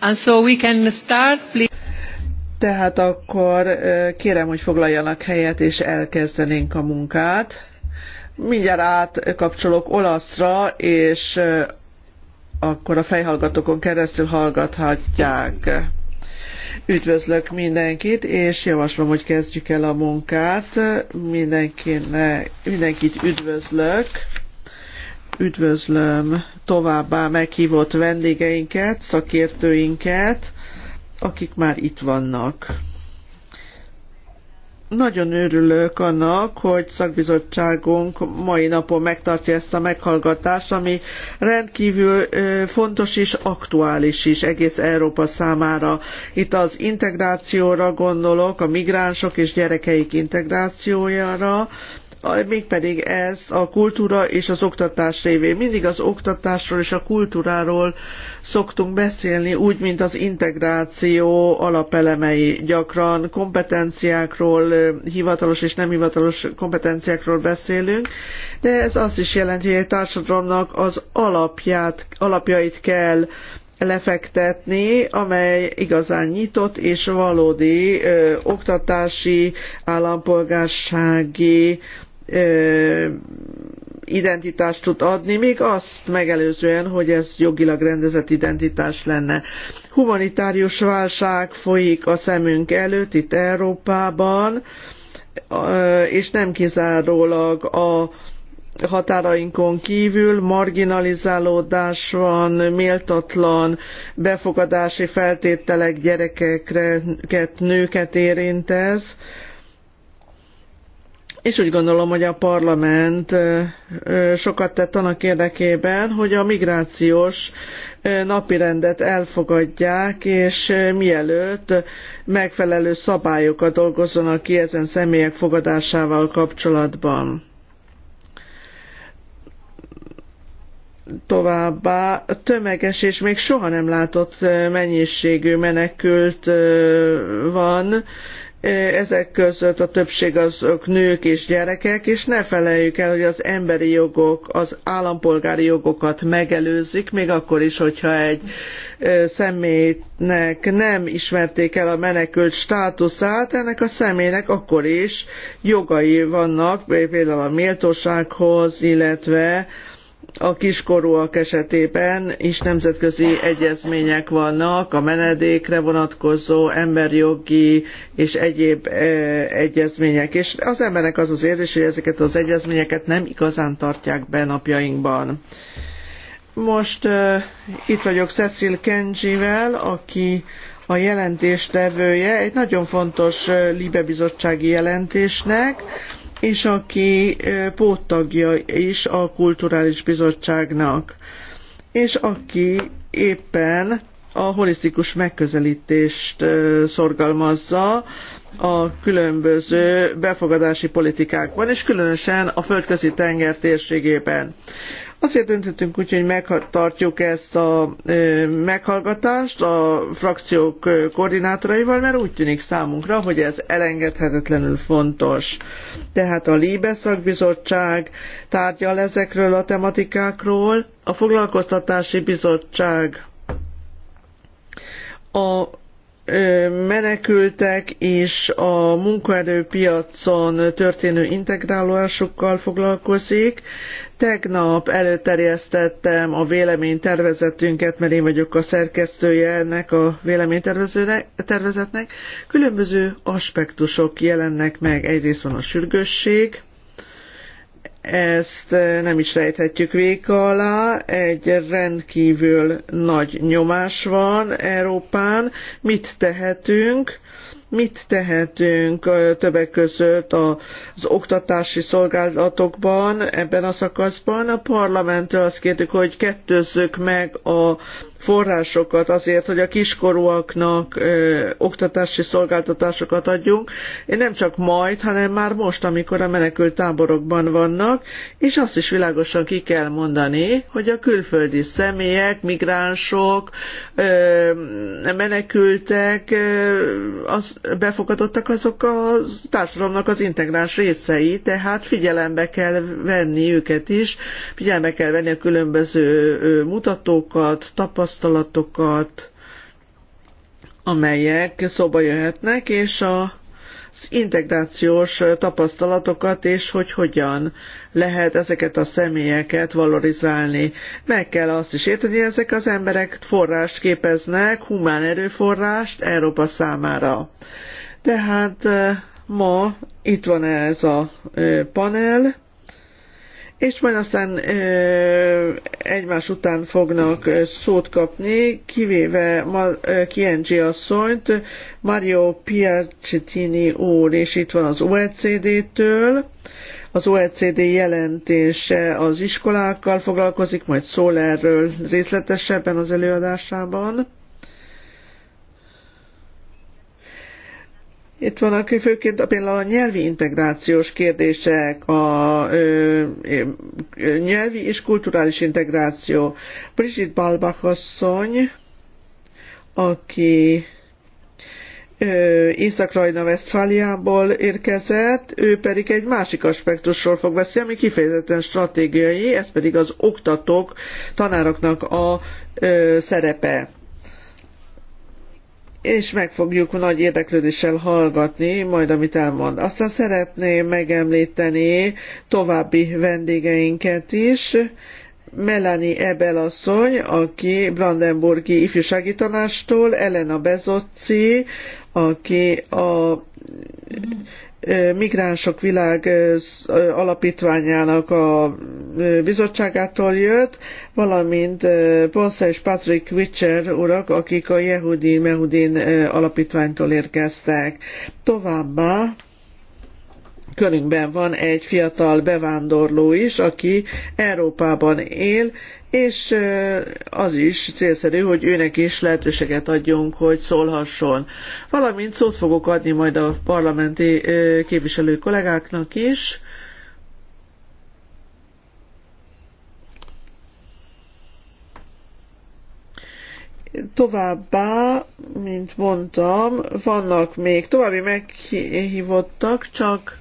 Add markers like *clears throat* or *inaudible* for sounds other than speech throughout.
And so we can start, please. Tehát akkor kérem, hogy foglaljanak helyet, és elkezdenénk a munkát. Mindjárt átkapcsolok olaszra, és akkor a fejhallgatókon keresztül hallgathatják. Üdvözlök mindenkit, és javaslom, hogy kezdjük el a munkát. Mindenkinek, mindenkit üdvözlök Üdvözlöm továbbá meghívott vendégeinket, szakértőinket, akik már itt vannak. Nagyon örülök annak, hogy szakbizottságunk mai napon megtartja ezt a meghallgatást, ami rendkívül fontos és aktuális is egész Európa számára. Itt az integrációra gondolok, a migránsok és gyerekeik integrációjára, mégpedig ez a kultúra és az oktatás révén. Mindig az oktatásról és a kultúráról szoktunk beszélni, úgy, mint az integráció alapelemei. Gyakran kompetenciákról, hivatalos és nem hivatalos kompetenciákról beszélünk, de ez azt is jelenti, hogy egy társadalomnak az alapját, alapjait kell lefektetni, amely igazán nyitott és valódi ö, oktatási, állampolgársági identitást tud adni, még azt megelőzően, hogy ez jogilag rendezett identitás lenne. Humanitárius válság folyik a szemünk előtt itt Európában, és nem kizárólag a határainkon kívül marginalizálódás van, méltatlan befogadási feltételek gyerekeket, nőket érint ez, és úgy gondolom, hogy a parlament sokat tett annak érdekében, hogy a migrációs napirendet elfogadják, és mielőtt megfelelő szabályokat dolgozzanak ki ezen személyek fogadásával kapcsolatban. Továbbá tömeges és még soha nem látott mennyiségű menekült van, E, ezek között a többség azok nők és gyerekek, és ne feleljük el, hogy az emberi jogok, az állampolgári jogokat megelőzik, még akkor is, hogyha egy e, személynek nem ismerték el a menekült státuszát, ennek a személynek akkor is jogai vannak, például a méltósághoz, illetve a kiskorúak esetében is nemzetközi egyezmények vannak, a menedékre vonatkozó emberjogi és egyéb e, egyezmények. És az emberek az az érzés, hogy ezeket az egyezményeket nem igazán tartják be napjainkban. Most e, itt vagyok Cecil Kenjivel, aki a jelentéstevője egy nagyon fontos uh, Libe bizottsági jelentésnek, és aki póttagja is a Kulturális Bizottságnak, és aki éppen a holisztikus megközelítést szorgalmazza a különböző befogadási politikákban, és különösen a földközi tenger térségében. Azért döntöttünk úgy, hogy megtartjuk ezt a meghallgatást a frakciók koordinátoraival, mert úgy tűnik számunkra, hogy ez elengedhetetlenül fontos. Tehát a Líbe szakbizottság tárgyal ezekről a tematikákról, a foglalkoztatási bizottság a menekültek és a munkaerőpiacon történő integrálásukkal foglalkozik, Tegnap előterjesztettem a véleménytervezetünket, mert én vagyok a szerkesztője ennek a véleménytervezetnek. Különböző aspektusok jelennek meg. Egyrészt van a sürgősség, ezt eh, nem is rejthetjük véka alá, egy rendkívül nagy nyomás van Európán. Mit tehetünk? mit tehetünk többek között az oktatási szolgálatokban ebben a szakaszban. A parlamenttől azt kértük, hogy kettőzzük meg a forrásokat azért, hogy a kiskorúaknak ö, oktatási szolgáltatásokat adjunk, nem csak majd, hanem már most, amikor a menekült táborokban vannak, és azt is világosan ki kell mondani, hogy a külföldi személyek, migránsok, ö, menekültek, ö, az, befogadottak azok a társadalomnak az integráns részei, tehát figyelembe kell venni őket is, figyelembe kell venni a különböző mutatókat, tapasztalatokat, tapasztalatokat, amelyek szóba jöhetnek, és a az integrációs tapasztalatokat, és hogy hogyan lehet ezeket a személyeket valorizálni. Meg kell azt is érteni, hogy ezek az emberek forrást képeznek, humán erőforrást Európa számára. Tehát eh, ma itt van ez a eh, panel, és majd aztán ö, egymás után fognak szót kapni, kivéve ma, ö, Kienji asszonyt, Mario Piacentini úr, és itt van az OECD-től. Az OECD jelentése az iskolákkal foglalkozik, majd szól erről részletesebben az előadásában Itt vannak főként a például a nyelvi integrációs kérdések, a ö, ö, nyelvi és kulturális integráció. Brigitte Balbach asszony, aki észak rajna Westfáliából érkezett, ő pedig egy másik aspektusról fog beszélni, ami kifejezetten stratégiai, ez pedig az oktatók, tanároknak a ö, szerepe és meg fogjuk nagy érdeklődéssel hallgatni, majd amit elmond. Aztán szeretném megemlíteni további vendégeinket is, Melanie Ebel asszony, aki Brandenburgi ifjúsági tanástól, Elena Bezocci, aki a Migránsok Világ Alapítványának a bizottságától jött, valamint Bonsa és Patrick Witcher urak, akik a Yehudi Mehudin Alapítványtól érkeztek. Továbbá körünkben van egy fiatal bevándorló is, aki Európában él, és az is célszerű, hogy őnek is lehetőséget adjunk, hogy szólhasson. Valamint szót fogok adni majd a parlamenti képviselő kollégáknak is. Továbbá, mint mondtam, vannak még további meghívottak, csak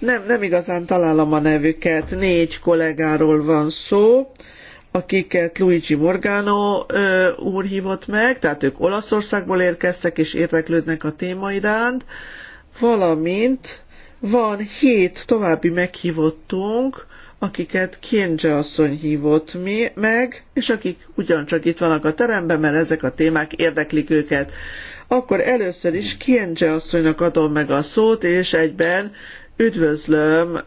nem, nem igazán találom a nevüket. Négy kollégáról van szó, akiket Luigi Morgano ö, úr hívott meg, tehát ők Olaszországból érkeztek és érdeklődnek a téma iránt, valamint van hét további meghívottunk, akiket Kienge asszony hívott mi, meg, és akik ugyancsak itt vannak a teremben, mert ezek a témák érdeklik őket. Akkor először is Kienge asszonynak adom meg a szót, és egyben Üdvözlöm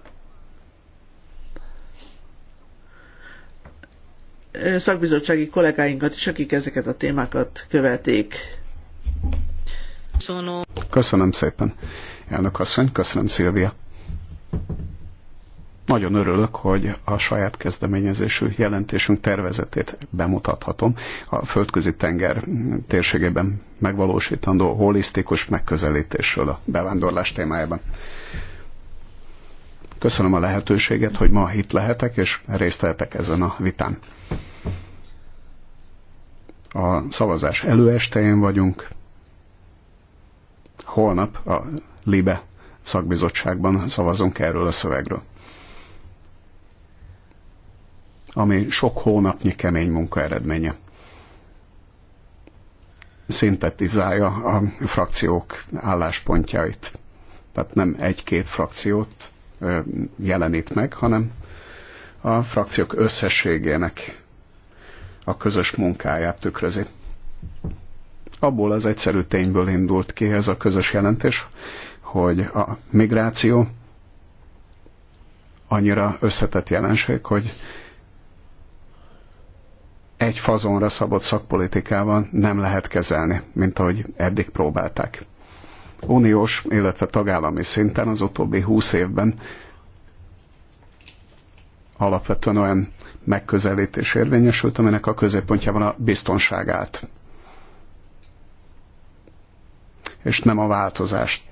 szakbizottsági kollégáinkat is, akik ezeket a témákat követik. Köszönöm szépen, elnök asszony, köszönöm Szilvia. Nagyon örülök, hogy a saját kezdeményezésű jelentésünk tervezetét bemutathatom. A földközi tenger térségében megvalósítandó holisztikus megközelítésről a bevándorlás témájában. Köszönöm a lehetőséget, hogy ma itt lehetek, és részt vehetek ezen a vitán. A szavazás előestején vagyunk. Holnap a LIBE szakbizottságban szavazunk erről a szövegről. Ami sok hónapnyi kemény munka eredménye szintetizálja a frakciók álláspontjait. Tehát nem egy-két frakciót jelenít meg, hanem a frakciók összességének a közös munkáját tükrözi. Abból az egyszerű tényből indult ki ez a közös jelentés, hogy a migráció annyira összetett jelenség, hogy egy fazonra szabott szakpolitikával nem lehet kezelni, mint ahogy eddig próbálták uniós, illetve tagállami szinten az utóbbi húsz évben alapvetően olyan megközelítés érvényesült, aminek a középpontjában a biztonság állt. És nem a változást.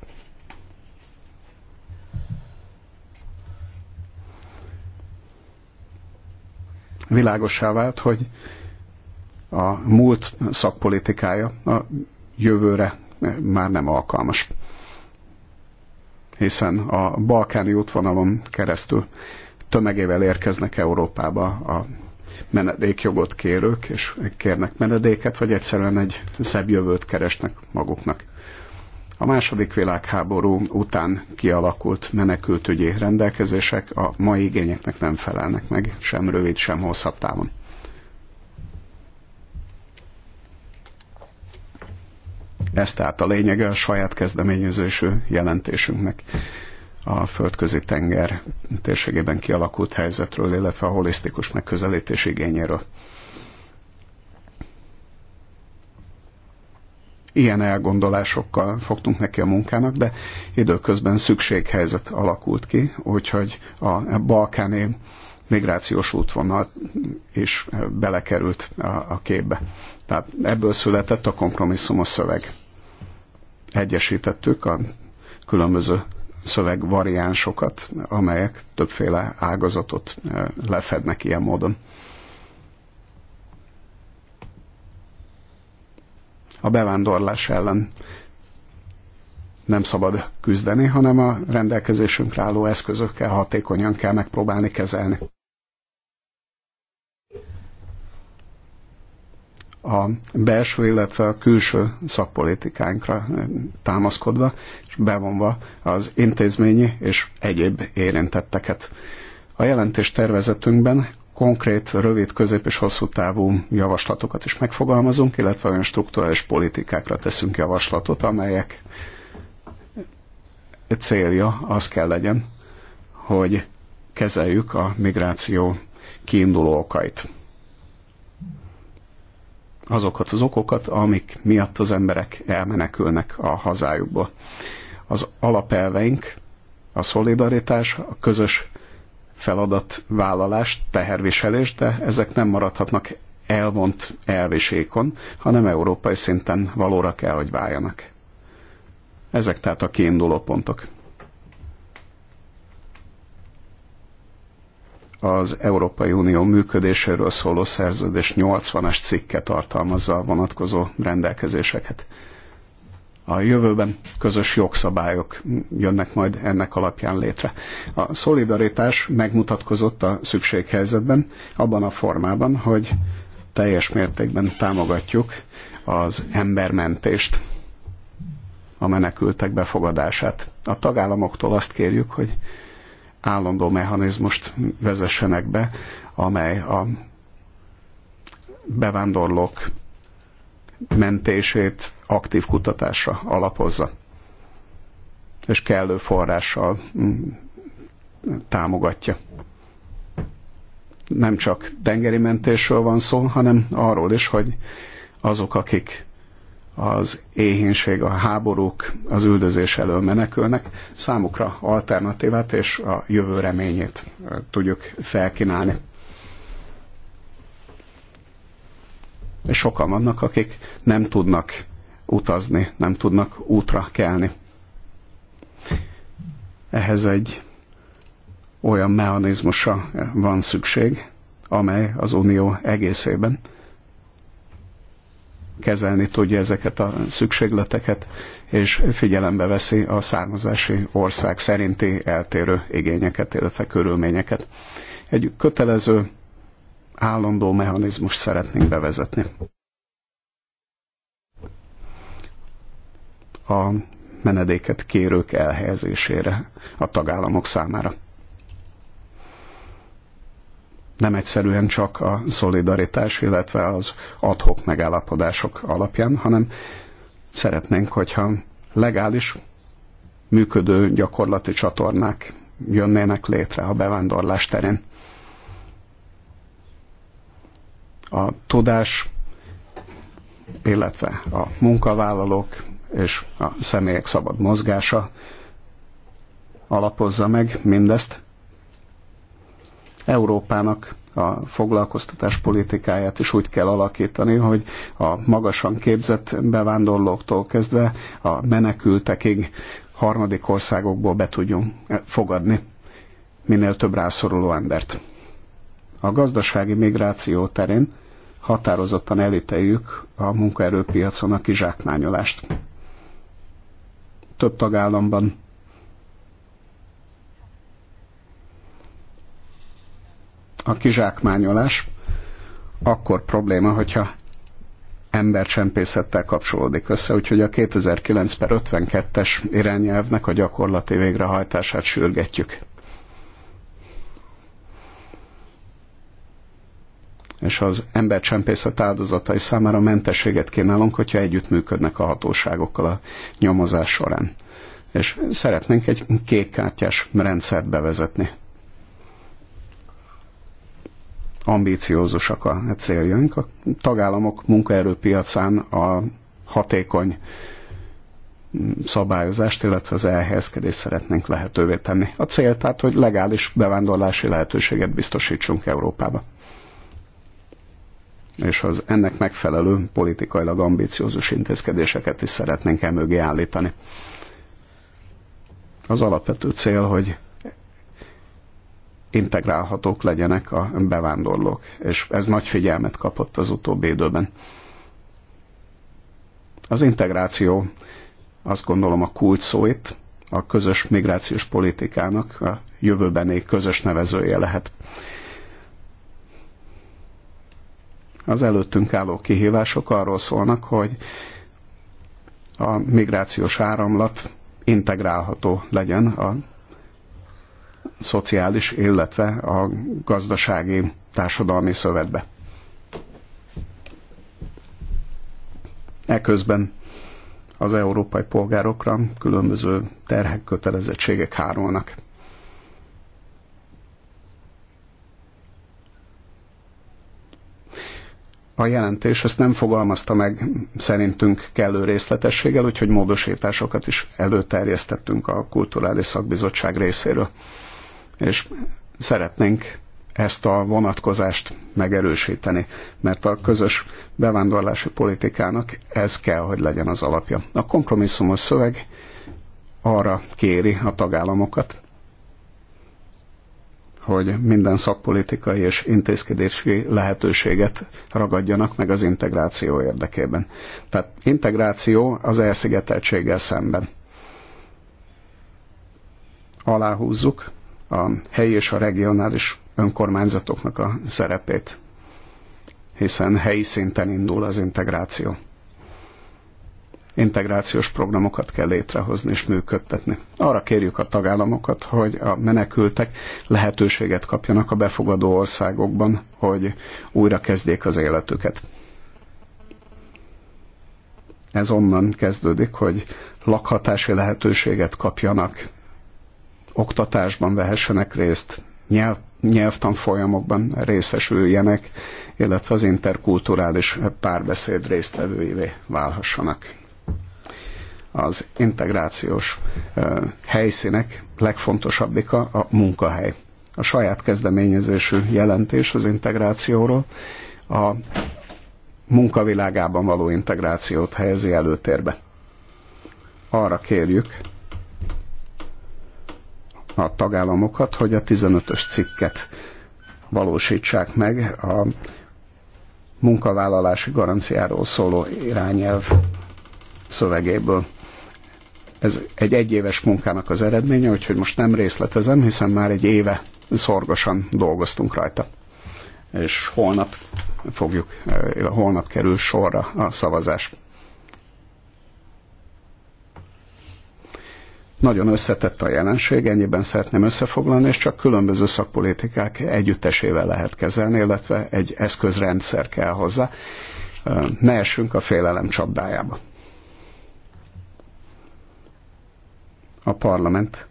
Világossá vált, hogy a múlt szakpolitikája a jövőre már nem alkalmas. Hiszen a balkáni útvonalon keresztül tömegével érkeznek Európába a menedékjogot kérők, és kérnek menedéket, vagy egyszerűen egy szebb jövőt keresnek maguknak. A második világháború után kialakult menekültügyi rendelkezések a mai igényeknek nem felelnek meg, sem rövid, sem hosszabb távon. Ez tehát a lényege a saját kezdeményezésű jelentésünknek a földközi tenger térségében kialakult helyzetről, illetve a holisztikus megközelítés igényéről. Ilyen elgondolásokkal fogtunk neki a munkának, de időközben szükséghelyzet alakult ki, úgyhogy a balkáni migrációs útvonal is belekerült a, képbe. Tehát ebből született a kompromisszumos szöveg egyesítettük a különböző szövegvariánsokat, amelyek többféle ágazatot lefednek ilyen módon. A bevándorlás ellen nem szabad küzdeni, hanem a rendelkezésünkre álló eszközökkel hatékonyan kell megpróbálni kezelni. a belső, illetve a külső szakpolitikánkra eh, támaszkodva, és bevonva az intézményi és egyéb érintetteket. A jelentés tervezetünkben konkrét, rövid, közép és hosszú távú javaslatokat is megfogalmazunk, illetve olyan strukturális politikákra teszünk javaslatot, amelyek célja az kell legyen, hogy kezeljük a migráció kiinduló okait azokat az okokat, amik miatt az emberek elmenekülnek a hazájukba, Az alapelveink a szolidaritás, a közös feladatvállalást, teherviselést, de ezek nem maradhatnak elvont elvisékon, hanem európai szinten valóra kell, hogy váljanak. Ezek tehát a kiinduló pontok. az Európai Unió működéséről szóló szerződés 80-as cikke tartalmazza a vonatkozó rendelkezéseket. A jövőben közös jogszabályok jönnek majd ennek alapján létre. A szolidaritás megmutatkozott a szükséghelyzetben abban a formában, hogy teljes mértékben támogatjuk az embermentést, a menekültek befogadását. A tagállamoktól azt kérjük, hogy állandó mechanizmust vezessenek be, amely a bevándorlók mentését aktív kutatásra alapozza, és kellő forrással mm, támogatja. Nem csak tengeri mentésről van szó, hanem arról is, hogy azok, akik az éhínség, a háborúk, az üldözés elől menekülnek, számukra alternatívát és a jövő reményét tudjuk felkínálni. És sokan vannak, akik nem tudnak utazni, nem tudnak útra kelni. Ehhez egy olyan mechanizmusa van szükség, amely az Unió egészében kezelni tudja ezeket a szükségleteket, és figyelembe veszi a származási ország szerinti eltérő igényeket, illetve körülményeket. Egy kötelező állandó mechanizmust szeretnénk bevezetni. A menedéket kérők elhelyezésére a tagállamok számára nem egyszerűen csak a szolidaritás, illetve az adhok megállapodások alapján, hanem szeretnénk, hogyha legális, működő gyakorlati csatornák jönnének létre a bevándorlás terén. A tudás, illetve a munkavállalók és a személyek szabad mozgása alapozza meg mindezt, Európának a foglalkoztatás politikáját is úgy kell alakítani, hogy a magasan képzett bevándorlóktól kezdve a menekültekig harmadik országokból be tudjunk fogadni minél több rászoruló embert. A gazdasági migráció terén határozottan elítéljük a munkaerőpiacon a kizsákmányolást. Több tagállamban A kizsákmányolás akkor probléma, hogyha embercsempészettel kapcsolódik össze, úgyhogy a 2009 per 52-es irányelvnek a gyakorlati végrehajtását sürgetjük. És az embercsempészet áldozatai számára mentességet kínálunk, hogyha együttműködnek a hatóságokkal a nyomozás során. És szeretnénk egy kékkártyás rendszert bevezetni ambíciózusak a céljaink. A tagállamok munkaerőpiacán a hatékony szabályozást, illetve az elhelyezkedést szeretnénk lehetővé tenni. A cél tehát, hogy legális bevándorlási lehetőséget biztosítsunk Európába. És az ennek megfelelő politikailag ambíciózus intézkedéseket is szeretnénk emögé állítani. Az alapvető cél, hogy integrálhatók legyenek a bevándorlók, és ez nagy figyelmet kapott az utóbbi időben. Az integráció azt gondolom a kult szó itt, a közös migrációs politikának a jövőbeni közös nevezője lehet. Az előttünk álló kihívások arról szólnak, hogy a migrációs áramlat integrálható legyen a szociális, illetve a gazdasági társadalmi szövetbe. Eközben az európai polgárokra különböző terhek, kötelezettségek hárulnak. A jelentés ezt nem fogalmazta meg szerintünk kellő részletességgel, úgyhogy módosításokat is előterjesztettünk a Kulturális Szakbizottság részéről és szeretnénk ezt a vonatkozást megerősíteni, mert a közös bevándorlási politikának ez kell, hogy legyen az alapja. A kompromisszumos szöveg arra kéri a tagállamokat, hogy minden szakpolitikai és intézkedési lehetőséget ragadjanak meg az integráció érdekében. Tehát integráció az elszigeteltséggel szemben. Aláhúzzuk, a helyi és a regionális önkormányzatoknak a szerepét, hiszen helyi szinten indul az integráció. Integrációs programokat kell létrehozni és működtetni. Arra kérjük a tagállamokat, hogy a menekültek lehetőséget kapjanak a befogadó országokban, hogy újra kezdjék az életüket. Ez onnan kezdődik, hogy lakhatási lehetőséget kapjanak oktatásban vehessenek részt, nyelv, nyelvtanfolyamokban részesüljenek, illetve az interkulturális párbeszéd résztvevőivé válhassanak. Az integrációs helyszínek legfontosabbika a munkahely. A saját kezdeményezésű jelentés az integrációról a munkavilágában való integrációt helyezi előtérbe. Arra kérjük a tagállamokat, hogy a 15-ös cikket valósítsák meg a munkavállalási garanciáról szóló irányelv szövegéből. Ez egy egyéves munkának az eredménye, úgyhogy most nem részletezem, hiszen már egy éve szorgosan dolgoztunk rajta. És holnap fogjuk, eh, holnap kerül sorra a szavazás. Nagyon összetett a jelenség, ennyiben szeretném összefoglalni, és csak különböző szakpolitikák együttesével lehet kezelni, illetve egy eszközrendszer kell hozzá. Ne essünk a félelem csapdájába. A parlament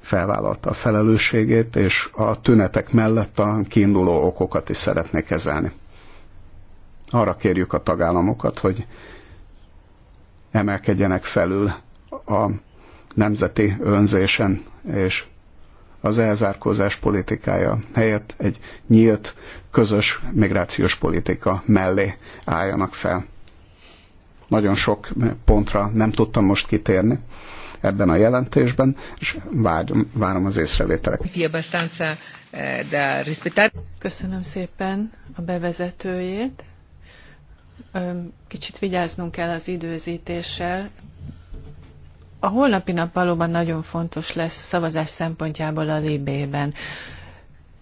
felvállalta a felelősségét, és a tünetek mellett a kiinduló okokat is szeretné kezelni. Arra kérjük a tagállamokat, hogy emelkedjenek felül a nemzeti önzésen és az elzárkózás politikája helyett egy nyílt, közös migrációs politika mellé álljanak fel. Nagyon sok pontra nem tudtam most kitérni ebben a jelentésben, és várom, várom az észrevételeket. Eh, Köszönöm szépen a bevezetőjét. Kicsit vigyáznunk kell az időzítéssel, a holnapi nap valóban nagyon fontos lesz szavazás szempontjából a Libében.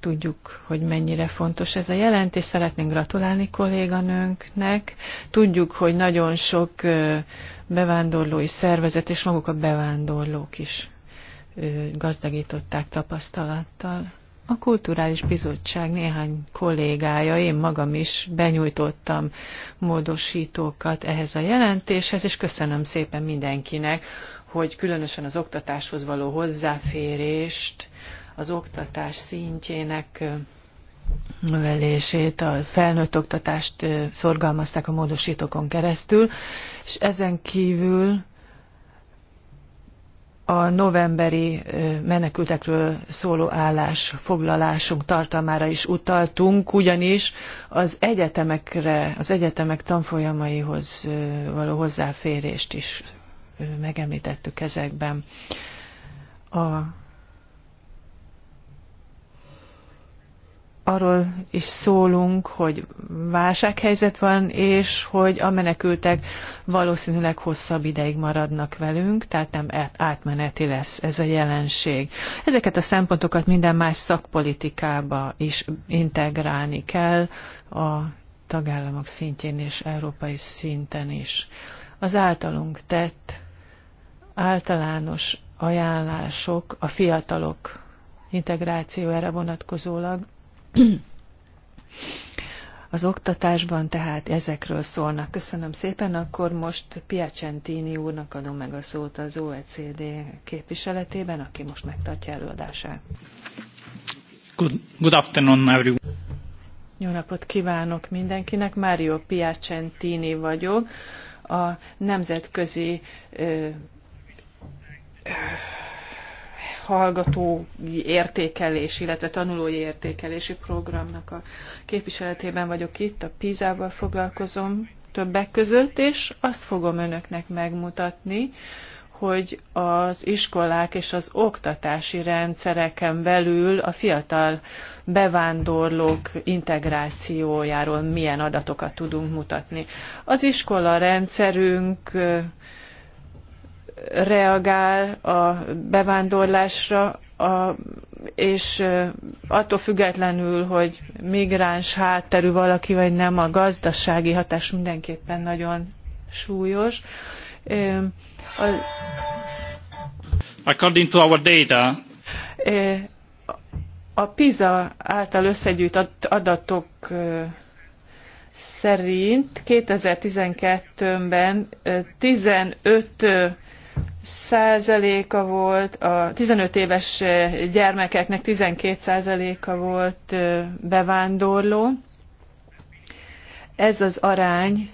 Tudjuk, hogy mennyire fontos ez a jelentés, szeretnénk gratulálni kolléganőnknek. Tudjuk, hogy nagyon sok bevándorlói szervezet és maguk a bevándorlók is gazdagították tapasztalattal. A Kulturális Bizottság néhány kollégája, én magam is benyújtottam módosítókat ehhez a jelentéshez, és köszönöm szépen mindenkinek, hogy különösen az oktatáshoz való hozzáférést, az oktatás szintjének növelését, a felnőtt oktatást szorgalmazták a módosítókon keresztül, és ezen kívül a novemberi menekültekről szóló állás foglalásunk tartalmára is utaltunk, ugyanis az egyetemekre, az egyetemek tanfolyamaihoz való hozzáférést is megemlítettük ezekben. A arról is szólunk, hogy válsághelyzet van, és hogy a menekültek valószínűleg hosszabb ideig maradnak velünk, tehát nem átmeneti lesz ez a jelenség. Ezeket a szempontokat minden más szakpolitikába is integrálni kell a tagállamok szintjén és európai szinten is. Az általunk tett általános ajánlások a fiatalok integrációjára vonatkozólag. *clears throat* Az oktatásban tehát ezekről szólnak. Köszönöm szépen, akkor most Piacentini úrnak adom meg a szót az OECD képviseletében, aki most megtartja előadását. Good, good afternoon, everyone. Jó napot kívánok mindenkinek, Mário Piacentini vagyok, a Nemzetközi hallgatói értékelés, illetve tanulói értékelési programnak a képviseletében vagyok itt, a PISA-val foglalkozom többek között, és azt fogom önöknek megmutatni, hogy az iskolák és az oktatási rendszereken belül a fiatal bevándorlók integrációjáról milyen adatokat tudunk mutatni. Az iskola rendszerünk reagál a bevándorlásra, a, és attól függetlenül, hogy migráns hátterű valaki vagy nem, a gazdasági hatás mindenképpen nagyon súlyos. A, According to our data, a PISA által összegyűjtött adatok szerint 2012-ben 15 százaléka volt, a 15 éves gyermekeknek 12 százaléka volt bevándorló. Ez az arány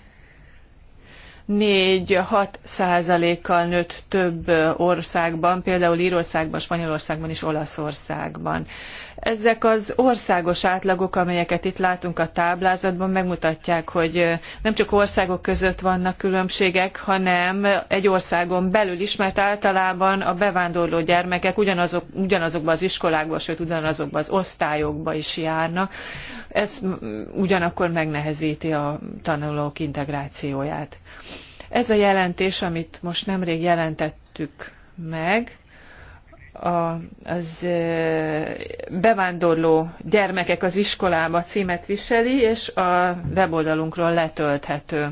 4-6 százalékkal nőtt több országban, például Írországban, Spanyolországban és Olaszországban. Ezek az országos átlagok, amelyeket itt látunk a táblázatban, megmutatják, hogy nem csak országok között vannak különbségek, hanem egy országon belül is, mert általában a bevándorló gyermekek ugyanazok, ugyanazokba az iskolákba, sőt ugyanazokba az osztályokba is járnak. Ez ugyanakkor megnehezíti a tanulók integrációját. Ez a jelentés, amit most nemrég jelentettük meg, a, az bevándorló gyermekek az iskolába címet viseli, és a weboldalunkról letölthető.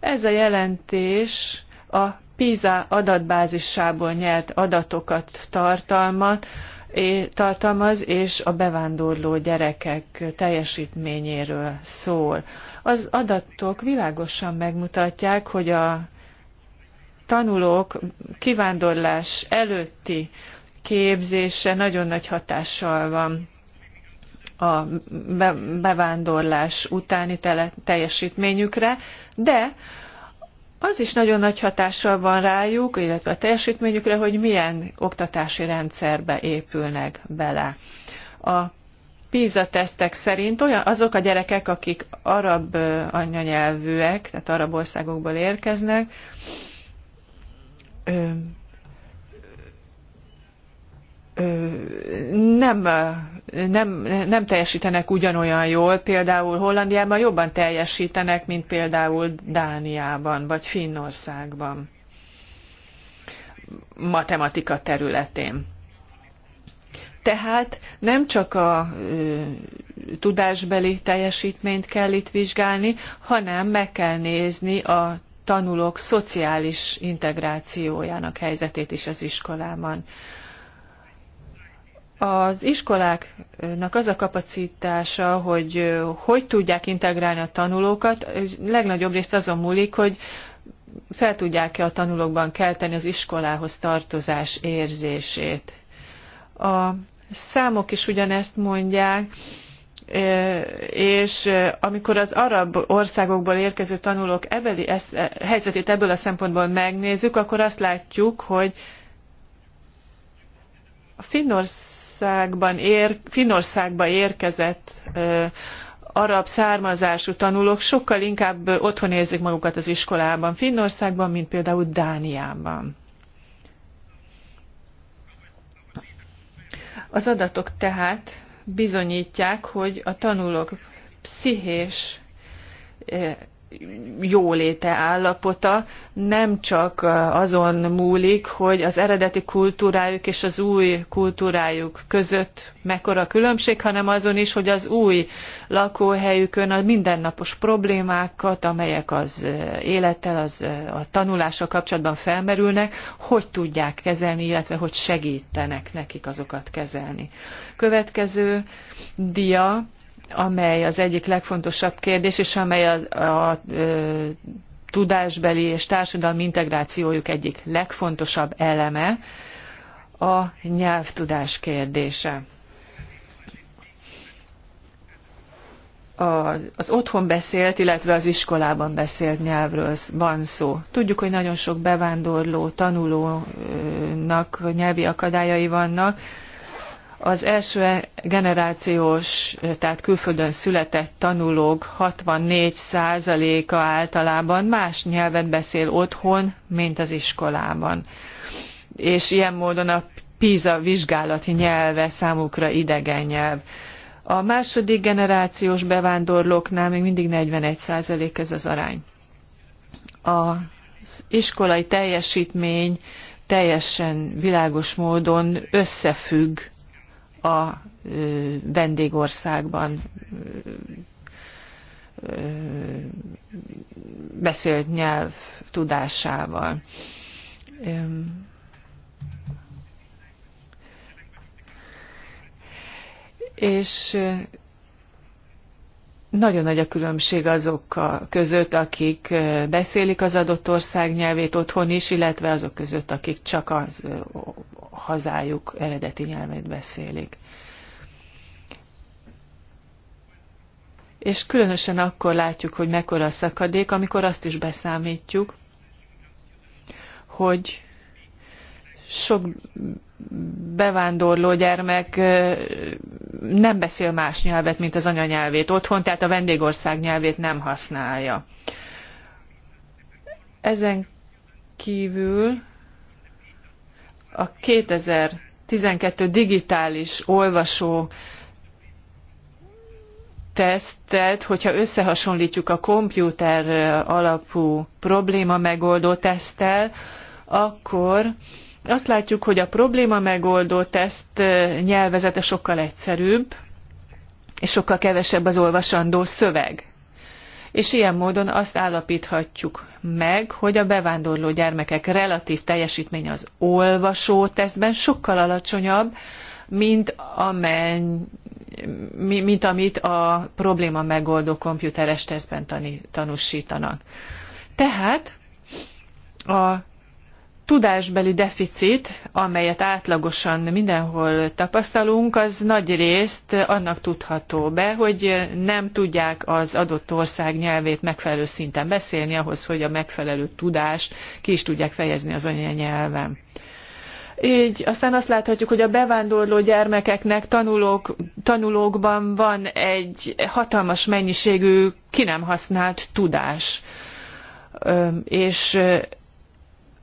Ez a jelentés a PISA adatbázisából nyert adatokat tartalmat, tartalmaz, és a bevándorló gyerekek teljesítményéről szól. Az adatok világosan megmutatják, hogy a tanulók kivándorlás előtti képzése nagyon nagy hatással van a bevándorlás utáni tele, teljesítményükre, de az is nagyon nagy hatással van rájuk, illetve a teljesítményükre, hogy milyen oktatási rendszerbe épülnek bele. A PISA tesztek szerint olyan, azok a gyerekek, akik arab anyanyelvűek, tehát arab országokból érkeznek, ö, ö, nem, nem, nem teljesítenek ugyanolyan jól, például Hollandiában jobban teljesítenek, mint például Dániában vagy Finnországban matematika területén. Tehát nem csak a ö, tudásbeli teljesítményt kell itt vizsgálni, hanem meg kell nézni a tanulók szociális integrációjának helyzetét is az iskolában. Az iskoláknak az a kapacitása, hogy hogy tudják integrálni a tanulókat, legnagyobb részt azon múlik, hogy fel tudják-e a tanulókban kelteni az iskolához tartozás érzését. A számok is ugyanezt mondják, és amikor az arab országokból érkező tanulók ebeli esz, e, helyzetét ebből a szempontból megnézzük, akkor azt látjuk, hogy a Finnországban ér, Finnországba érkezett ö, arab származású tanulók sokkal inkább otthon érzik magukat az iskolában Finnországban, mint például Dániában. Az adatok tehát bizonyítják, hogy a tanulók pszichés eh, jóléte állapota nem csak azon múlik, hogy az eredeti kultúrájuk és az új kultúrájuk között mekkora különbség, hanem azon is, hogy az új lakóhelyükön a mindennapos problémákat, amelyek az élettel, az a tanulással kapcsolatban felmerülnek, hogy tudják kezelni, illetve hogy segítenek nekik azokat kezelni. Következő dia amely az egyik legfontosabb kérdés, és amely a, a, a tudásbeli és társadalmi integrációjuk egyik legfontosabb eleme, a nyelvtudás kérdése. A, az otthon beszélt, illetve az iskolában beszélt nyelvről van szó. Tudjuk, hogy nagyon sok bevándorló tanulónak nyelvi akadályai vannak, az első generációs, tehát külföldön született tanulók 64%-a általában más nyelvet beszél otthon, mint az iskolában. És ilyen módon a PISA vizsgálati nyelve számukra idegen nyelv. A második generációs bevándorlóknál még mindig 41% ez az arány. Az iskolai teljesítmény teljesen világos módon összefügg a vendégországban beszélt nyelv tudásával. És nagyon nagy a különbség azok között, akik beszélik az adott ország nyelvét otthon is, illetve azok között, akik csak az hazájuk eredeti nyelvét beszélik. És különösen akkor látjuk, hogy mekkora a szakadék, amikor azt is beszámítjuk, hogy sok bevándorló gyermek nem beszél más nyelvet, mint az anyanyelvét otthon, tehát a vendégország nyelvét nem használja. Ezen kívül a 2012 digitális olvasó tesztet, hogyha összehasonlítjuk a komputer alapú probléma megoldó teszttel, akkor azt látjuk, hogy a probléma megoldó teszt nyelvezete sokkal egyszerűbb, és sokkal kevesebb az olvasandó szöveg. És ilyen módon azt állapíthatjuk meg, hogy a bevándorló gyermekek relatív teljesítménye az olvasó tesztben sokkal alacsonyabb, mint, amen, mint amit a probléma megoldó komputeres tesztben tanúsítanak. Tehát a tudásbeli deficit, amelyet átlagosan mindenhol tapasztalunk, az nagy részt annak tudható be, hogy nem tudják az adott ország nyelvét megfelelő szinten beszélni ahhoz, hogy a megfelelő tudást ki is tudják fejezni az anyanyelven. Így aztán azt láthatjuk, hogy a bevándorló gyermekeknek tanulók, tanulókban van egy hatalmas mennyiségű ki nem használt tudás. És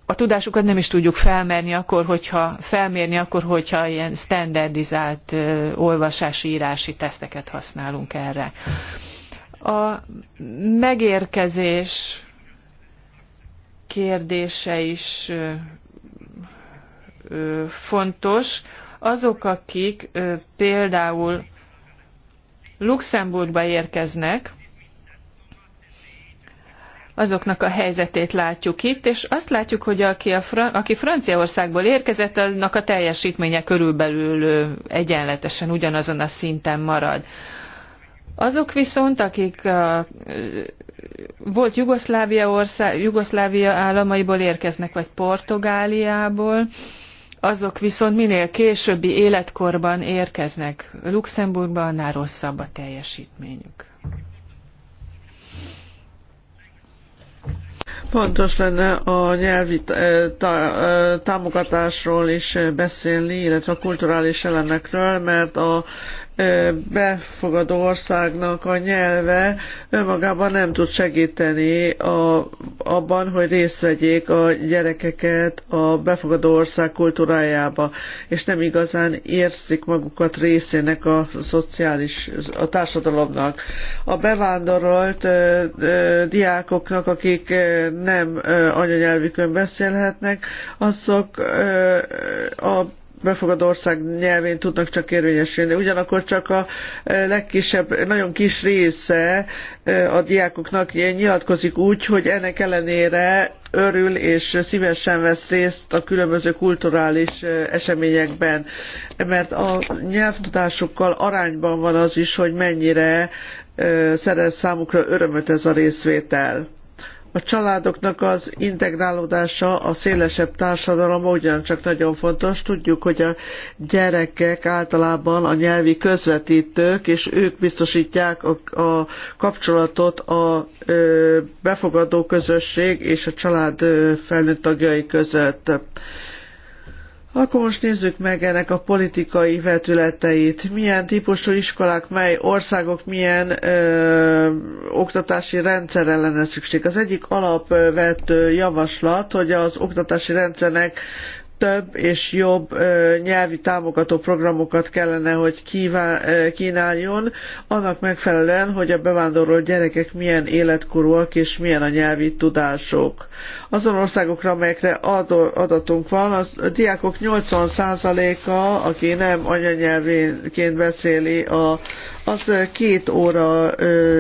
a tudásukat nem is tudjuk felmérni akkor, hogyha, felmérni akkor, hogyha ilyen standardizált olvasási, írási teszteket használunk erre. A megérkezés kérdése is fontos. Azok, akik például Luxemburgba érkeznek, azoknak a helyzetét látjuk itt, és azt látjuk, hogy aki, a Fra- aki Franciaországból érkezett, annak a teljesítménye körülbelül egyenletesen ugyanazon a szinten marad. Azok viszont, akik a, volt Jugoszlávia, ország, Jugoszlávia államaiból érkeznek, vagy Portugáliából, azok viszont minél későbbi életkorban érkeznek. Luxemburgba annál rosszabb a teljesítményük. Fontos lenne a nyelvi eh, eh, támogatásról is beszélni, illetve a kulturális elemekről, mert a befogadó országnak a nyelve önmagában nem tud segíteni a, abban, hogy részt vegyék a gyerekeket a befogadó ország kultúrájába, és nem igazán érzik magukat részének a szociális, a társadalomnak. A bevándorolt ö, ö, diákoknak, akik nem ö, anyanyelvükön beszélhetnek, azok ö, a befogadó ország nyelvén tudnak csak érvényesülni. Ugyanakkor csak a e, legkisebb, nagyon kis része e, a diákoknak nyilatkozik úgy, hogy ennek ellenére örül és szívesen vesz részt a különböző kulturális e, eseményekben, mert a nyelvtudásukkal arányban van az is, hogy mennyire szerez számukra örömöt ez a részvétel. A családoknak az integrálódása a szélesebb társadalom ugyancsak nagyon fontos. Tudjuk, hogy a gyerekek általában a nyelvi közvetítők, és ők biztosítják a, a kapcsolatot a ö, befogadó közösség és a család ö, felnőtt tagjai között. Akkor most nézzük meg ennek a politikai vetületeit. Milyen típusú iskolák, mely országok, milyen ö, oktatási rendszerre lenne szükség. Az egyik alapvető javaslat, hogy az oktatási rendszernek több és jobb nyelvi támogató programokat kellene, hogy kínáljon, annak megfelelően, hogy a bevándorló gyerekek milyen életkorúak és milyen a nyelvi tudások. Azon országokra, amelyekre adatunk van, az a diákok 80%-a, aki nem anyanyelvénként beszéli, a, az két óra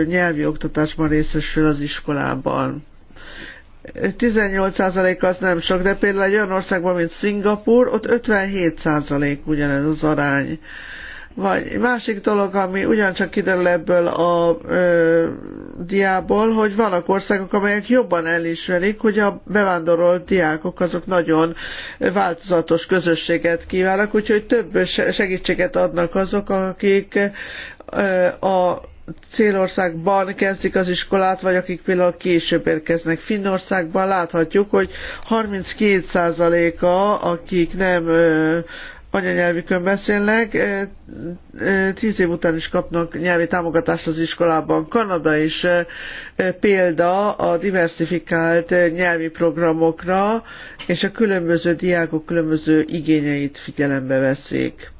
nyelvi oktatásban részesül az iskolában. 18% az nem sok, de például egy olyan országban, mint Szingapur, ott 57% ugyanez az arány. Vagy másik dolog, ami ugyancsak kiderül ebből a ö, diából, hogy vannak országok, amelyek jobban elismerik, hogy a bevándorolt diákok azok nagyon változatos közösséget kívánnak, úgyhogy több segítséget adnak azok, akik ö, a célországban kezdik az iskolát, vagy akik például később érkeznek. Finnországban láthatjuk, hogy 32%-a, akik nem anyanyelvükön beszélnek, tíz év után is kapnak nyelvi támogatást az iskolában. Kanada is példa a diversifikált nyelvi programokra, és a különböző diákok különböző igényeit figyelembe veszik.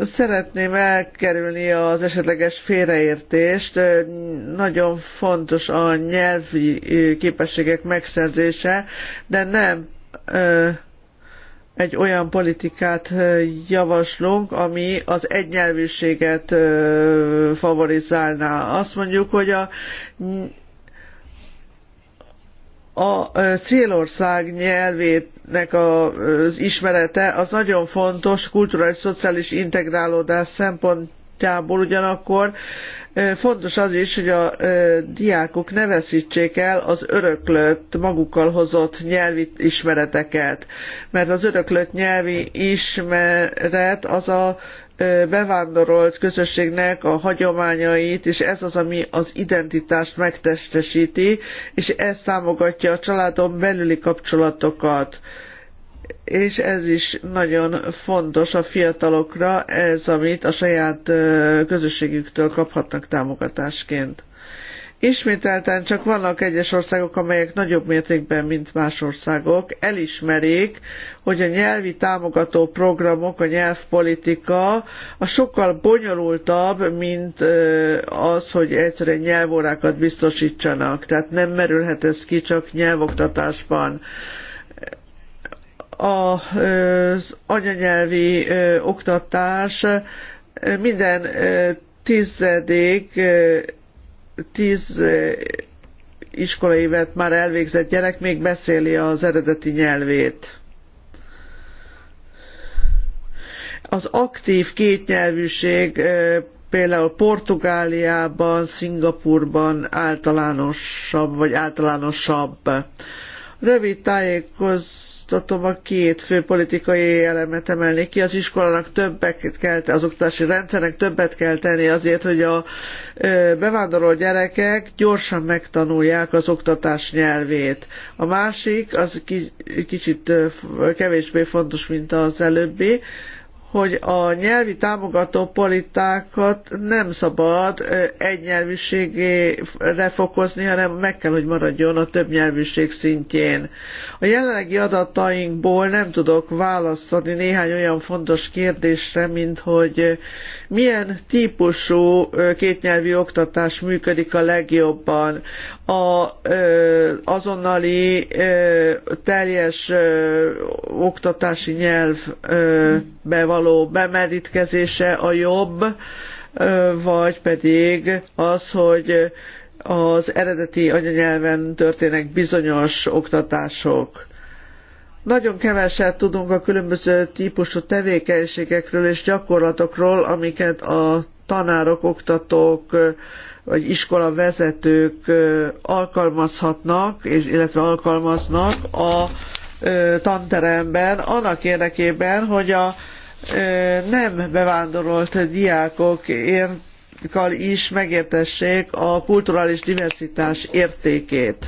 Szeretném elkerülni az esetleges félreértést. Nagyon fontos a nyelvi képességek megszerzése, de nem egy olyan politikát javaslunk, ami az egynyelvűséget favorizálná. Azt mondjuk, hogy a a célország nyelvét nek az ismerete az nagyon fontos kulturális szociális integrálódás szempontjából ugyanakkor fontos az is, hogy a diákok ne veszítsék el az öröklött, magukkal hozott nyelvi ismereteket, mert az öröklött nyelvi ismeret az a bevándorolt közösségnek a hagyományait, és ez az, ami az identitást megtestesíti, és ez támogatja a családon belüli kapcsolatokat és ez is nagyon fontos a fiatalokra, ez, amit a saját közösségüktől kaphatnak támogatásként. Ismételten csak vannak egyes országok, amelyek nagyobb mértékben, mint más országok, elismerik, hogy a nyelvi támogató programok, a nyelvpolitika a sokkal bonyolultabb, mint az, hogy egyszerűen nyelvórákat biztosítsanak. Tehát nem merülhet ez ki csak nyelvoktatásban az anyanyelvi oktatás minden tizedik tíz eh, iskolaévet már elvégzett gyerek még beszéli az eredeti nyelvét. Az aktív kétnyelvűség eh, például Portugáliában, Szingapurban általánosabb vagy általánosabb Rövid tájékoztatom a két fő politikai elemet emelnék ki. Az iskolának többet kell, az oktatási rendszernek többet kell tenni azért, hogy a bevándorló gyerekek gyorsan megtanulják az oktatás nyelvét. A másik, az kicsit kevésbé fontos, mint az előbbi, hogy a nyelvi támogató politákat nem szabad egynyelviségére fokozni, hanem meg kell, hogy maradjon a többnyelvűség szintjén. A jelenlegi adatainkból nem tudok választani néhány olyan fontos kérdésre, mint hogy milyen típusú kétnyelvi oktatás működik a legjobban, a azonnali teljes oktatási nyelvbe való bemerítkezése a jobb, vagy pedig az, hogy az eredeti anyanyelven történnek bizonyos oktatások. Nagyon keveset tudunk a különböző típusú tevékenységekről és gyakorlatokról, amiket a tanárok, oktatók vagy iskola vezetők alkalmazhatnak, és, illetve alkalmaznak a tanteremben annak érdekében, hogy a nem bevándorolt diákok érkal is megértessék a kulturális diversitás értékét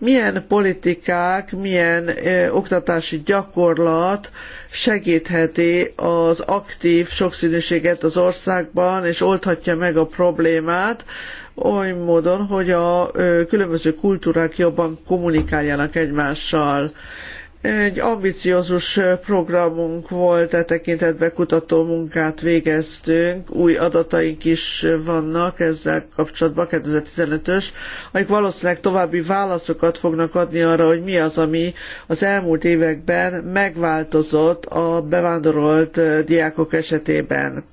milyen politikák, milyen oktatási gyakorlat segítheti az aktív sokszínűséget az országban, és oldhatja meg a problémát, oly módon, hogy a különböző kultúrák jobban kommunikáljanak egymással. Egy ambiciózus programunk volt e tekintetben kutató munkát végeztünk, új adataink is vannak ezzel kapcsolatban, 2015-ös, amik valószínűleg további válaszokat fognak adni arra, hogy mi az, ami az elmúlt években megváltozott a bevándorolt diákok esetében.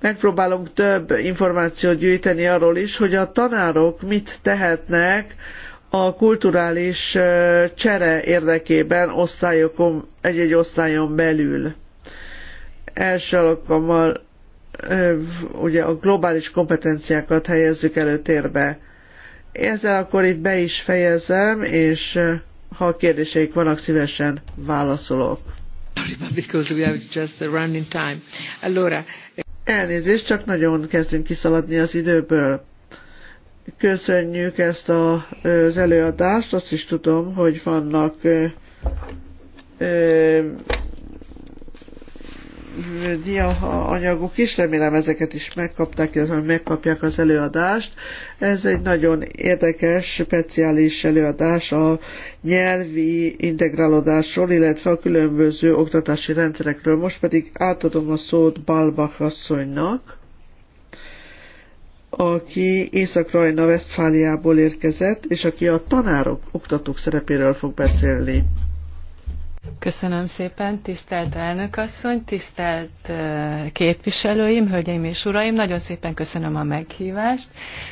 Megpróbálunk több információt gyűjteni arról is, hogy a tanárok mit tehetnek, a kulturális csere érdekében osztályokon, egy-egy osztályon belül. Első alkalommal ugye a globális kompetenciákat helyezzük előtérbe. Ezzel akkor itt be is fejezem, és ha kérdéseik vannak, szívesen válaszolok. Because we have just time. Allora... Elnézést, csak nagyon kezdünk kiszaladni az időből köszönjük ezt a, az előadást. Azt is tudom, hogy vannak ö, ö, anyagok is, remélem ezeket is megkapták, illetve megkapják az előadást. Ez egy nagyon érdekes, speciális előadás a nyelvi integrálódásról, illetve a különböző oktatási rendszerekről. Most pedig átadom a szót Balbach asszonynak aki Észak-Rajna-Vesztfáliából érkezett, és aki a tanárok, oktatók szerepéről fog beszélni. Köszönöm szépen, tisztelt elnökasszony, tisztelt képviselőim, hölgyeim és uraim, nagyon szépen köszönöm a meghívást.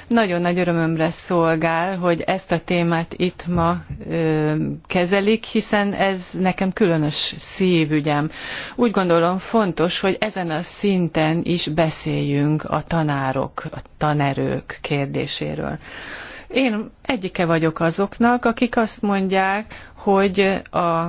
Nagyon nagy örömömre szolgál, hogy ezt a témát itt ma ö, kezelik, hiszen ez nekem különös szívügyem. Úgy gondolom fontos, hogy ezen a szinten is beszéljünk a tanárok, a tanerők kérdéséről. Én egyike vagyok azoknak, akik azt mondják, hogy a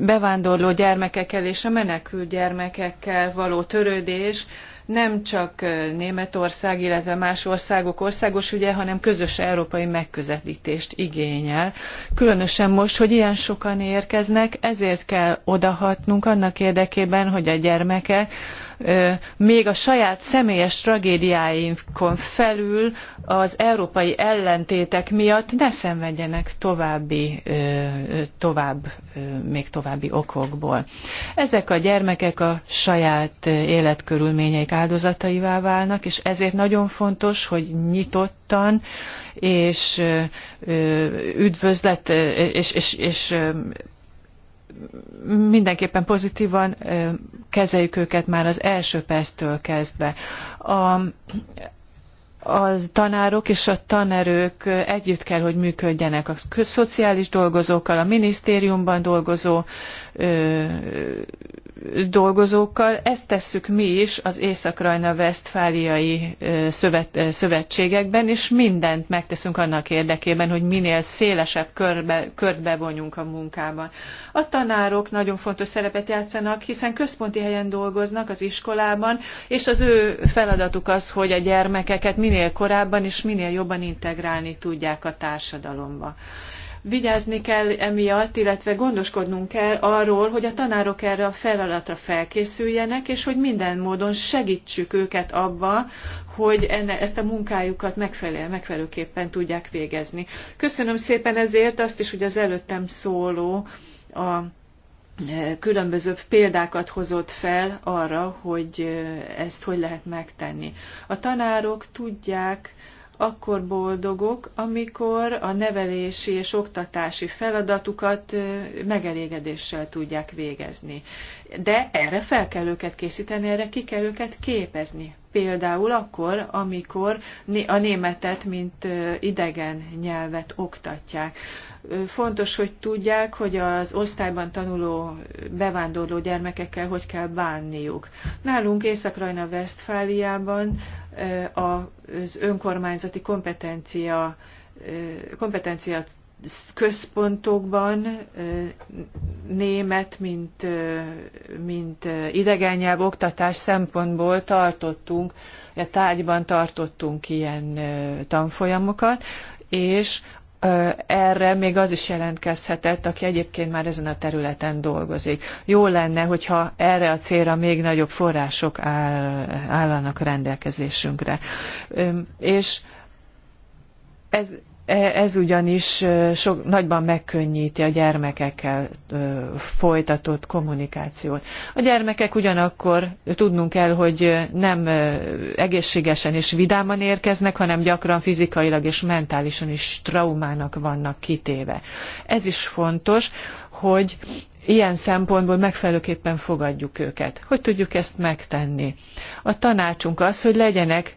bevándorló gyermekekkel és a menekült gyermekekkel való törődés nem csak Németország, illetve más országok országos ügye, hanem közös európai megközelítést igényel. Különösen most, hogy ilyen sokan érkeznek, ezért kell odahatnunk annak érdekében, hogy a gyermekek, még a saját személyes tragédiáinkon felül az európai ellentétek miatt ne szenvedjenek további, tovább, még további okokból. Ezek a gyermekek a saját életkörülményeik áldozataivá válnak, és ezért nagyon fontos, hogy nyitottan és üdvözlet, és, és, és mindenképpen pozitívan kezeljük őket már az első perctől kezdve. A, a tanárok és a tanerők együtt kell, hogy működjenek a szociális dolgozókkal, a minisztériumban dolgozó dolgozókkal. Ezt tesszük mi is az Észak-Rajna-Vesztfáliai szövet, szövetségekben, és mindent megteszünk annak érdekében, hogy minél szélesebb körbe, kört bevonjunk a munkában. A tanárok nagyon fontos szerepet játszanak, hiszen központi helyen dolgoznak az iskolában, és az ő feladatuk az, hogy a gyermekeket minél korábban és minél jobban integrálni tudják a társadalomba vigyázni kell emiatt, illetve gondoskodnunk kell arról, hogy a tanárok erre a feladatra felkészüljenek, és hogy minden módon segítsük őket abba, hogy enne, ezt a munkájukat megfelel, megfelelőképpen tudják végezni. Köszönöm szépen ezért azt is, hogy az előttem szóló a e, különböző példákat hozott fel arra, hogy e, ezt hogy lehet megtenni. A tanárok tudják, akkor boldogok, amikor a nevelési és oktatási feladatukat megelégedéssel tudják végezni. De erre fel kell őket készíteni, erre ki kell őket képezni például akkor, amikor a németet, mint idegen nyelvet oktatják. Fontos, hogy tudják, hogy az osztályban tanuló bevándorló gyermekekkel hogy kell bánniuk. Nálunk Észak-Rajna-Vesztfáliában az önkormányzati kompetencia kompetencia központokban német, mint, mint idegen nyelv oktatás szempontból tartottunk, a tárgyban tartottunk ilyen tanfolyamokat, és erre még az is jelentkezhetett, aki egyébként már ezen a területen dolgozik. Jó lenne, hogyha erre a célra még nagyobb források áll, állnak rendelkezésünkre. És ez E, ez ugyanis e, sok, nagyban megkönnyíti a gyermekekkel e, folytatott kommunikációt. A gyermekek ugyanakkor tudnunk kell, hogy nem egészségesen és vidáman érkeznek, hanem gyakran fizikailag és mentálisan is traumának vannak kitéve. Ez is fontos, hogy ilyen szempontból megfelelőképpen fogadjuk őket. Hogy tudjuk ezt megtenni? A tanácsunk az, hogy legyenek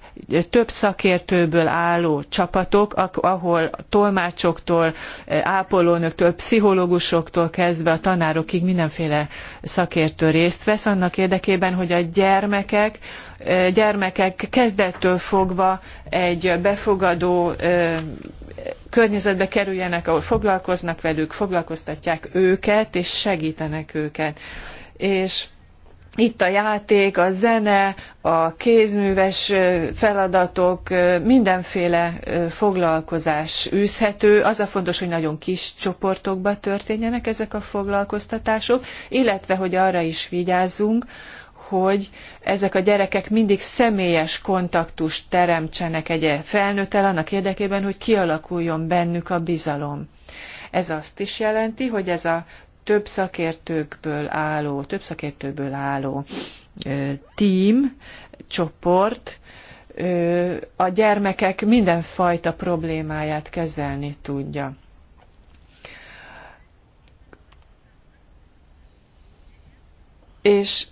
több szakértőből álló csapatok, ahol tolmácsoktól, ápolónöktől, pszichológusoktól kezdve a tanárokig mindenféle szakértő részt vesz annak érdekében, hogy a gyermekek gyermekek kezdettől fogva egy befogadó környezetbe kerüljenek, ahol foglalkoznak velük, foglalkoztatják őket, és segítenek őket. És itt a játék, a zene, a kézműves feladatok, mindenféle foglalkozás űzhető. Az a fontos, hogy nagyon kis csoportokba történjenek ezek a foglalkoztatások, illetve hogy arra is vigyázzunk, hogy ezek a gyerekek mindig személyes kontaktust teremtsenek egy felnőttel annak érdekében, hogy kialakuljon bennük a bizalom. Ez azt is jelenti, hogy ez a több szakértőkből álló, több szakértőből álló team, csoport a gyermekek mindenfajta problémáját kezelni tudja. És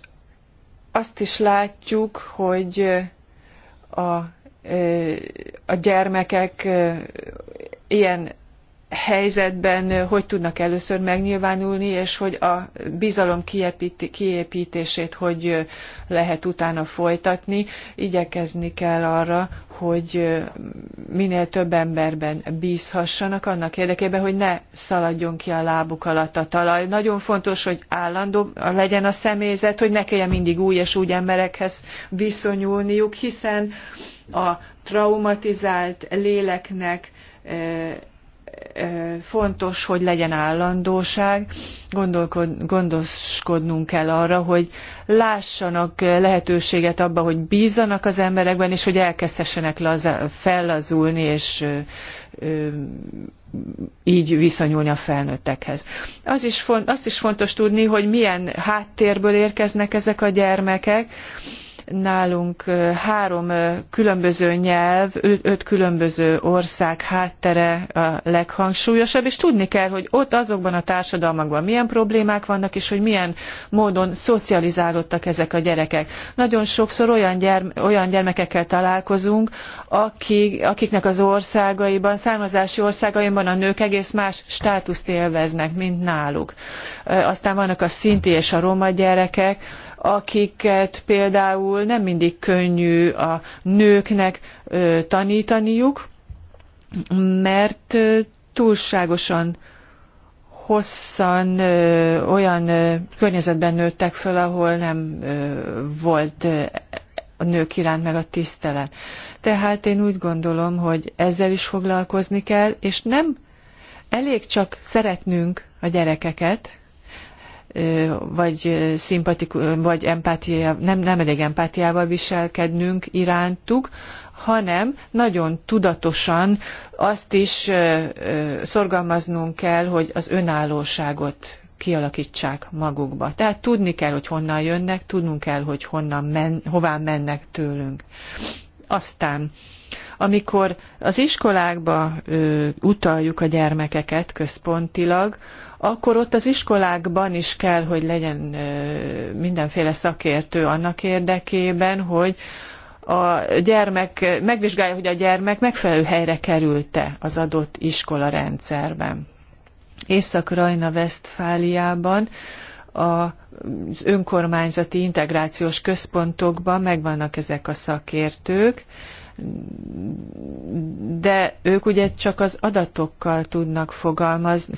azt is látjuk, hogy a, a gyermekek ilyen helyzetben hogy tudnak először megnyilvánulni, és hogy a bizalom kiépítését hogy lehet utána folytatni. Igyekezni kell arra, hogy minél több emberben bízhassanak annak érdekében, hogy ne szaladjon ki a lábuk alatt a talaj. Nagyon fontos, hogy állandó legyen a személyzet, hogy ne kelljen mindig új és úgy emberekhez viszonyulniuk, hiszen a traumatizált léleknek fontos, hogy legyen állandóság, gondoskodnunk kell arra, hogy lássanak lehetőséget abba, hogy bízzanak az emberekben, és hogy elkezdhessenek fellazulni, és így viszonyulni a felnőttekhez. Az is, azt is fontos tudni, hogy milyen háttérből érkeznek ezek a gyermekek, nálunk három különböző nyelv, öt különböző ország háttere a leghangsúlyosabb, és tudni kell, hogy ott azokban a társadalmakban milyen problémák vannak, és hogy milyen módon szocializálódtak ezek a gyerekek. Nagyon sokszor olyan, gyerm olyan gyermekekkel találkozunk, akik, akiknek az országaiban, származási országaiban a nők egész más státuszt élveznek, mint náluk. Aztán vannak a szinti és a roma gyerekek, akiket például nem mindig könnyű a nőknek tanítaniuk, mert túlságosan hosszan ö, olyan ö, környezetben nőttek föl, ahol nem ö, volt ö, a nők iránt meg a tisztelet. Tehát én úgy gondolom, hogy ezzel is foglalkozni kell, és nem elég csak szeretnünk a gyerekeket, vagy szimpatikus, vagy empátiával, nem, nem elég empátiával viselkednünk irántuk, hanem nagyon tudatosan azt is szorgalmaznunk kell, hogy az önállóságot kialakítsák magukba. Tehát tudni kell, hogy honnan jönnek, tudnunk kell, hogy honnan men, hová mennek tőlünk. Aztán, amikor az iskolákba ö, utaljuk a gyermekeket központilag, akkor ott az iskolákban is kell, hogy legyen mindenféle szakértő annak érdekében, hogy a gyermek megvizsgálja, hogy a gyermek megfelelő helyre kerülte az adott iskola rendszerben. Észak-Rajna-Vesztfáliában az önkormányzati integrációs központokban megvannak ezek a szakértők, de ők ugye csak az adatokkal tudnak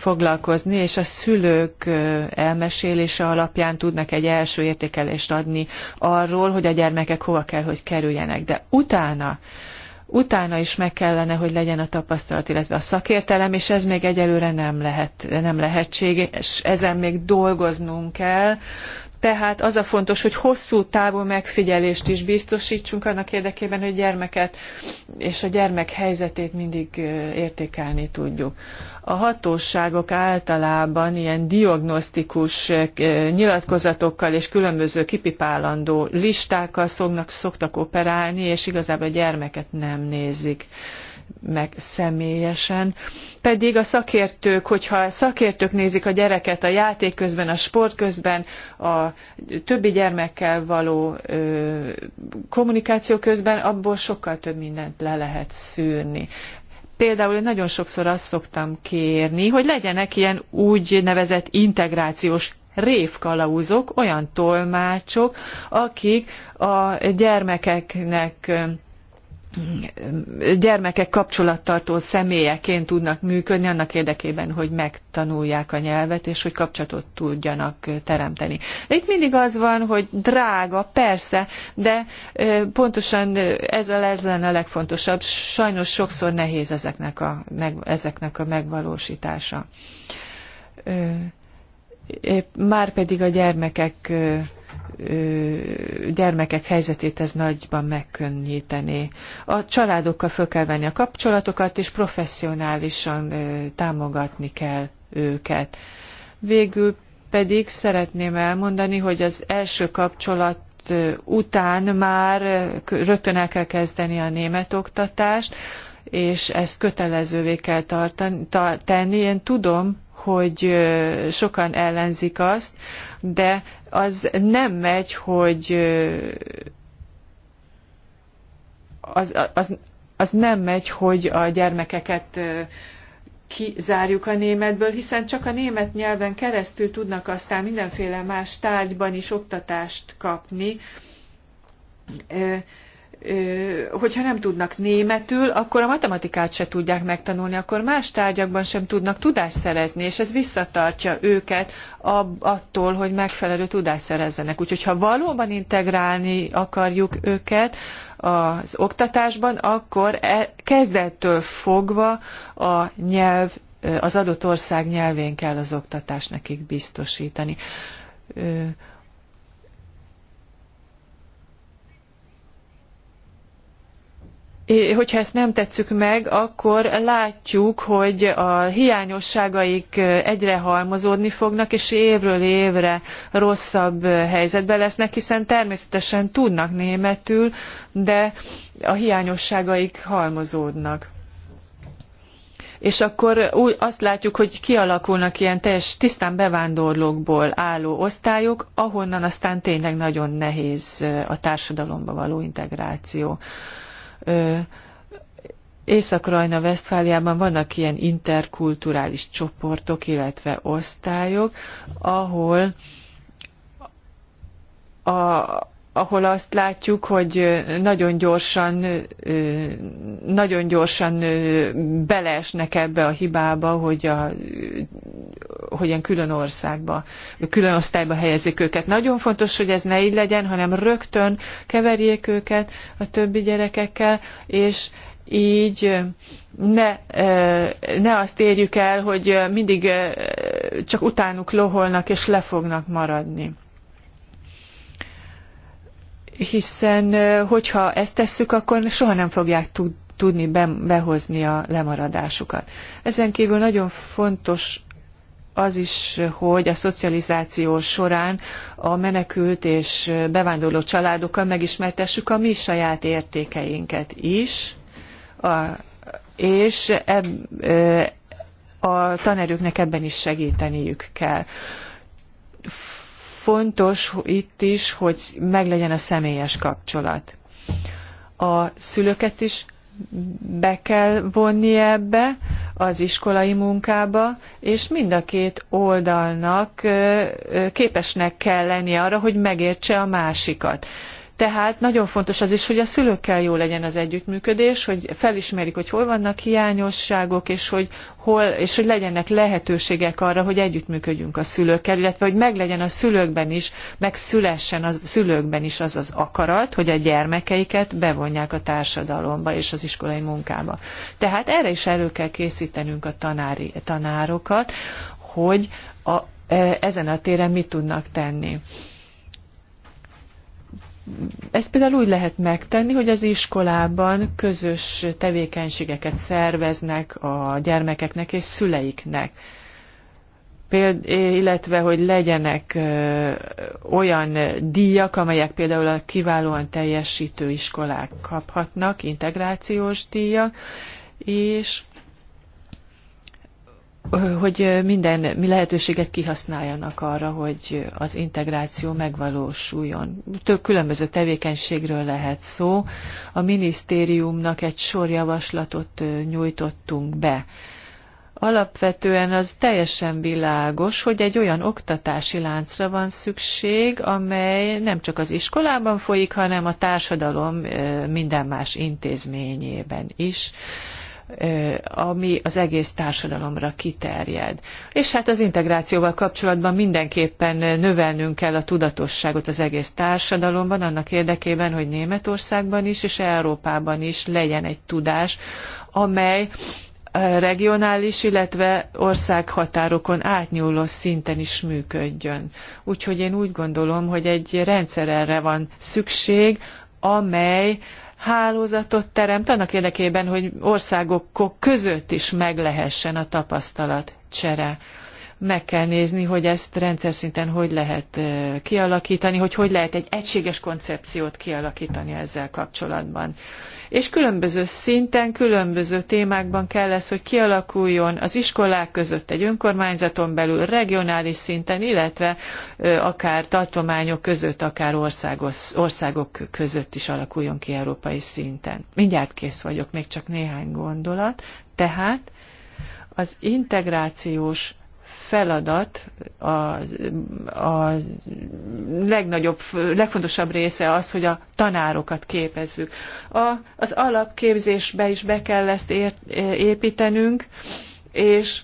foglalkozni, és a szülők elmesélése alapján tudnak egy első értékelést adni arról, hogy a gyermekek hova kell, hogy kerüljenek. De utána, utána is meg kellene, hogy legyen a tapasztalat, illetve a szakértelem, és ez még egyelőre nem, lehet, nem és ezen még dolgoznunk kell, tehát az a fontos, hogy hosszú távú megfigyelést is biztosítsunk annak érdekében, hogy gyermeket és a gyermek helyzetét mindig értékelni tudjuk a hatóságok általában ilyen diagnosztikus eh, nyilatkozatokkal és különböző kipipálandó listákkal szoknak, szoktak operálni, és igazából a gyermeket nem nézik meg személyesen. Pedig a szakértők, hogyha a szakértők nézik a gyereket a játék közben, a sport közben, a többi gyermekkel való ö, kommunikáció közben, abból sokkal több mindent le lehet szűrni például én nagyon sokszor azt szoktam kérni, hogy legyenek ilyen úgynevezett integrációs révkalauzok, olyan tolmácsok, akik a gyermekeknek gyermekek kapcsolattartó személyeként tudnak működni annak érdekében, hogy megtanulják a nyelvet, és hogy kapcsolatot tudjanak teremteni. De itt mindig az van, hogy drága, persze, de pontosan ez a lenne a legfontosabb. Sajnos sokszor nehéz ezeknek a, meg, ezeknek a megvalósítása. Már pedig a gyermekek gyermekek helyzetét ez nagyban megkönnyítené. A családokkal föl kell venni a kapcsolatokat, és professzionálisan támogatni kell őket. Végül pedig szeretném elmondani, hogy az első kapcsolat után már rögtön el kell kezdeni a német oktatást, és ezt kötelezővé kell tartani, ta, tenni. Én tudom, hogy sokan ellenzik azt, de az nem megy, hogy az, az, az nem megy, hogy a gyermekeket kizárjuk a németből, hiszen csak a német nyelven keresztül tudnak aztán mindenféle más tárgyban is oktatást kapni hogyha nem tudnak németül, akkor a matematikát se tudják megtanulni, akkor más tárgyakban sem tudnak tudást szerezni, és ez visszatartja őket attól, hogy megfelelő tudást szerezzenek. Úgyhogy ha valóban integrálni akarjuk őket az oktatásban, akkor e, kezdettől fogva a nyelv, az adott ország nyelvén kell az oktatást nekik biztosítani hogyha ezt nem tetszük meg, akkor látjuk, hogy a hiányosságaik egyre halmozódni fognak, és évről évre rosszabb helyzetben lesznek, hiszen természetesen tudnak németül, de a hiányosságaik halmozódnak és akkor azt látjuk, hogy kialakulnak ilyen teljes tisztán bevándorlókból álló osztályok, ahonnan aztán tényleg nagyon nehéz a társadalomba való integráció. Észak-Rajna Vesztfáliában vannak ilyen interkulturális csoportok, illetve osztályok, ahol a, ahol azt látjuk, hogy nagyon gyorsan, nagyon gyorsan beleesnek ebbe a hibába, hogy, a, hogy ilyen külön országba, külön osztályba helyezik őket. Nagyon fontos, hogy ez ne így legyen, hanem rögtön keverjék őket a többi gyerekekkel, és így ne, ne azt érjük el, hogy mindig csak utánuk loholnak és le fognak maradni hiszen hogyha ezt tesszük, akkor soha nem fogják tudni behozni a lemaradásukat. Ezen kívül nagyon fontos az is, hogy a szocializáció során a menekült és bevándorló családokkal megismertessük a mi saját értékeinket is, a, és eb, a tanerőknek ebben is segíteniük kell fontos itt is, hogy meglegyen a személyes kapcsolat. A szülőket is be kell vonni ebbe az iskolai munkába, és mind a két oldalnak képesnek kell lennie arra, hogy megértse a másikat. Tehát nagyon fontos az is, hogy a szülőkkel jó legyen az együttműködés, hogy felismerik, hogy hol vannak hiányosságok, és hogy, hol, és hogy legyenek lehetőségek arra, hogy együttműködjünk a szülőkkel, illetve hogy meglegyen a szülőkben is, megszülessen a szülőkben is az az akarat, hogy a gyermekeiket bevonják a társadalomba és az iskolai munkába. Tehát erre is elő kell készítenünk a tanári, tanárokat, hogy a, e, ezen a téren mit tudnak tenni ezt például úgy lehet megtenni, hogy az iskolában közös tevékenységeket szerveznek a gyermekeknek és szüleiknek. Péld, illetve, hogy legyenek olyan díjak, amelyek például a kiválóan teljesítő iskolák kaphatnak, integrációs díjak, és hogy minden mi lehetőséget kihasználjanak arra, hogy az integráció megvalósuljon. Több különböző tevékenységről lehet szó. A minisztériumnak egy sor javaslatot nyújtottunk be. Alapvetően az teljesen világos, hogy egy olyan oktatási láncra van szükség, amely nem csak az iskolában folyik, hanem a társadalom minden más intézményében is ami az egész társadalomra kiterjed. És hát az integrációval kapcsolatban mindenképpen növelnünk kell a tudatosságot az egész társadalomban, annak érdekében, hogy Németországban is és Európában is legyen egy tudás, amely regionális, illetve országhatárokon átnyúló szinten is működjön. Úgyhogy én úgy gondolom, hogy egy rendszer erre van szükség, amely hálózatot teremt annak érdekében, hogy országok között is meglehessen a tapasztalatcsere meg kell nézni, hogy ezt rendszer szinten hogy lehet kialakítani, hogy hogy lehet egy egységes koncepciót kialakítani ezzel kapcsolatban. És különböző szinten, különböző témákban kell ez, hogy kialakuljon az iskolák között egy önkormányzaton belül, regionális szinten, illetve akár tartományok között, akár országos, országok között is alakuljon ki európai szinten. Mindjárt kész vagyok, még csak néhány gondolat. Tehát az integrációs feladat, a, a legnagyobb, legfontosabb része az, hogy a tanárokat képezzük. A, az alapképzésbe is be kell ezt ért, e, építenünk, és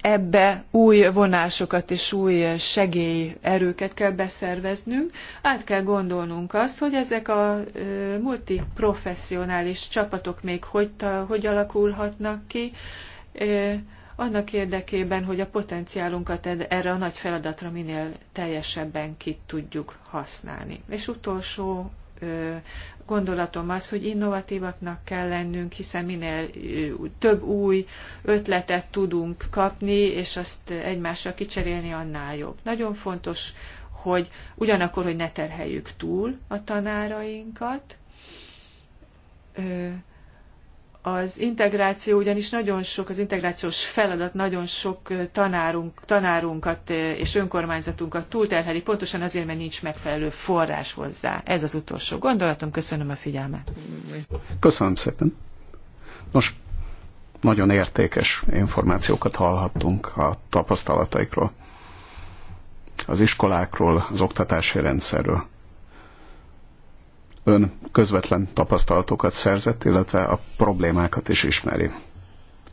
ebbe új vonásokat és új segélyerőket kell beszerveznünk. Át kell gondolnunk azt, hogy ezek a e, multiprofessionális csapatok még hogy, hogy alakulhatnak ki, e, annak érdekében, hogy a potenciálunkat erre a nagy feladatra minél teljesebben ki tudjuk használni. És utolsó gondolatom az, hogy innovatívaknak kell lennünk, hiszen minél több új ötletet tudunk kapni, és azt egymásra kicserélni, annál jobb. Nagyon fontos, hogy ugyanakkor, hogy ne terheljük túl a tanárainkat, az integráció ugyanis nagyon sok, az integrációs feladat nagyon sok tanárunk, tanárunkat és önkormányzatunkat túlterheli, pontosan azért, mert nincs megfelelő forrás hozzá. Ez az utolsó gondolatom. Köszönöm a figyelmet. Köszönöm szépen. Nos, nagyon értékes információkat hallhattunk a tapasztalataikról, az iskolákról, az oktatási rendszerről ön közvetlen tapasztalatokat szerzett, illetve a problémákat is ismeri.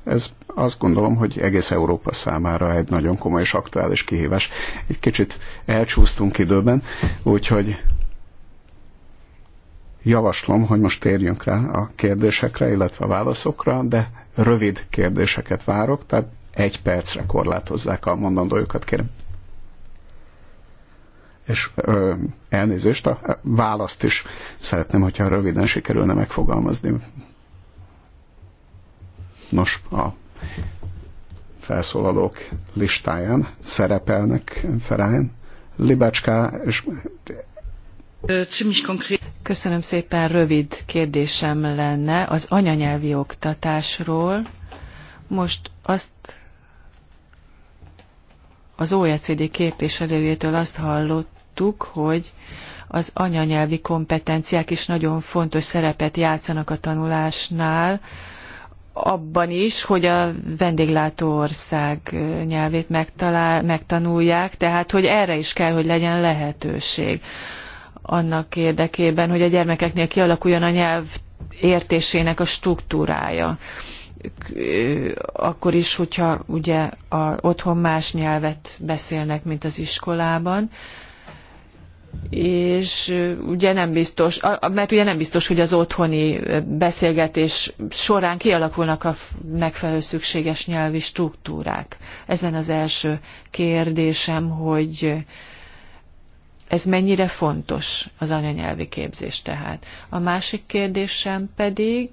Ez azt gondolom, hogy egész Európa számára egy nagyon komoly és aktuális kihívás. Egy kicsit elcsúsztunk időben, úgyhogy javaslom, hogy most térjünk rá a kérdésekre, illetve a válaszokra, de rövid kérdéseket várok, tehát egy percre korlátozzák a mondandójukat, kérem és ö, elnézést, a választ is szeretném, hogyha röviden sikerülne megfogalmazni. Nos, a felszólalók listáján szerepelnek Ferájn, Libácská és Köszönöm szépen, rövid kérdésem lenne az anyanyelvi oktatásról. Most azt az OECD képviselőjétől azt hallott, láttuk, hogy az anyanyelvi kompetenciák is nagyon fontos szerepet játszanak a tanulásnál, abban is, hogy a vendéglátó ország nyelvét megtalál, megtanulják, tehát hogy erre is kell, hogy legyen lehetőség annak érdekében, hogy a gyermekeknél kialakuljon a nyelv értésének a struktúrája. Akkor is, hogyha ugye a, otthon más nyelvet beszélnek, mint az iskolában és ugye nem biztos, mert ugye nem biztos, hogy az otthoni beszélgetés során kialakulnak a megfelelő szükséges nyelvi struktúrák. Ezen az első kérdésem, hogy ez mennyire fontos az anyanyelvi képzés tehát. A másik kérdésem pedig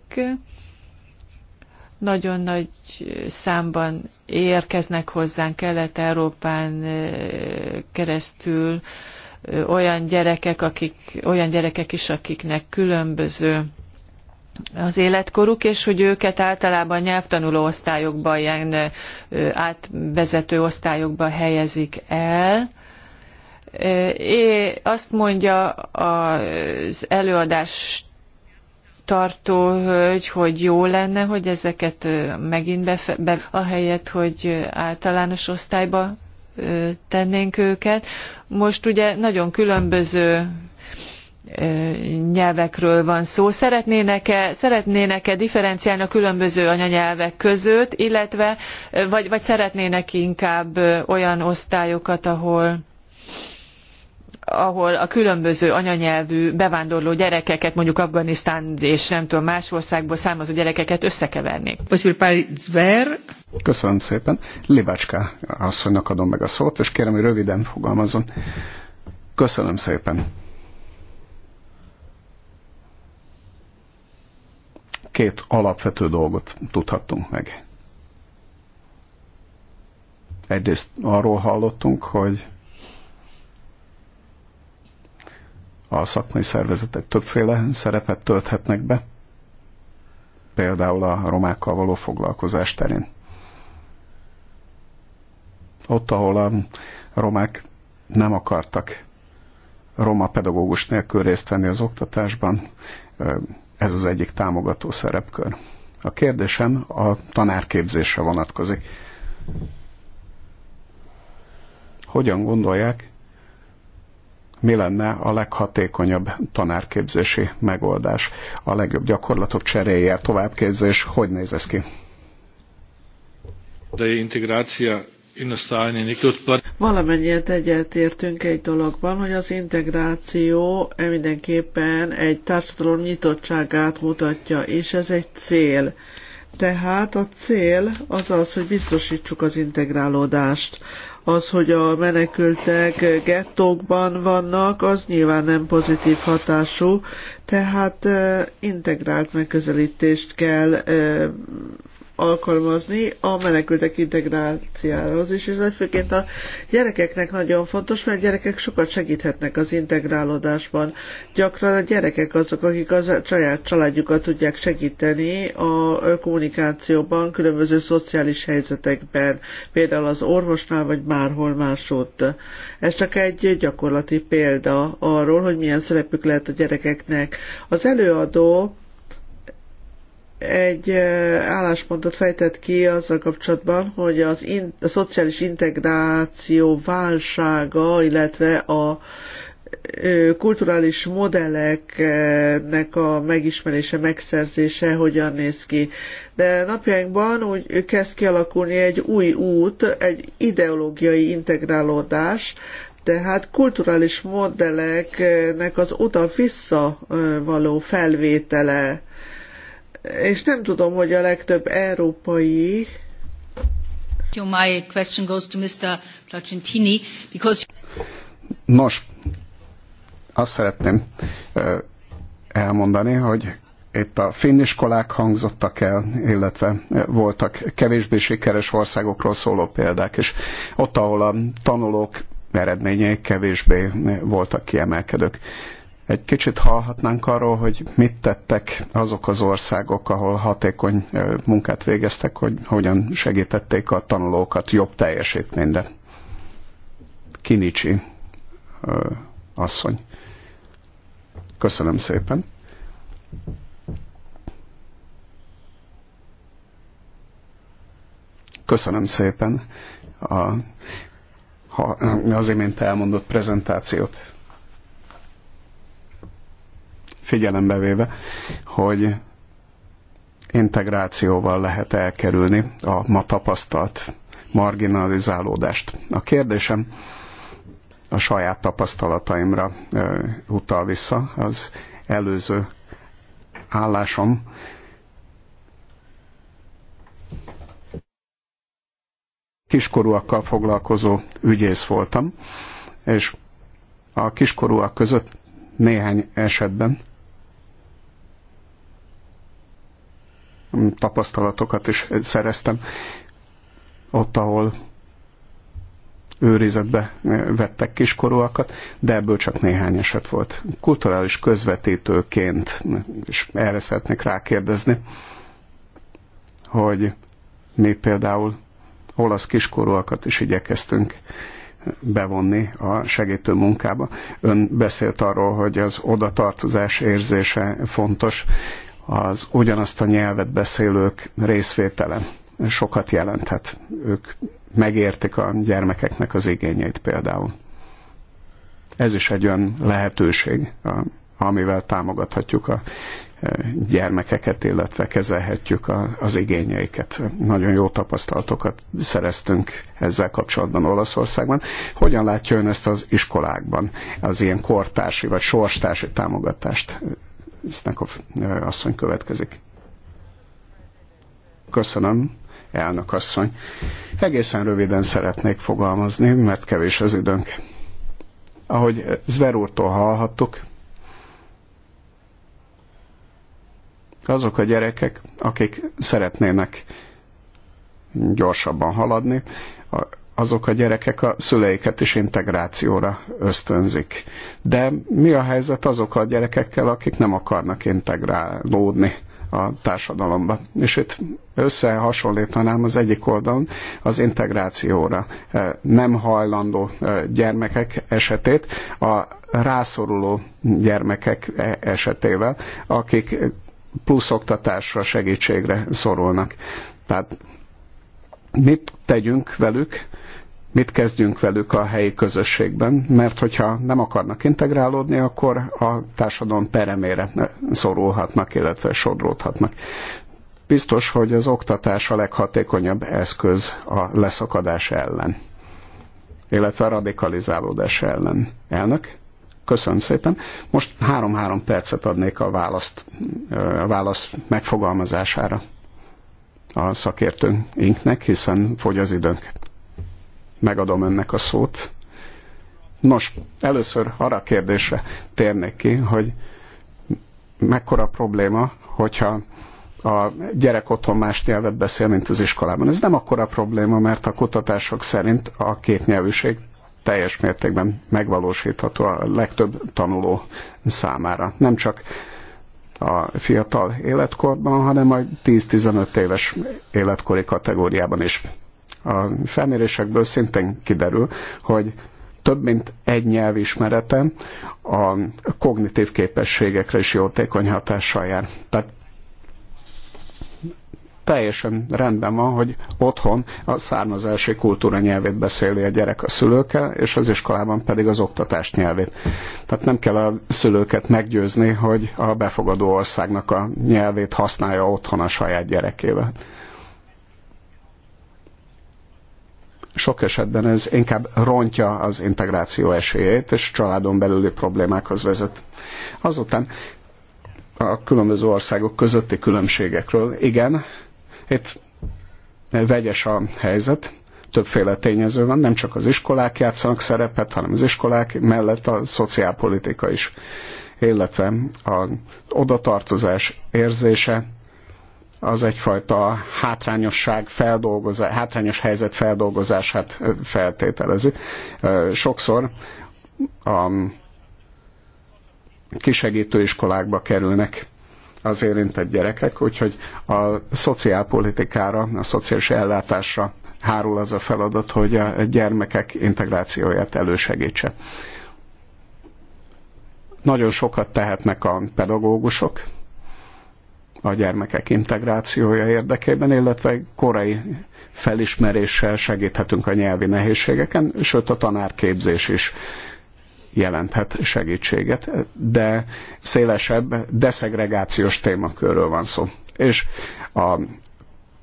nagyon nagy számban érkeznek hozzánk Kelet-Európán keresztül olyan gyerekek, akik, olyan gyerekek is, akiknek különböző az életkoruk, és hogy őket általában nyelvtanuló osztályokba, ilyen átvezető osztályokba helyezik el. É, azt mondja az előadás tartó hölgy, hogy jó lenne, hogy ezeket megint befe, be, ahelyett, hogy általános osztályba tennénk őket. Most ugye nagyon különböző nyelvekről van szó. Szeretnének-e, szeretnének-e differenciálni a különböző anyanyelvek között, illetve vagy, vagy szeretnének inkább olyan osztályokat, ahol ahol a különböző anyanyelvű bevándorló gyerekeket, mondjuk Afganisztán és nem tudom, más országból származó gyerekeket összekevernék. Köszönöm szépen. Libácska asszonynak adom meg a szót, és kérem, hogy röviden fogalmazom. Köszönöm szépen. Két alapvető dolgot tudhattunk meg egyrészt arról hallottunk, hogy A szakmai szervezetek többféle szerepet tölthetnek be, például a romákkal való foglalkozás terén. Ott, ahol a romák nem akartak roma pedagógus nélkül részt venni az oktatásban, ez az egyik támogató szerepkör. A kérdésem a tanárképzésre vonatkozik. Hogyan gondolják, mi lenne a leghatékonyabb tanárképzési megoldás, a legjobb gyakorlatok cseréje, továbbképzés, hogy néz ez ki? De integráció Valamennyien egyetértünk egy dologban, hogy az integráció e mindenképpen egy társadalom nyitottságát mutatja, és ez egy cél. Tehát a cél az az, hogy biztosítsuk az integrálódást az, hogy a menekültek gettókban vannak, az nyilván nem pozitív hatású, tehát integrált megközelítést kell alkalmazni a menekültek integrációhoz is, ez főként a gyerekeknek nagyon fontos, mert a gyerekek sokat segíthetnek az integrálódásban. Gyakran a gyerekek azok, akik a az saját családjukat tudják segíteni a kommunikációban, különböző szociális helyzetekben, például az orvosnál, vagy bárhol másott. Ez csak egy gyakorlati példa arról, hogy milyen szerepük lehet a gyerekeknek. Az előadó egy álláspontot fejtett ki azzal kapcsolatban, hogy az in, a szociális integráció válsága, illetve a kulturális modelleknek a megismerése, megszerzése hogyan néz ki. De napjainkban úgy kezd kialakulni egy új út, egy ideológiai integrálódás, tehát kulturális modelleknek az oda-vissza való felvétele és nem tudom, hogy a legtöbb európai My question goes to Mr. Placentini, because... Nos, azt szeretném elmondani, hogy itt a finn iskolák hangzottak el, illetve voltak kevésbé sikeres országokról szóló példák, és ott, ahol a tanulók eredményei kevésbé voltak kiemelkedők egy kicsit hallhatnánk arról, hogy mit tettek azok az országok, ahol hatékony munkát végeztek, hogy hogyan segítették a tanulókat jobb teljesítményre. Kinicsi asszony. Köszönöm szépen. Köszönöm szépen a, az imént elmondott prezentációt figyelembe véve, hogy integrációval lehet elkerülni a ma tapasztalt marginalizálódást. A kérdésem a saját tapasztalataimra utal vissza, az előző állásom kiskorúakkal foglalkozó ügyész voltam, és a kiskorúak között néhány esetben tapasztalatokat is szereztem ott, ahol őrizetbe vettek kiskorúakat, de ebből csak néhány eset volt. Kulturális közvetítőként, és erre szeretnék rákérdezni, hogy mi például olasz kiskorúakat is igyekeztünk bevonni a segítő munkába. Ön beszélt arról, hogy az odatartozás érzése fontos, az ugyanazt a nyelvet beszélők részvétele sokat jelenthet. Ők megértik a gyermekeknek az igényeit például. Ez is egy olyan lehetőség, amivel támogathatjuk a e, gyermekeket, illetve kezelhetjük az igényeiket. Nagyon jó tapasztalatokat szereztünk ezzel kapcsolatban Olaszországban. Hogyan látja ön ezt az iskolákban, az ilyen kortársi vagy sorstársi támogatást? Isznakov asszony következik. Köszönöm, elnök asszony. Egészen röviden szeretnék fogalmazni, mert kevés az időnk. Ahogy Zver úrtól hallhattuk, azok a gyerekek, akik szeretnének gyorsabban haladni, azok a gyerekek a szüleiket is integrációra ösztönzik. De mi a helyzet azok a gyerekekkel, akik nem akarnak integrálódni a társadalomba? És itt összehasonlítanám az egyik oldalon az integrációra e, nem hajlandó e, gyermekek esetét a rászoruló gyermekek e, esetével, akik plusz oktatásra, segítségre szorulnak. Tehát mit tegyünk velük, mit kezdjünk velük a helyi közösségben, mert hogyha nem akarnak integrálódni, akkor a társadalom peremére szorulhatnak, illetve sodródhatnak. Biztos, hogy az oktatás a leghatékonyabb eszköz a leszakadás ellen, illetve a radikalizálódás ellen. Elnök? Köszönöm szépen. Most három-három percet adnék a, választ, a válasz megfogalmazására a szakértőinknek, hiszen fogy az időnk. Megadom önnek a szót. Nos, először arra a kérdésre térnék ki, hogy mekkora probléma, hogyha a gyerek otthon más nyelvet beszél, mint az iskolában. Ez nem akkora probléma, mert a kutatások szerint a két nyelvűség teljes mértékben megvalósítható a legtöbb tanuló számára. Nem csak a fiatal életkorban, hanem a 10-15 éves életkori kategóriában is. A felmérésekből szintén kiderül, hogy több mint egy nyelv ismerete a kognitív képességekre is jótékony hatással jár. Tehát teljesen rendben van, hogy otthon a származási kultúra nyelvét beszéli a gyerek a szülőkkel, és az iskolában pedig az oktatás nyelvét. Tehát nem kell a szülőket meggyőzni, hogy a befogadó országnak a nyelvét használja otthon a saját gyerekével. Sok esetben ez inkább rontja az integráció esélyét, és családon belüli problémákhoz vezet. Azután a különböző országok közötti különbségekről. Igen, itt vegyes a helyzet, többféle tényező van, nem csak az iskolák játszanak szerepet, hanem az iskolák mellett a szociálpolitika is, illetve a odatartozás érzése, az egyfajta hátrányosság feldolgozás, hátrányos helyzet feldolgozását feltételezi. Sokszor a kisegítő iskolákba kerülnek az érintett gyerekek, úgyhogy a szociálpolitikára, a szociális ellátásra hárul az a feladat, hogy a gyermekek integrációját elősegítse. Nagyon sokat tehetnek a pedagógusok a gyermekek integrációja érdekében, illetve korai felismeréssel segíthetünk a nyelvi nehézségeken, sőt a tanárképzés is jelenthet segítséget, de szélesebb deszegregációs témakörről van szó. És a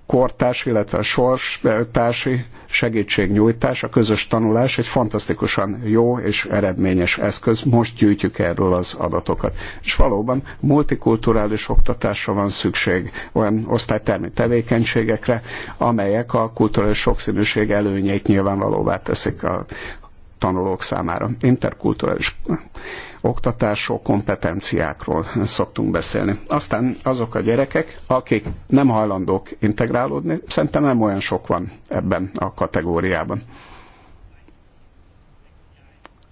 kortárs, illetve a sorstársi segítségnyújtás, a közös tanulás egy fantasztikusan jó és eredményes eszköz. Most gyűjtjük erről az adatokat. És valóban multikulturális oktatásra van szükség olyan osztálytermi tevékenységekre, amelyek a kulturális sokszínűség előnyeit nyilvánvalóvá teszik. A tanulók számára. Interkulturális oktatásról, kompetenciákról szoktunk beszélni. Aztán azok a gyerekek, akik nem hajlandók integrálódni, szerintem nem olyan sok van ebben a kategóriában.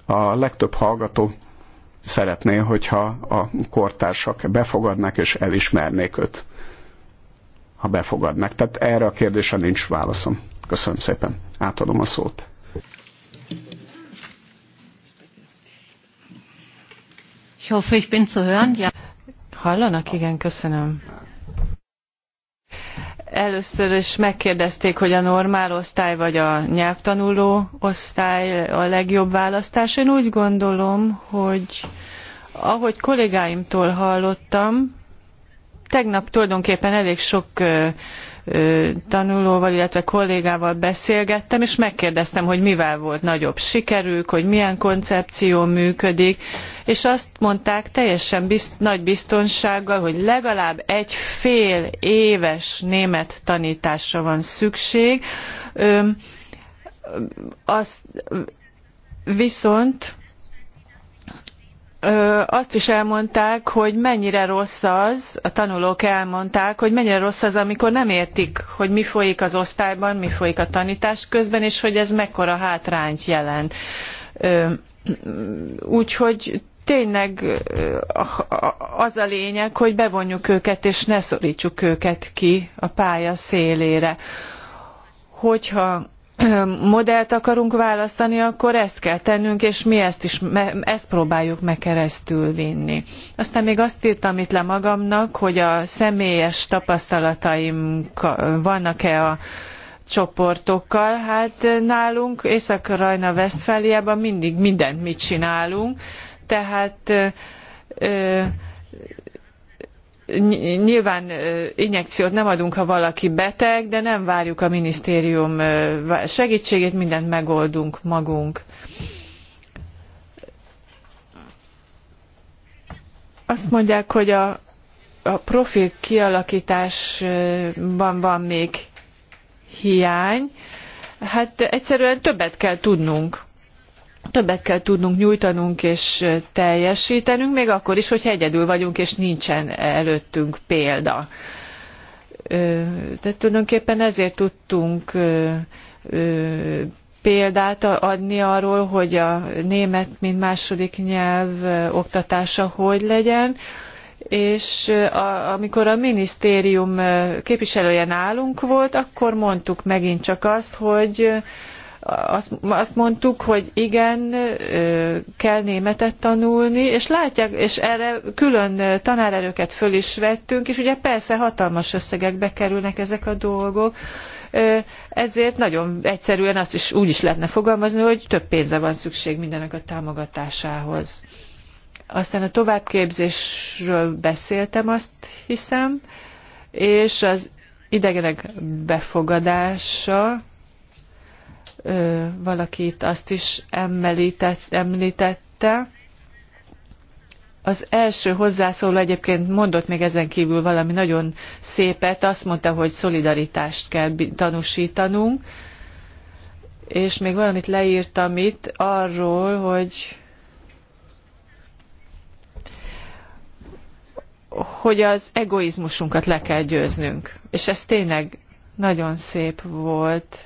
A legtöbb hallgató szeretné, hogyha a kortársak befogadnak és elismernék őt, ha befogadnak. Tehát erre a kérdésre nincs válaszom. Köszönöm szépen. Átadom a szót. hoffe, ich bin zu hören. Ja. Hallanak? Igen, köszönöm. Először is megkérdezték, hogy a normál osztály vagy a nyelvtanuló osztály a legjobb választás. Én úgy gondolom, hogy ahogy kollégáimtól hallottam, tegnap tulajdonképpen elég sok tanulóval, illetve kollégával beszélgettem, és megkérdeztem, hogy mivel volt nagyobb sikerük, hogy milyen koncepció működik, és azt mondták teljesen bizt, nagy biztonsággal, hogy legalább egy fél éves német tanításra van szükség. azt viszont azt is elmondták, hogy mennyire rossz az, a tanulók elmondták, hogy mennyire rossz az, amikor nem értik, hogy mi folyik az osztályban, mi folyik a tanítás közben, és hogy ez mekkora hátrányt jelent. Úgyhogy tényleg az a lényeg, hogy bevonjuk őket, és ne szorítsuk őket ki a pálya szélére. Hogyha modellt akarunk választani, akkor ezt kell tennünk, és mi ezt is, ezt próbáljuk meg keresztül vinni. Aztán még azt írtam itt le magamnak, hogy a személyes tapasztalataim vannak-e a csoportokkal. Hát nálunk Észak-Rajna-Vesztfáliában mindig mindent mit csinálunk, tehát nyilván injekciót nem adunk, ha valaki beteg, de nem várjuk a minisztérium segítségét, mindent megoldunk magunk. Azt mondják, hogy a, a profil kialakításban van még hiány. Hát egyszerűen többet kell tudnunk többet kell tudnunk nyújtanunk és teljesítenünk, még akkor is, hogy egyedül vagyunk, és nincsen előttünk példa. Tehát tulajdonképpen ezért tudtunk példát adni arról, hogy a német, mint második nyelv oktatása hogy legyen, és a, amikor a minisztérium képviselője nálunk volt, akkor mondtuk megint csak azt, hogy azt, azt mondtuk, hogy igen, kell németet tanulni, és látják, és erre külön tanárerőket föl is vettünk, és ugye persze hatalmas összegekbe kerülnek ezek a dolgok, ezért nagyon egyszerűen azt is úgy is lehetne fogalmazni, hogy több pénzre van szükség mindenek a támogatásához. Aztán a továbbképzésről beszéltem, azt hiszem, és az idegenek befogadása, valakit azt is említett, említette. Az első hozzászóló egyébként mondott még ezen kívül valami nagyon szépet, azt mondta, hogy szolidaritást kell tanúsítanunk, és még valamit leírtam itt arról, hogy hogy az egoizmusunkat le kell győznünk. És ez tényleg nagyon szép volt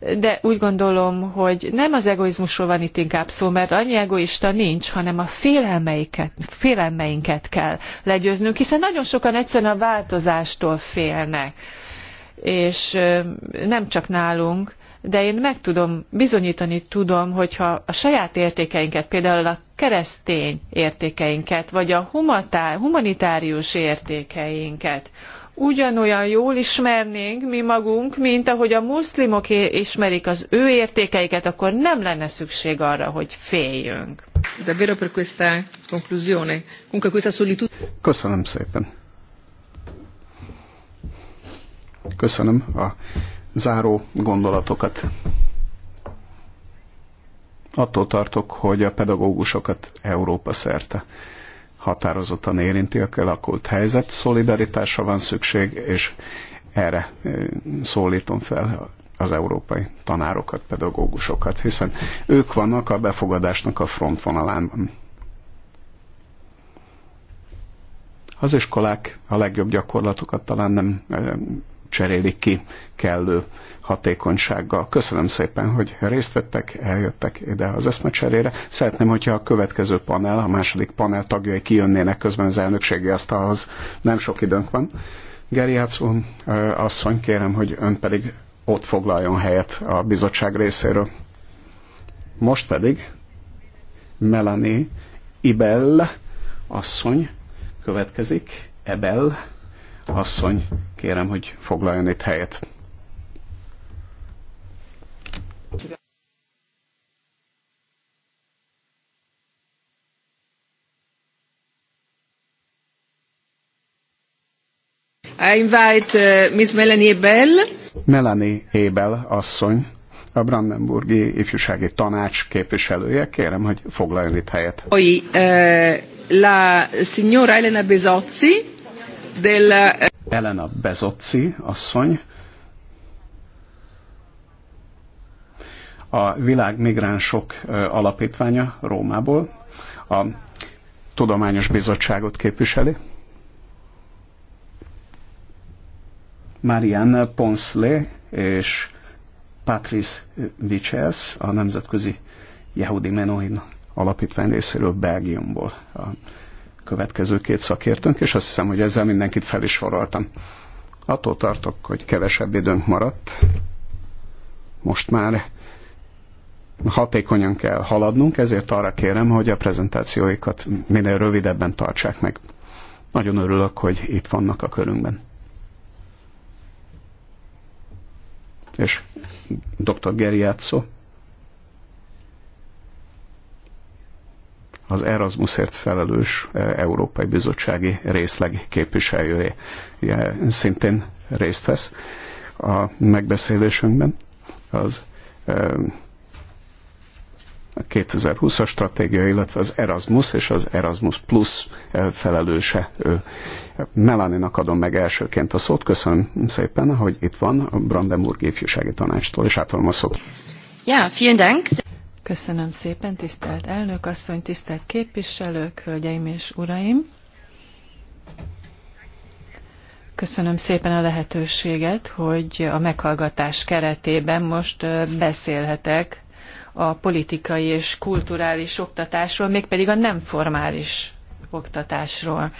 de úgy gondolom, hogy nem az egoizmusról van itt inkább szó, mert annyi egoista nincs, hanem a félelmeiket, félelmeinket kell legyőznünk, hiszen nagyon sokan egyszerűen a változástól félnek. És nem csak nálunk, de én meg tudom, bizonyítani tudom, hogyha a saját értékeinket, például a keresztény értékeinket, vagy a humanitárius értékeinket, ugyanolyan jól ismernénk mi magunk, mint ahogy a muszlimok ismerik az ő értékeiket, akkor nem lenne szükség arra, hogy féljünk. Davvero per questa conclusione. Comunque questa solitudine. Köszönöm szépen. Köszönöm a záró gondolatokat. Attól tartok, hogy a pedagógusokat Európa szerte határozottan érinti a kialakult helyzet. Szolidaritásra van szükség, és erre szólítom fel az európai tanárokat, pedagógusokat, hiszen ők vannak a befogadásnak a frontvonalában. Az iskolák a legjobb gyakorlatokat talán nem cserélik ki kellő hatékonysággal. Köszönöm szépen, hogy részt vettek, eljöttek ide az eszmecserére. Szeretném, hogyha a következő panel, a második panel tagjai kijönnének közben az elnökségi asztalhoz. Nem sok időnk van. Geri Hátszón, asszony, kérem, hogy ön pedig ott foglaljon helyet a bizottság részéről. Most pedig Melanie Ibel asszony következik, Ebel asszony, kérem, hogy foglaljon itt helyet. I invite uh, Miss Melanie Bell. Melanie Hebel, asszony, a Brandenburgi Ifjúsági Tanács képviselője. Kérem, hogy foglaljon itt helyet. Oi, uh, la signora Elena Bezozzi, della... Eh, Elena Bezocci asszony, a Világ Migránsok eh, Alapítványa Rómából, a Tudományos Bizottságot képviseli. Marianne Ponsley és Patrice Vichels, a Nemzetközi Yehudi Menohin Alapítvány részéről Belgiumból a következő két szakértőnk, és azt hiszem, hogy ezzel mindenkit fel is soroltam. Attól tartok, hogy kevesebb időnk maradt. Most már hatékonyan kell haladnunk, ezért arra kérem, hogy a prezentációikat minél rövidebben tartsák meg. Nagyon örülök, hogy itt vannak a körünkben. És dr. Geriátszó az Erasmusért felelős eh, Európai Bizottsági részleg képviselője szintén részt vesz a megbeszélésünkben. Az 2020-as eh, stratégia, illetve az Erasmus és az Erasmus Plus eh, felelőse ő. Melaninak adom meg elsőként a szót. Köszönöm szépen, hogy itt van a Brandenburg ifjúsági tanácstól, és átolom a szót. Ja, vielen Dank. Köszönöm szépen, tisztelt elnök asszony, tisztelt képviselők, hölgyeim és uraim! Köszönöm szépen a lehetőséget, hogy a meghallgatás keretében most beszélhetek a politikai és kulturális oktatásról, mégpedig a nem formális oktatásról.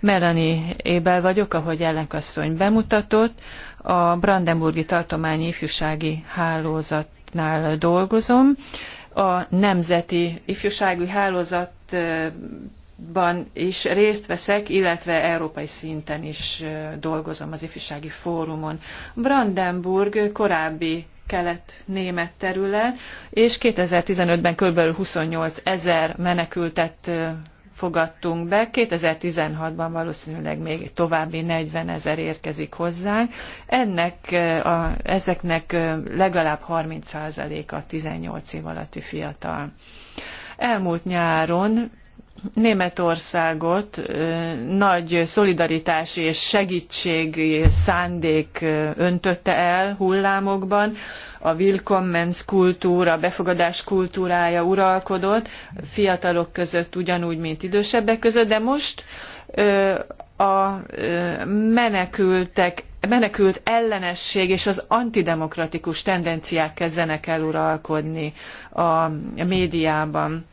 Melani Ébel vagyok, ahogy ellenkasszony bemutatott, a Brandenburgi Tartományi Ifjúsági Hálózatnál dolgozom, a Nemzeti Ifjúsági Hálózatban is részt veszek, illetve európai szinten is dolgozom az ifjúsági fórumon. Brandenburg korábbi kelet-német terület, és 2015-ben kb. 28 ezer menekültet fogadtunk be. 2016-ban valószínűleg még további 40 ezer érkezik hozzánk. Ennek a, ezeknek legalább 30% a 18 év alatti fiatal. Elmúlt nyáron Németországot nagy szolidaritási és segítség szándék öntötte el hullámokban, a Willkommens kultúra, befogadás kultúrája uralkodott, fiatalok között ugyanúgy, mint idősebbek között, de most a menekültek menekült ellenesség és az antidemokratikus tendenciák kezdenek el uralkodni a médiában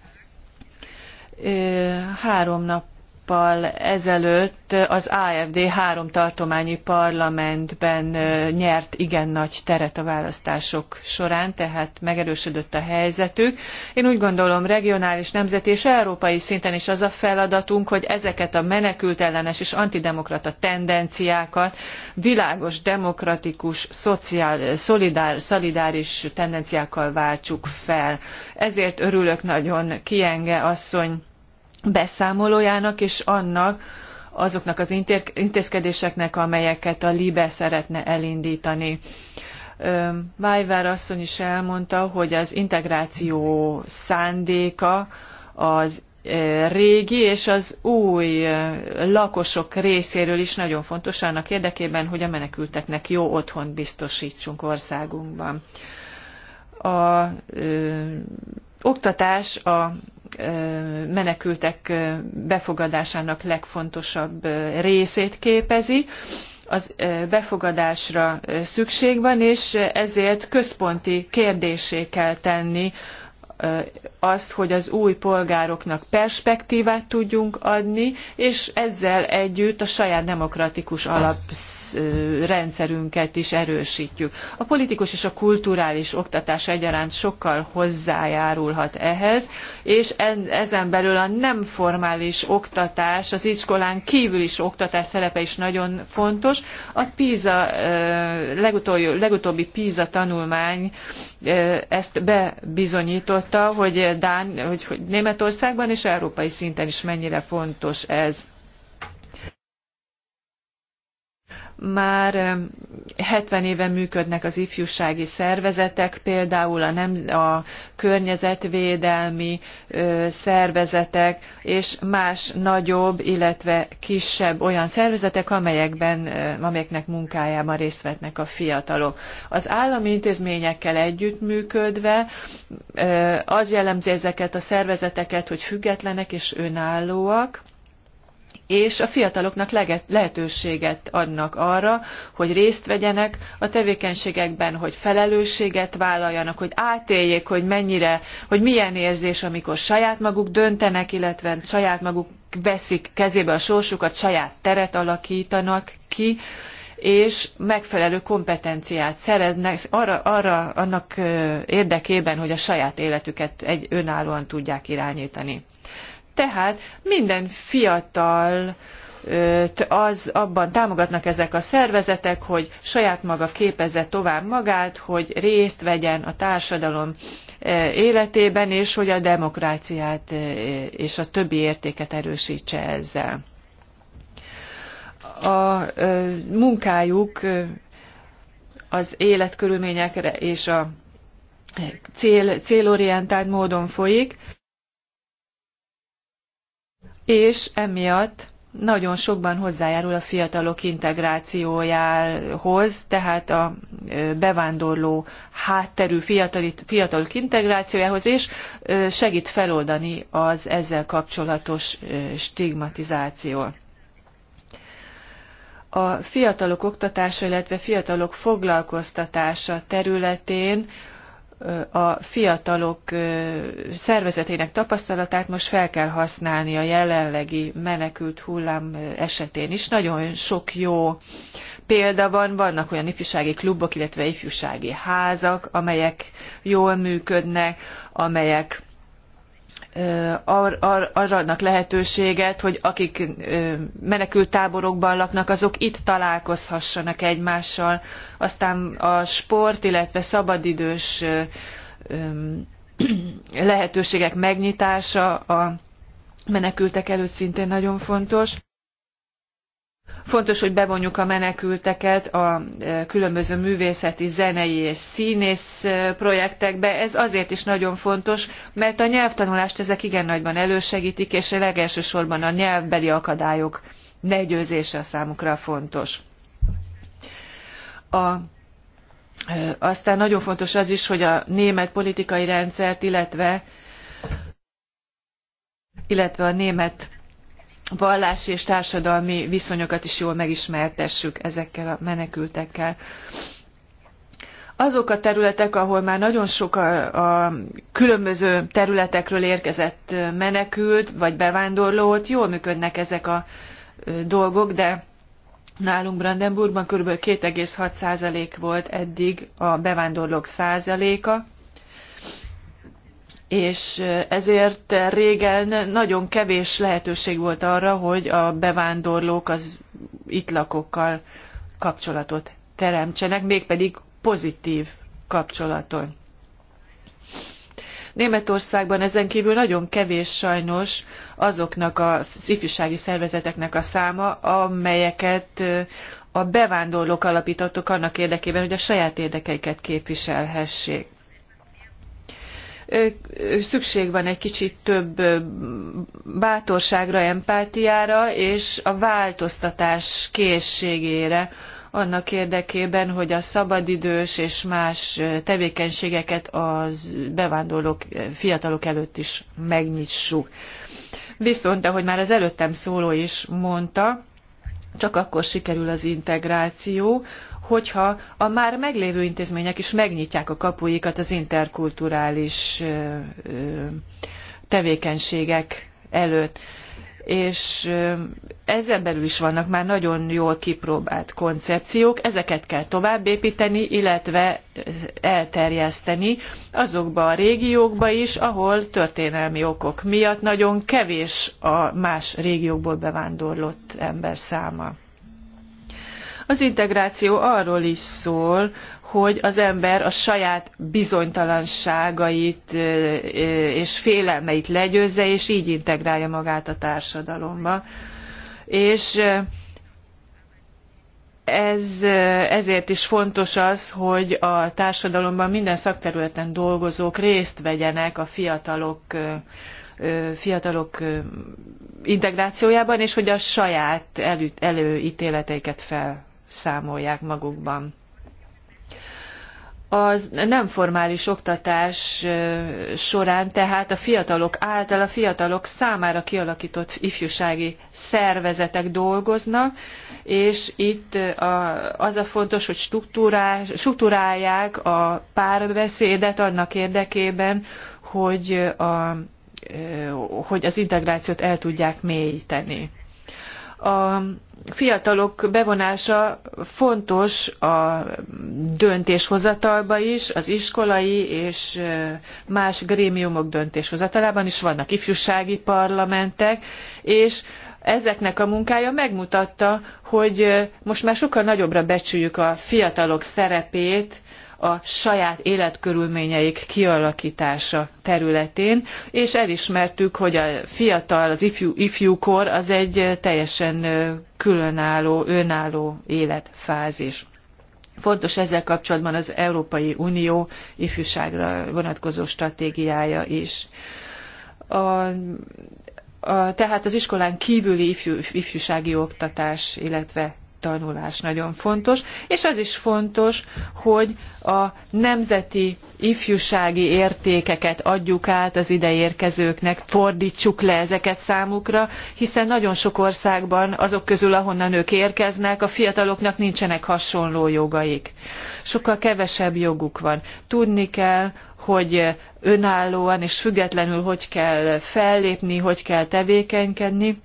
három nap hónappal ezelőtt az AFD három tartományi parlamentben nyert igen nagy teret a választások során, tehát megerősödött a helyzetük. Én úgy gondolom, regionális, nemzeti és európai szinten is az a feladatunk, hogy ezeket a menekültellenes és antidemokrata tendenciákat világos, demokratikus, szociál, szolidár, szolidáris tendenciákkal váltsuk fel. Ezért örülök nagyon Kienge asszony beszámolójának és annak, azoknak az intézkedéseknek, amelyeket a LIBE szeretne elindítani. Vájvár asszony is elmondta, hogy az integráció szándéka az régi és az új lakosok részéről is nagyon fontos annak érdekében, hogy a menekülteknek jó otthont biztosítsunk országunkban. A ö, oktatás a menekültek befogadásának legfontosabb részét képezi az befogadásra szükség van, és ezért központi kérdésé kell tenni azt, hogy az új polgároknak perspektívát tudjunk adni, és ezzel együtt a saját demokratikus alaprendszerünket is erősítjük. A politikus és a kulturális oktatás egyaránt sokkal hozzájárulhat ehhez, és ezen belül a nem formális oktatás, az iskolán kívül is oktatás szerepe is nagyon fontos. A PISA, legutóbbi, legutóbbi PISA tanulmány ezt bebizonyított, mutatta, hogy, Dán, hogy, hogy Németországban és európai szinten is mennyire fontos ez. már 70 éve működnek az ifjúsági szervezetek, például a, nem, a környezetvédelmi ö, szervezetek és más nagyobb, illetve kisebb olyan szervezetek, amelyekben, ö, amelyeknek munkájában részt vetnek a fiatalok. Az állami intézményekkel együttműködve ö, az jellemzi ezeket a szervezeteket, hogy függetlenek és önállóak, és a fiataloknak lehetőséget adnak arra, hogy részt vegyenek a tevékenységekben, hogy felelősséget vállaljanak, hogy átéljék, hogy mennyire, hogy milyen érzés, amikor saját maguk döntenek, illetve saját maguk veszik kezébe a sorsukat, saját teret alakítanak ki, és megfelelő kompetenciát szereznek arra, arra annak érdekében, hogy a saját életüket egy önállóan tudják irányítani. Tehát minden fiatal az abban támogatnak ezek a szervezetek, hogy saját maga képezze tovább magát, hogy részt vegyen a társadalom életében, és hogy a demokráciát és a többi értéket erősítse ezzel. A munkájuk az életkörülményekre és a cél, célorientált módon folyik, és emiatt nagyon sokban hozzájárul a fiatalok integrációjához, tehát a bevándorló hátterű fiatalok integrációjához, és segít feloldani az ezzel kapcsolatos stigmatizáció. A fiatalok oktatása, illetve fiatalok foglalkoztatása területén a fiatalok szervezetének tapasztalatát most fel kell használni a jelenlegi menekült hullám esetén is. Nagyon sok jó példa van, vannak olyan ifjúsági klubok, illetve ifjúsági házak, amelyek jól működnek, amelyek ar, ar, lehetőséget, hogy akik menekült táborokban laknak, azok itt találkozhassanak egymással. Aztán a sport, illetve szabadidős lehetőségek megnyitása a menekültek előtt szintén nagyon fontos. Fontos, hogy bevonjuk a menekülteket a e, különböző művészeti, zenei és színész e, projektekbe. Ez azért is nagyon fontos, mert a nyelvtanulást ezek igen nagyban elősegítik, és legelsősorban a nyelvbeli akadályok legyőzése számukra fontos. A e, aztán nagyon fontos az is, hogy a német politikai rendszert, illetve, illetve a német vallási és társadalmi viszonyokat is jól megismertessük ezekkel a menekültekkel. Azok a területek, ahol már nagyon sok a, a különböző területekről érkezett menekült vagy bevándorló, ott jól működnek ezek a dolgok, de Nálunk Brandenburgban kb. 2,6% volt eddig a bevándorlók százaléka, és ezért régen nagyon kevés lehetőség volt arra, hogy a bevándorlók az itt lakókkal kapcsolatot teremtsenek, mégpedig pozitív kapcsolatot. Németországban ezen kívül nagyon kevés sajnos azoknak az ifjúsági szervezeteknek a száma, amelyeket a bevándorlók alapítottak annak érdekében, hogy a saját érdekeiket képviselhessék szükség van egy kicsit több bátorságra, empátiára és a változtatás készségére annak érdekében, hogy a szabadidős és más tevékenységeket az bevándorlók, fiatalok előtt is megnyissuk. Viszont, ahogy már az előttem szóló is mondta, csak akkor sikerül az integráció, hogyha a már meglévő intézmények is megnyitják a kapuikat az interkulturális tevékenységek előtt. És ezen belül is vannak már nagyon jól kipróbált koncepciók, ezeket kell továbbépíteni, illetve elterjeszteni azokba a régiókba is, ahol történelmi okok miatt nagyon kevés a más régiókból bevándorlott ember száma. Az integráció arról is szól, hogy az ember a saját bizonytalanságait és félelmeit legyőzze, és így integrálja magát a társadalomba. És ez, ezért is fontos az, hogy a társadalomban minden szakterületen dolgozók részt vegyenek a fiatalok fiatalok integrációjában, és hogy a saját elő, előítéleteiket fel számolják magukban. Az nem formális oktatás során tehát a fiatalok által a fiatalok számára kialakított ifjúsági szervezetek dolgoznak, és itt az a fontos, hogy struktúrálják a párbeszédet annak érdekében, hogy, a, hogy az integrációt el tudják mélyíteni a fiatalok bevonása fontos a döntéshozatalba is, az iskolai és más grémiumok döntéshozatalában is vannak ifjúsági parlamentek, és ezeknek a munkája megmutatta, hogy most már sokkal nagyobbra becsüljük a fiatalok szerepét, a saját életkörülményeik kialakítása területén, és elismertük, hogy a fiatal, az ifjú, ifjúkor az egy teljesen különálló, önálló életfázis. Fontos ezzel kapcsolatban az Európai Unió ifjúságra vonatkozó stratégiája is. A, a, tehát az iskolán kívüli ifjú, ifjúsági oktatás, illetve tanulás nagyon fontos, és az is fontos, hogy a nemzeti ifjúsági értékeket adjuk át az ideérkezőknek, fordítsuk le ezeket számukra, hiszen nagyon sok országban azok közül, ahonnan ők érkeznek, a fiataloknak nincsenek hasonló jogaik. Sokkal kevesebb joguk van. Tudni kell, hogy önállóan és függetlenül hogy kell fellépni, hogy kell tevékenykedni,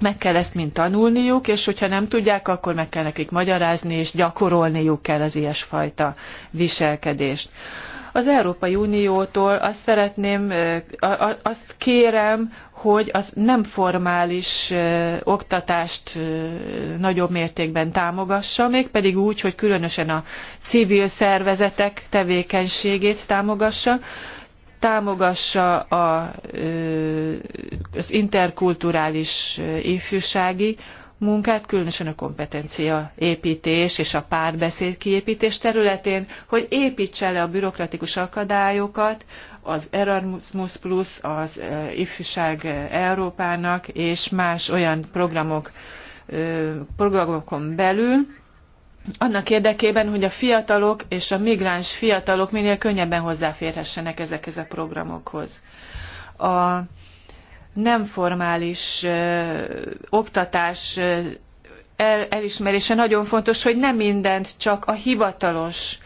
meg kell ezt mind tanulniuk, és hogyha nem tudják, akkor meg kell nekik magyarázni, és gyakorolniuk kell az ilyesfajta viselkedést. Az Európai Uniótól azt szeretném, azt kérem, hogy az nem formális oktatást nagyobb mértékben támogassa, mégpedig úgy, hogy különösen a civil szervezetek tevékenységét támogassa, támogassa a, az interkulturális ifjúsági munkát, különösen a kompetencia építés és a párbeszéd kiépítés területén, hogy építse le a bürokratikus akadályokat az Erasmus Plus, az Ifjúság Európának és más olyan programok, programokon belül, annak érdekében, hogy a fiatalok és a migráns fiatalok minél könnyebben hozzáférhessenek ezekhez a programokhoz. A nem formális ö, oktatás ö, el, elismerése nagyon fontos, hogy nem mindent csak a hivatalos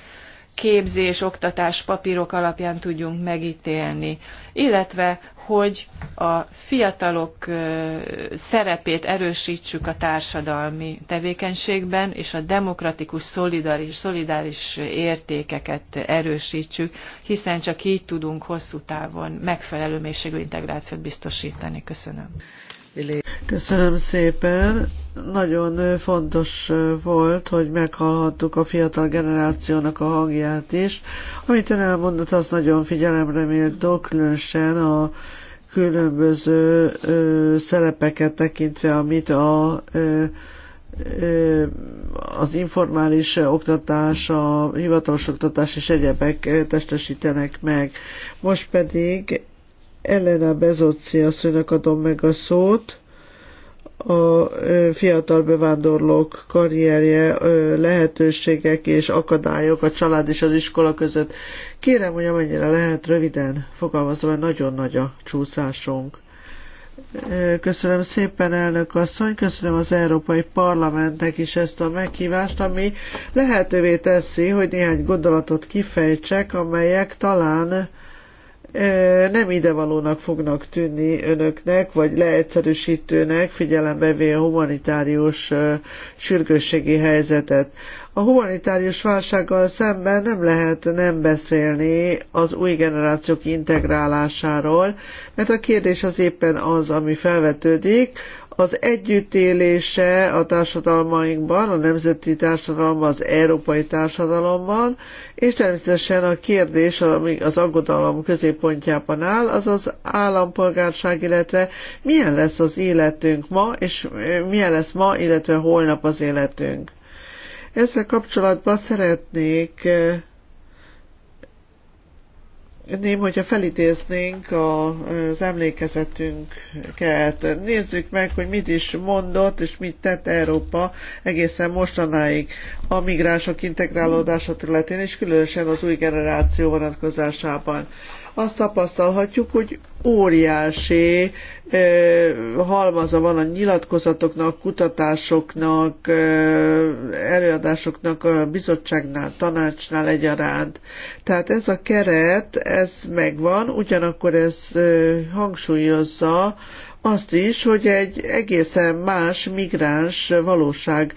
képzés, oktatás papírok alapján tudjunk megítélni, illetve hogy a fiatalok szerepét erősítsük a társadalmi tevékenységben, és a demokratikus, szolidáris, szolidáris értékeket erősítsük, hiszen csak így tudunk hosszú távon megfelelő mélységű integrációt biztosítani. Köszönöm. Köszönöm szépen. Nagyon fontos volt, hogy meghallhattuk a fiatal generációnak a hangját is. Amit ön elmondott, az nagyon figyelemre méltó, különösen a különböző ö, szerepeket tekintve, amit a ö, az informális oktatás, a hivatalos oktatás és egyebek testesítenek meg. Most pedig Elena Bezocci asszonynak adom meg a szót. A fiatal bevándorlók karrierje, lehetőségek és akadályok a család és az iskola között. Kérem, hogy amennyire lehet röviden fogalmazva, mert nagyon nagy a csúszásunk. Köszönöm szépen, elnök asszony, köszönöm az Európai Parlamentnek is ezt a meghívást, ami lehetővé teszi, hogy néhány gondolatot kifejtsek, amelyek talán nem idevalónak fognak tűnni önöknek, vagy leegyszerűsítőnek, figyelembe véve a humanitárius sürgősségi helyzetet. A humanitárius válsággal szemben nem lehet nem beszélni az új generációk integrálásáról, mert a kérdés az éppen az, ami felvetődik, az együttélése a társadalmainkban, a nemzeti társadalomban, az európai társadalomban, és természetesen a kérdés, ami az aggodalom középpontjában áll, az az állampolgárság, illetve milyen lesz az életünk ma, és milyen lesz ma, illetve holnap az életünk. Ezzel kapcsolatban szeretnék szeretném, hogyha felidéznénk a, az emlékezetünket. Nézzük meg, hogy mit is mondott és mit tett Európa egészen mostanáig a migránsok integrálódása területén, és különösen az új generáció vonatkozásában azt tapasztalhatjuk, hogy óriási halmaza van a nyilatkozatoknak, kutatásoknak, előadásoknak a bizottságnál, tanácsnál egyaránt. Tehát ez a keret, ez megvan, ugyanakkor ez hangsúlyozza azt is, hogy egy egészen más migráns valóság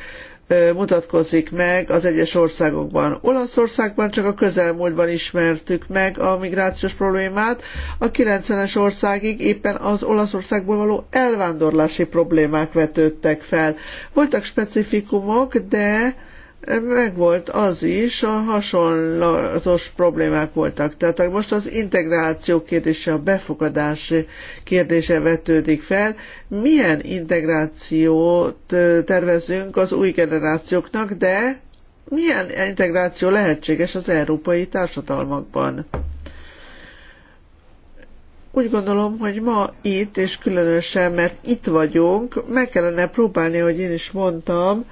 mutatkozik meg az egyes országokban. Olaszországban csak a közelmúltban ismertük meg a migrációs problémát, a 90-es országig éppen az Olaszországból való elvándorlási problémák vetődtek fel. Voltak specifikumok, de megvolt az is, a hasonlatos problémák voltak. Tehát most az integráció kérdése, a befogadás kérdése vetődik fel. Milyen integrációt tervezünk az új generációknak, de milyen integráció lehetséges az európai társadalmakban? úgy gondolom, hogy ma itt, és különösen, mert itt vagyunk, meg kellene próbálni, hogy én is mondtam,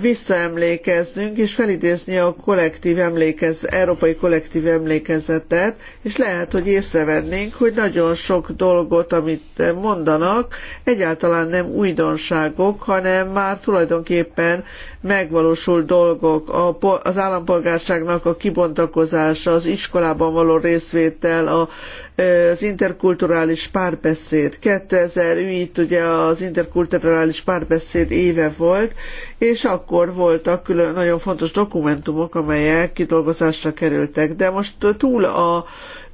visszaemlékeznünk és felidézni a kollektív emlékez, európai kollektív emlékezetet, és lehet, hogy észrevennénk, hogy nagyon sok dolgot, amit mondanak, egyáltalán nem újdonságok, hanem már tulajdonképpen megvalósul dolgok, az állampolgárságnak a kibontakozása, az iskolában való részvétel, a az interkulturális párbeszéd. 2000 itt ugye az interkulturális párbeszéd éve volt, és akkor voltak külön nagyon fontos dokumentumok, amelyek kidolgozásra kerültek. De most túl a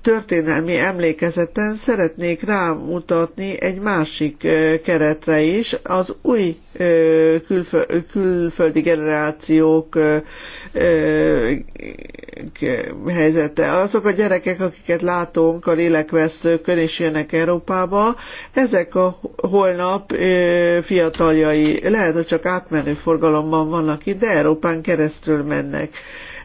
történelmi emlékezeten szeretnék rámutatni egy másik keretre is, az új külföldi generációk helyzete. Azok a gyerekek, akiket látunk a lélekvesztőkön és jönnek Európába, ezek a holnap fiataljai lehet, hogy csak átmenő forgalomban vannak itt, de Európán keresztül mennek.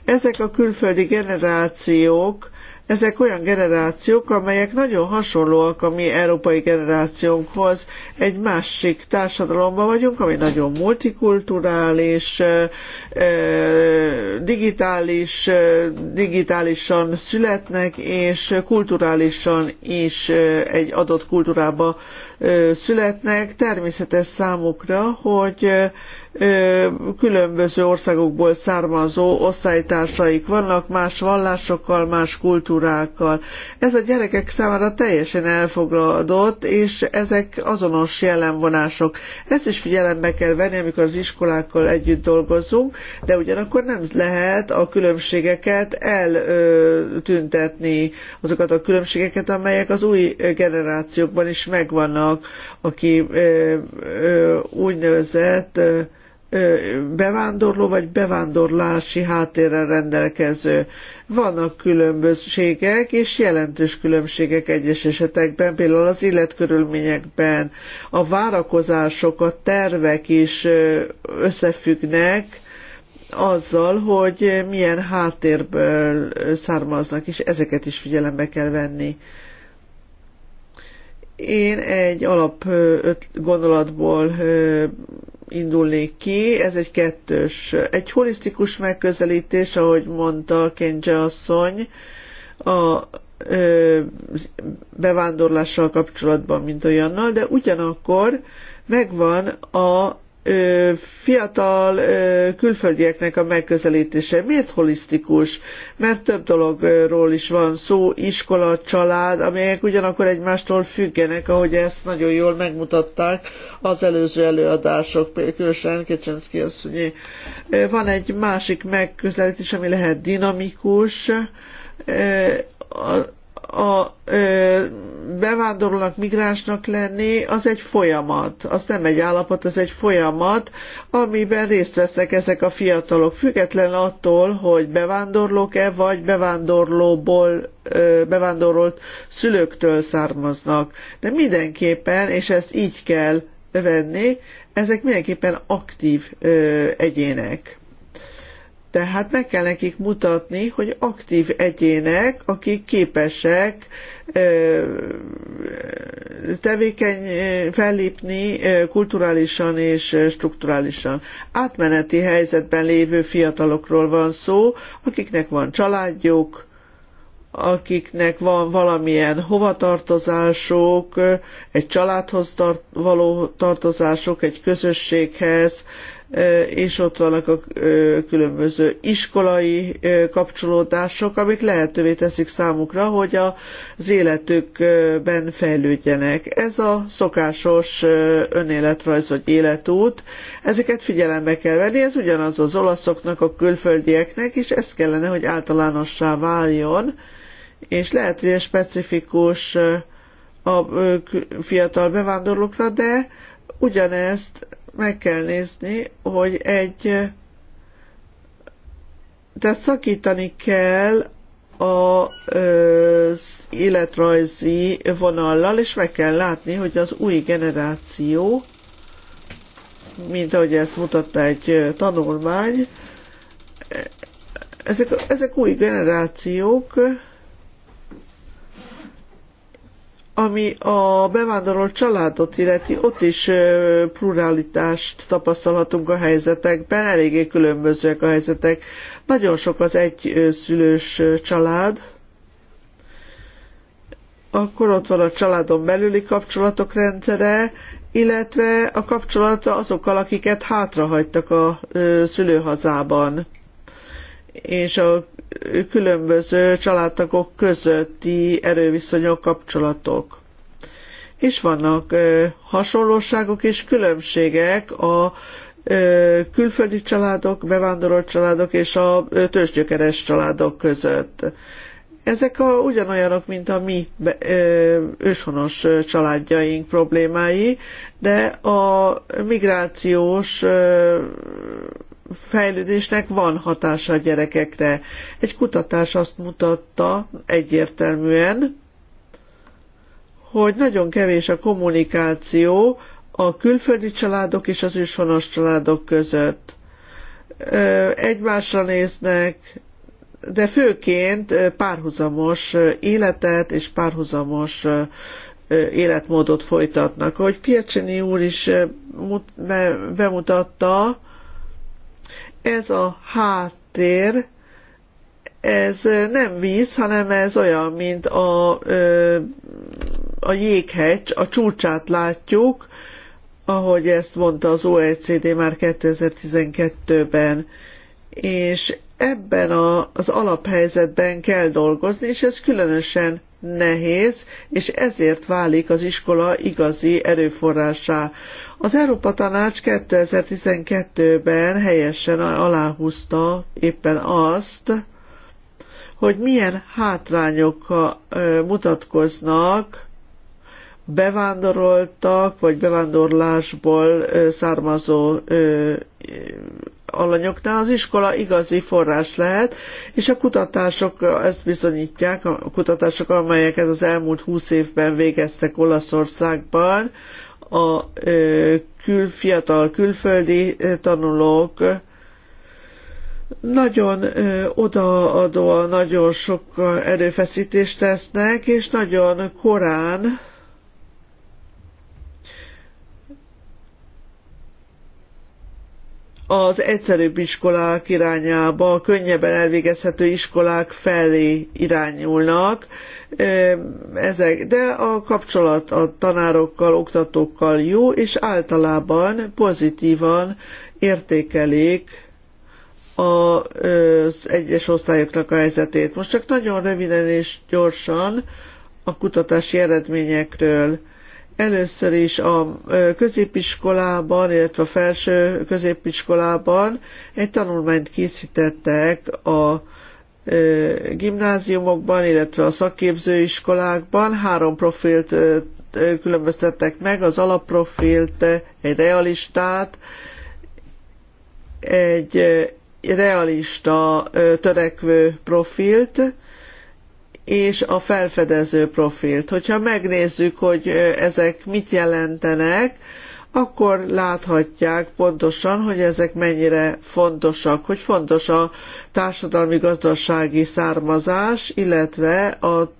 Ezek a külföldi generációk ezek olyan generációk, amelyek nagyon hasonlóak a mi európai generációnkhoz. Egy másik társadalomban vagyunk, ami nagyon multikulturális, digitális, digitálisan születnek, és kulturálisan is egy adott kultúrába születnek. Természetes számukra, hogy különböző országokból származó osztálytársaik vannak, más vallásokkal, más kultúrákkal. Ez a gyerekek számára teljesen elfogadott, és ezek azonos jellemvonások. Ezt is figyelembe kell venni, amikor az iskolákkal együtt dolgozunk, de ugyanakkor nem lehet a különbségeket eltüntetni, azokat a különbségeket, amelyek az új generációkban is megvannak, aki úgynevezett bevándorló vagy bevándorlási háttérrel rendelkező. Vannak különbségek és jelentős különbségek egyes esetekben, például az életkörülményekben. A várakozások, a tervek is összefüggnek azzal, hogy milyen háttérből származnak, és ezeket is figyelembe kell venni. Én egy alap gondolatból indulnék ki. Ez egy kettős, egy holisztikus megközelítés, ahogy mondta Kenja asszony, a ö, bevándorlással kapcsolatban, mint olyannal, de ugyanakkor megvan a fiatal külföldieknek a megközelítése. Miért holisztikus? Mert több dologról is van szó, iskola, család, amelyek ugyanakkor egymástól függenek, ahogy ezt nagyon jól megmutatták az előző előadások, különösen Kecsenszki asszonyi. Van egy másik megközelítés, ami lehet dinamikus, a ö, bevándorlónak, migránsnak lenni, az egy folyamat. Az nem egy állapot, az egy folyamat, amiben részt vesznek ezek a fiatalok, független attól, hogy bevándorlók-e, vagy bevándorlóból, ö, bevándorolt szülőktől származnak. De mindenképpen, és ezt így kell venni, ezek mindenképpen aktív ö, egyének. Tehát meg kell nekik mutatni, hogy aktív egyének, akik képesek tevékeny fellépni kulturálisan és strukturálisan. Átmeneti helyzetben lévő fiatalokról van szó, akiknek van családjuk, akiknek van valamilyen hovatartozások, egy családhoz tart, való tartozások, egy közösséghez, és ott vannak a különböző iskolai kapcsolódások, amik lehetővé teszik számukra, hogy az életükben fejlődjenek. Ez a szokásos önéletrajz vagy életút, ezeket figyelembe kell venni, ez ugyanaz az olaszoknak, a külföldieknek, és ez kellene, hogy általánossá váljon, és lehet, hogy egy specifikus a fiatal bevándorlókra, de ugyanezt meg kell nézni, hogy egy tehát szakítani kell az életrajzi vonallal, és meg kell látni, hogy az új generáció, mint ahogy ezt mutatta egy tanulmány, ezek, ezek új generációk, ami a bevándorló családot illeti, ott is pluralitást tapasztalhatunk a helyzetekben, eléggé különbözőek a helyzetek. Nagyon sok az egyszülős család, akkor ott van a családon belüli kapcsolatok rendszere, illetve a kapcsolata azokkal, akiket hátrahagytak a szülőhazában és a különböző családtagok közötti erőviszonyok, kapcsolatok. És vannak hasonlóságok és különbségek a külföldi családok, bevándorolt családok és a tőzsgyökeres családok között. Ezek a, ugyanolyanok, mint a mi be, ö, őshonos családjaink problémái, de a migrációs ö, fejlődésnek van hatása a gyerekekre. Egy kutatás azt mutatta egyértelműen, hogy nagyon kevés a kommunikáció a külföldi családok és az őshonos családok között. Egymásra néznek, de főként párhuzamos életet és párhuzamos életmódot folytatnak. Ahogy Piacsini úr is bemutatta, ez a háttér, ez nem víz, hanem ez olyan, mint a, a jéghegy, a csúcsát látjuk, ahogy ezt mondta az OECD már 2012-ben. És ebben a, az alaphelyzetben kell dolgozni, és ez különösen nehéz, és ezért válik az iskola igazi erőforrásá. Az Európa Tanács 2012-ben helyesen aláhúzta éppen azt, hogy milyen hátrányok mutatkoznak bevándoroltak, vagy bevándorlásból származó alanyoknál az iskola igazi forrás lehet, és a kutatások ezt bizonyítják, a kutatások, amelyeket az elmúlt húsz évben végeztek Olaszországban, a kül, fiatal külföldi tanulók nagyon odaadóan, nagyon sok erőfeszítést tesznek, és nagyon korán az egyszerűbb iskolák irányába, könnyebben elvégezhető iskolák felé irányulnak, ezek, de a kapcsolat a tanárokkal, oktatókkal jó, és általában pozitívan értékelik az egyes osztályoknak a helyzetét. Most csak nagyon röviden és gyorsan a kutatási eredményekről. Először is a középiskolában, illetve a felső középiskolában egy tanulmányt készítettek a gimnáziumokban, illetve a szakképzőiskolákban. Három profilt különböztettek meg, az alapprofilt, egy realistát, egy realista törekvő profilt, és a felfedező profilt. Hogyha megnézzük, hogy ezek mit jelentenek, akkor láthatják pontosan, hogy ezek mennyire fontosak, hogy fontos a társadalmi-gazdasági származás, illetve a,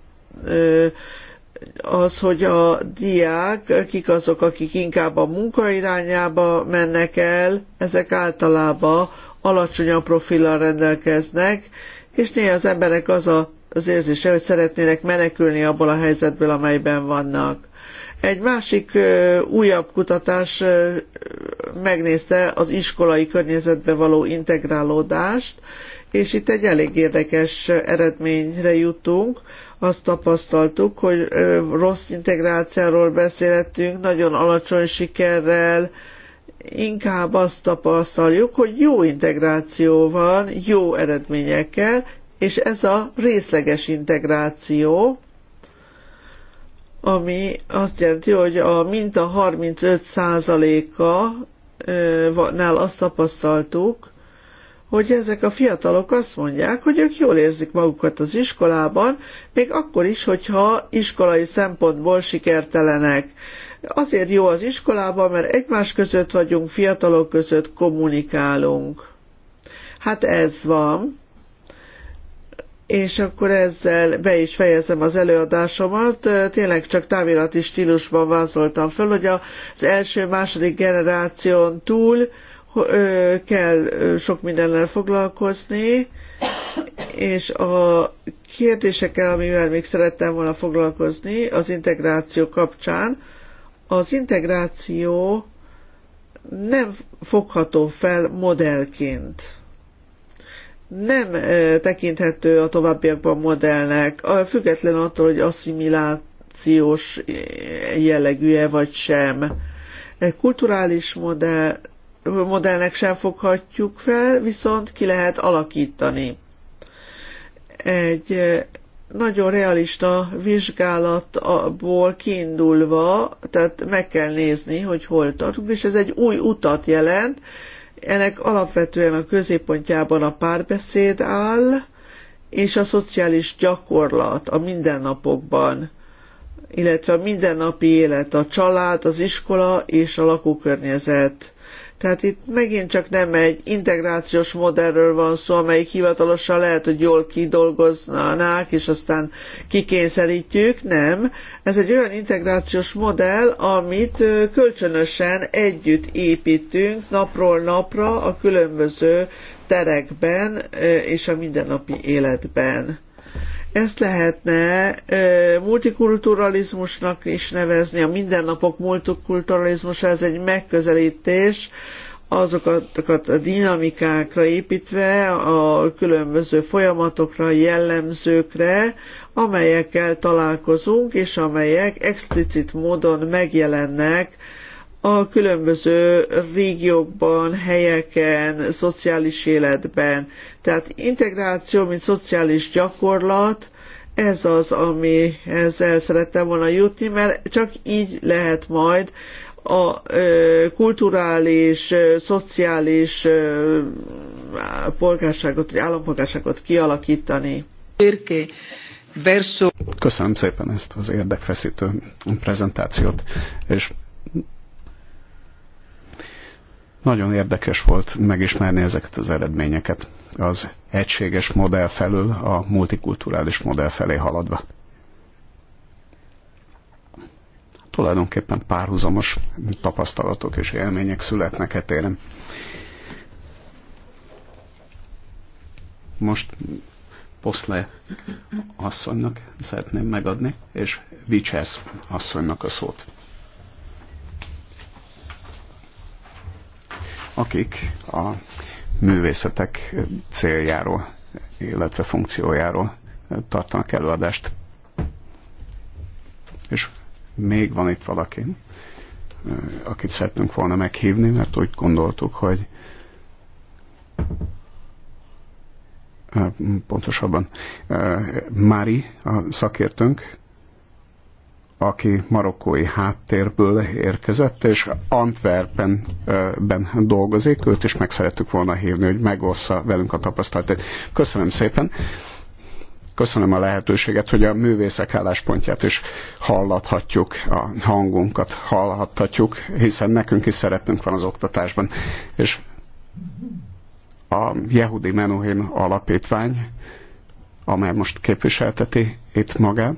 az, hogy a diák, kik azok, akik inkább a munka irányába mennek el, ezek általában alacsonyabb profillal rendelkeznek, és néha az emberek az a az érzése, hogy szeretnének menekülni abból a helyzetből, amelyben vannak. Egy másik újabb kutatás megnézte az iskolai környezetbe való integrálódást, és itt egy elég érdekes eredményre jutunk. Azt tapasztaltuk, hogy rossz integrációról beszéltünk, nagyon alacsony sikerrel, inkább azt tapasztaljuk, hogy jó integráció van, jó eredményekkel, és ez a részleges integráció, ami azt jelenti, hogy a minta 35%-a nál azt tapasztaltuk, hogy ezek a fiatalok azt mondják, hogy ők jól érzik magukat az iskolában, még akkor is, hogyha iskolai szempontból sikertelenek. Azért jó az iskolában, mert egymás között vagyunk, fiatalok között kommunikálunk. Hát ez van és akkor ezzel be is fejezem az előadásomat. Tényleg csak távirati stílusban vázoltam föl, hogy az első-második generáción túl kell sok mindennel foglalkozni, és a kérdésekkel, amivel még szerettem volna foglalkozni az integráció kapcsán, az integráció nem fogható fel modellként nem tekinthető a továbbiakban modellnek, független attól, hogy asszimilációs jellegű-e vagy sem. Egy kulturális modell, modellnek sem foghatjuk fel, viszont ki lehet alakítani. Egy nagyon realista vizsgálatból kiindulva, tehát meg kell nézni, hogy hol tartunk, és ez egy új utat jelent, ennek alapvetően a középpontjában a párbeszéd áll, és a szociális gyakorlat a mindennapokban, illetve a mindennapi élet, a család, az iskola és a lakókörnyezet tehát itt megint csak nem egy integrációs modellről van szó, amelyik hivatalosan lehet, hogy jól kidolgoznának, és aztán kikényszerítjük. Nem. Ez egy olyan integrációs modell, amit kölcsönösen együtt építünk napról napra a különböző terekben és a mindennapi életben. Ezt lehetne multikulturalizmusnak is nevezni, a mindennapok multikulturalizmusa, ez egy megközelítés, azokat a dinamikákra építve, a különböző folyamatokra, jellemzőkre, amelyekkel találkozunk, és amelyek explicit módon megjelennek a különböző régiókban, helyeken, szociális életben. Tehát integráció, mint szociális gyakorlat, ez az, amihez el szerettem volna jutni, mert csak így lehet majd a ö, kulturális, ö, szociális ö, polgárságot, vagy állampolgárságot kialakítani. Köszönöm szépen ezt az érdekfeszítő prezentációt, és nagyon érdekes volt megismerni ezeket az eredményeket az egységes modell felől a multikulturális modell felé haladva. Tulajdonképpen párhuzamos tapasztalatok és élmények születnek etérem. Most Poszle asszonynak szeretném megadni, és Vichers asszonynak a szót. akik a művészetek céljáról, illetve funkciójáról tartanak előadást. És még van itt valaki, akit szeretnünk volna meghívni, mert úgy gondoltuk, hogy pontosabban Mári, a szakértőnk, aki marokkói háttérből érkezett, és Antwerpenben dolgozik, őt is meg szerettük volna hívni, hogy megossza velünk a tapasztalatát. Köszönöm szépen! Köszönöm a lehetőséget, hogy a művészek álláspontját is hallathatjuk, a hangunkat hallhatjuk. hiszen nekünk is szeretnünk van az oktatásban. És a Jehudi Menuhin alapítvány, amely most képviselteti itt magát,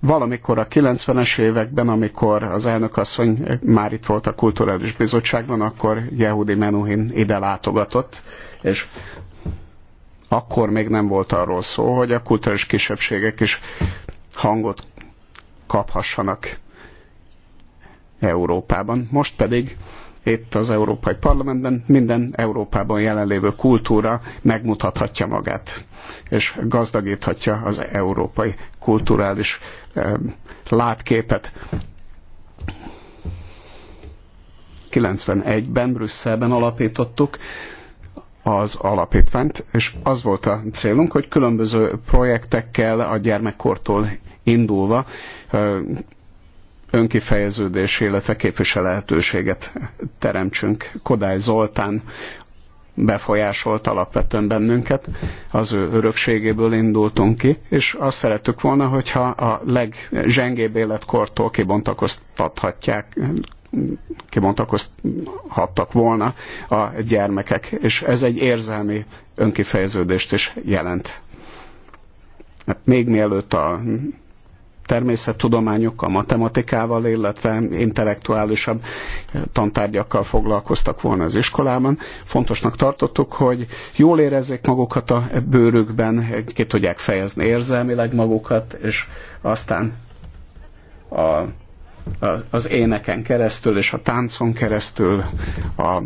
Valamikor a 90-es években, amikor az elnökasszony már itt volt a Kulturális Bizottságban, akkor Yehudi Menuhin ide látogatott, és akkor még nem volt arról szó, hogy a kulturális kisebbségek is hangot kaphassanak Európában. Most pedig itt az Európai Parlamentben minden Európában jelenlévő kultúra megmutathatja magát, és gazdagíthatja az európai kulturális eh, látképet. 91-ben Brüsszelben alapítottuk az alapítványt, és az volt a célunk, hogy különböző projektekkel a gyermekkortól indulva eh, önkifejeződés, illetve képviselhetőséget teremtsünk. Kodály Zoltán befolyásolt alapvetően bennünket, az ő örökségéből indultunk ki, és azt szerettük volna, hogyha a legzsengébb életkortól kibontakoztathatják, kibontakozhattak volna a gyermekek, és ez egy érzelmi önkifejeződést is jelent. Még mielőtt a természettudományokkal, matematikával, illetve intellektuálisabb tantárgyakkal foglalkoztak volna az iskolában. Fontosnak tartottuk, hogy jól érezzék magukat a bőrükben, ki tudják fejezni érzelmileg magukat, és aztán a az éneken keresztül és a táncon keresztül, a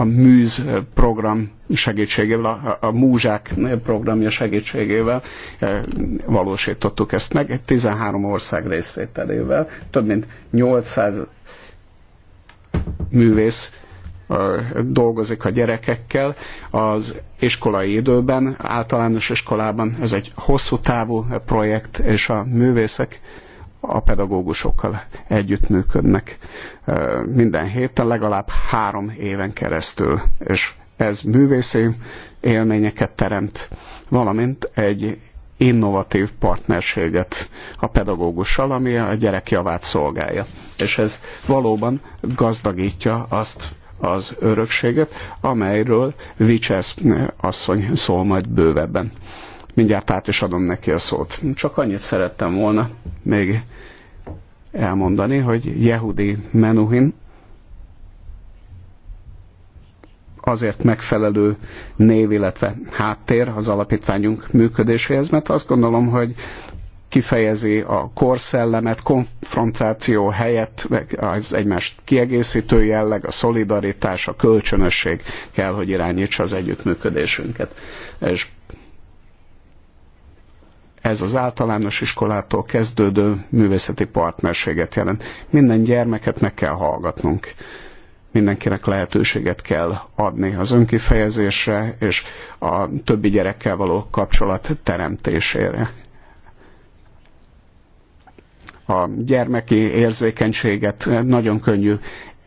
a műz program segítségével, a, a múzsák programja segítségével e, valósítottuk ezt meg, 13 ország részvételével, több mint 800 művész e, dolgozik a gyerekekkel az iskolai időben, általános iskolában. Ez egy hosszú távú projekt, és a művészek a pedagógusokkal együttműködnek minden héten, legalább három éven keresztül, és ez művészi élményeket teremt, valamint egy innovatív partnerséget a pedagógussal, ami a gyerek javát szolgálja. És ez valóban gazdagítja azt az örökséget, amelyről Vicsesz asszony szól majd bővebben mindjárt át is adom neki a szót. Csak annyit szerettem volna még elmondani, hogy Jehudi Menuhin azért megfelelő név, illetve háttér az alapítványunk működéséhez, mert azt gondolom, hogy kifejezi a korszellemet, konfrontáció helyett az egymást kiegészítő jelleg, a szolidaritás, a kölcsönösség kell, hogy irányítsa az együttműködésünket. És ez az általános iskolától kezdődő művészeti partnerséget jelent. Minden gyermeket meg kell hallgatnunk. Mindenkinek lehetőséget kell adni az önkifejezésre és a többi gyerekkel való kapcsolat teremtésére. A gyermeki érzékenységet nagyon könnyű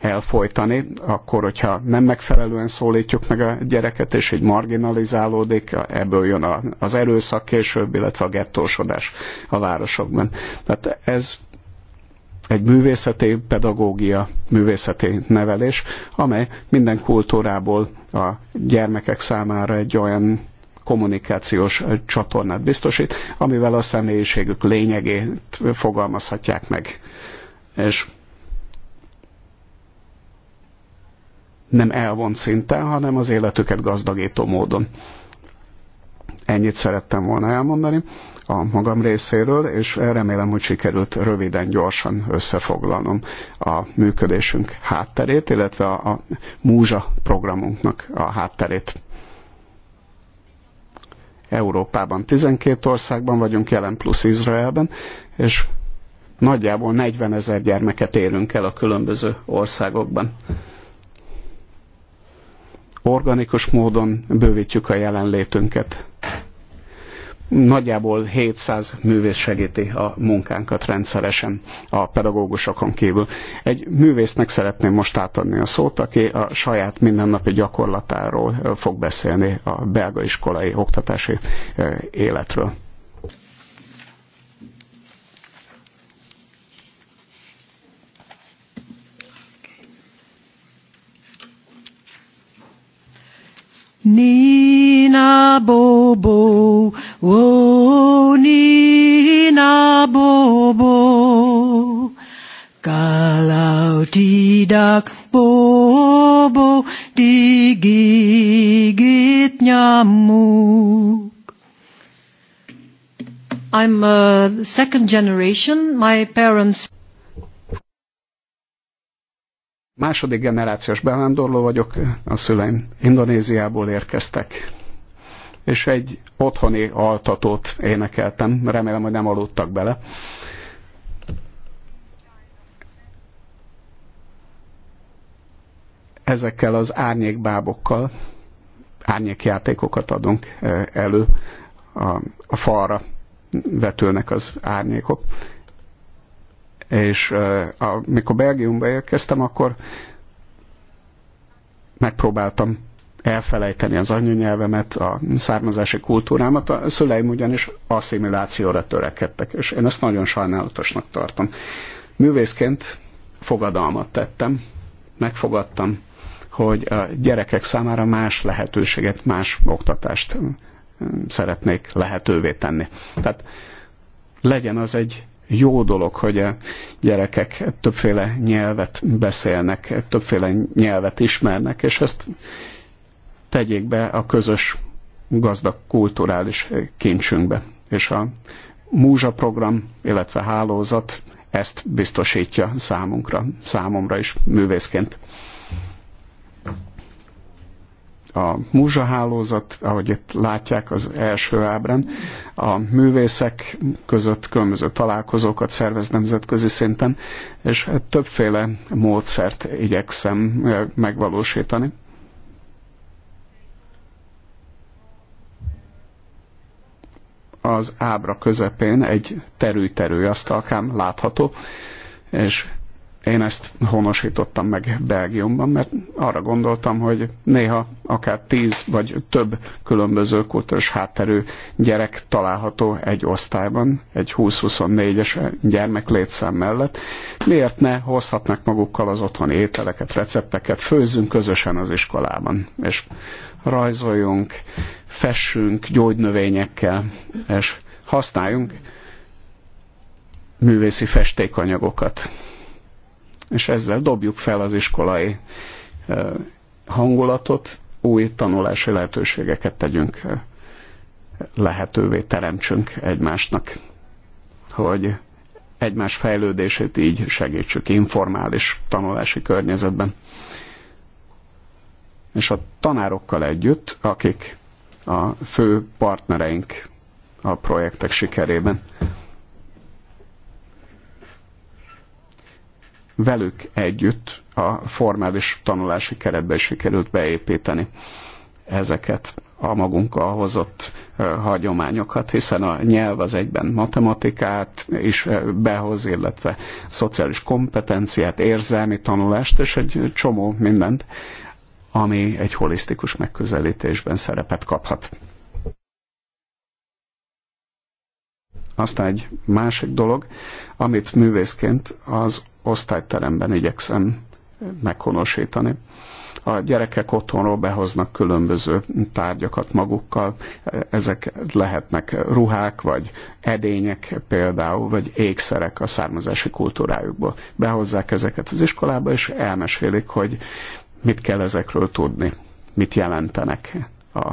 elfolytani, akkor, hogyha nem megfelelően szólítjuk meg a gyereket, és így marginalizálódik, ebből jön az erőszak később, illetve a gettósodás a városokban. Tehát ez egy művészeti pedagógia, művészeti nevelés, amely minden kultúrából a gyermekek számára egy olyan kommunikációs csatornát biztosít, amivel a személyiségük lényegét fogalmazhatják meg. És nem elvont szinten, hanem az életüket gazdagító módon. Ennyit szerettem volna elmondani a magam részéről, és remélem, hogy sikerült röviden, gyorsan összefoglalnom a működésünk hátterét, illetve a, a múzsa programunknak a hátterét. Európában 12 országban vagyunk, jelen plusz Izraelben, és nagyjából 40 ezer gyermeket érünk el a különböző országokban organikus módon bővítjük a jelenlétünket. Nagyjából 700 művész segíti a munkánkat rendszeresen a pedagógusokon kívül. Egy művésznek szeretném most átadni a szót, aki a saját mindennapi gyakorlatáról fog beszélni a belga iskolai oktatási életről. Nina bobo, oh Nina wo ni na Kalau tidak bobo digigit nyamuk. I'm a second generation. My parents Második generációs bevándorló vagyok, a szüleim Indonéziából érkeztek, és egy otthoni altatót énekeltem, remélem, hogy nem aludtak bele. Ezekkel az árnyékbábokkal árnyékjátékokat adunk eh, elő, a, a falra vetülnek az árnyékok, és amikor Belgiumba érkeztem, akkor megpróbáltam elfelejteni az anyanyelvemet, a származási kultúrámat, a szüleim ugyanis asszimilációra törekedtek, és én ezt nagyon sajnálatosnak tartom. Művészként fogadalmat tettem, megfogadtam, hogy a gyerekek számára más lehetőséget, más oktatást szeretnék lehetővé tenni. Tehát legyen az egy jó dolog, hogy a gyerekek többféle nyelvet beszélnek, többféle nyelvet ismernek, és ezt tegyék be a közös gazdag kulturális kincsünkbe. És a Múzsa program, illetve hálózat ezt biztosítja számunkra, számomra is művészként a múzsahálózat, ahogy itt látják az első ábrán, a művészek között különböző találkozókat szervez nemzetközi szinten, és többféle módszert igyekszem megvalósítani. Az ábra közepén egy terű-terű asztalkám látható, és én ezt honosítottam meg Belgiumban, mert arra gondoltam, hogy néha akár tíz vagy több különböző kultúrás hátterű gyerek található egy osztályban, egy 20-24-es gyermek létszám mellett. Miért ne hozhatnak magukkal az otthoni ételeket, recepteket, főzzünk közösen az iskolában, és rajzoljunk, fessünk gyógynövényekkel, és használjunk művészi festékanyagokat és ezzel dobjuk fel az iskolai hangulatot, új tanulási lehetőségeket tegyünk lehetővé, teremtsünk egymásnak, hogy egymás fejlődését így segítsük informális tanulási környezetben. És a tanárokkal együtt, akik a fő partnereink a projektek sikerében, velük együtt a formális tanulási keretbe is sikerült beépíteni ezeket a magunkkal hozott hagyományokat, hiszen a nyelv az egyben matematikát is behoz, illetve szociális kompetenciát, érzelmi tanulást, és egy csomó mindent, ami egy holisztikus megközelítésben szerepet kaphat. Aztán egy másik dolog, amit művészként az osztályteremben igyekszem meghonosítani. A gyerekek otthonról behoznak különböző tárgyakat magukkal, ezek lehetnek ruhák, vagy edények például, vagy ékszerek a származási kultúrájukból. Behozzák ezeket az iskolába, és elmesélik, hogy mit kell ezekről tudni, mit jelentenek a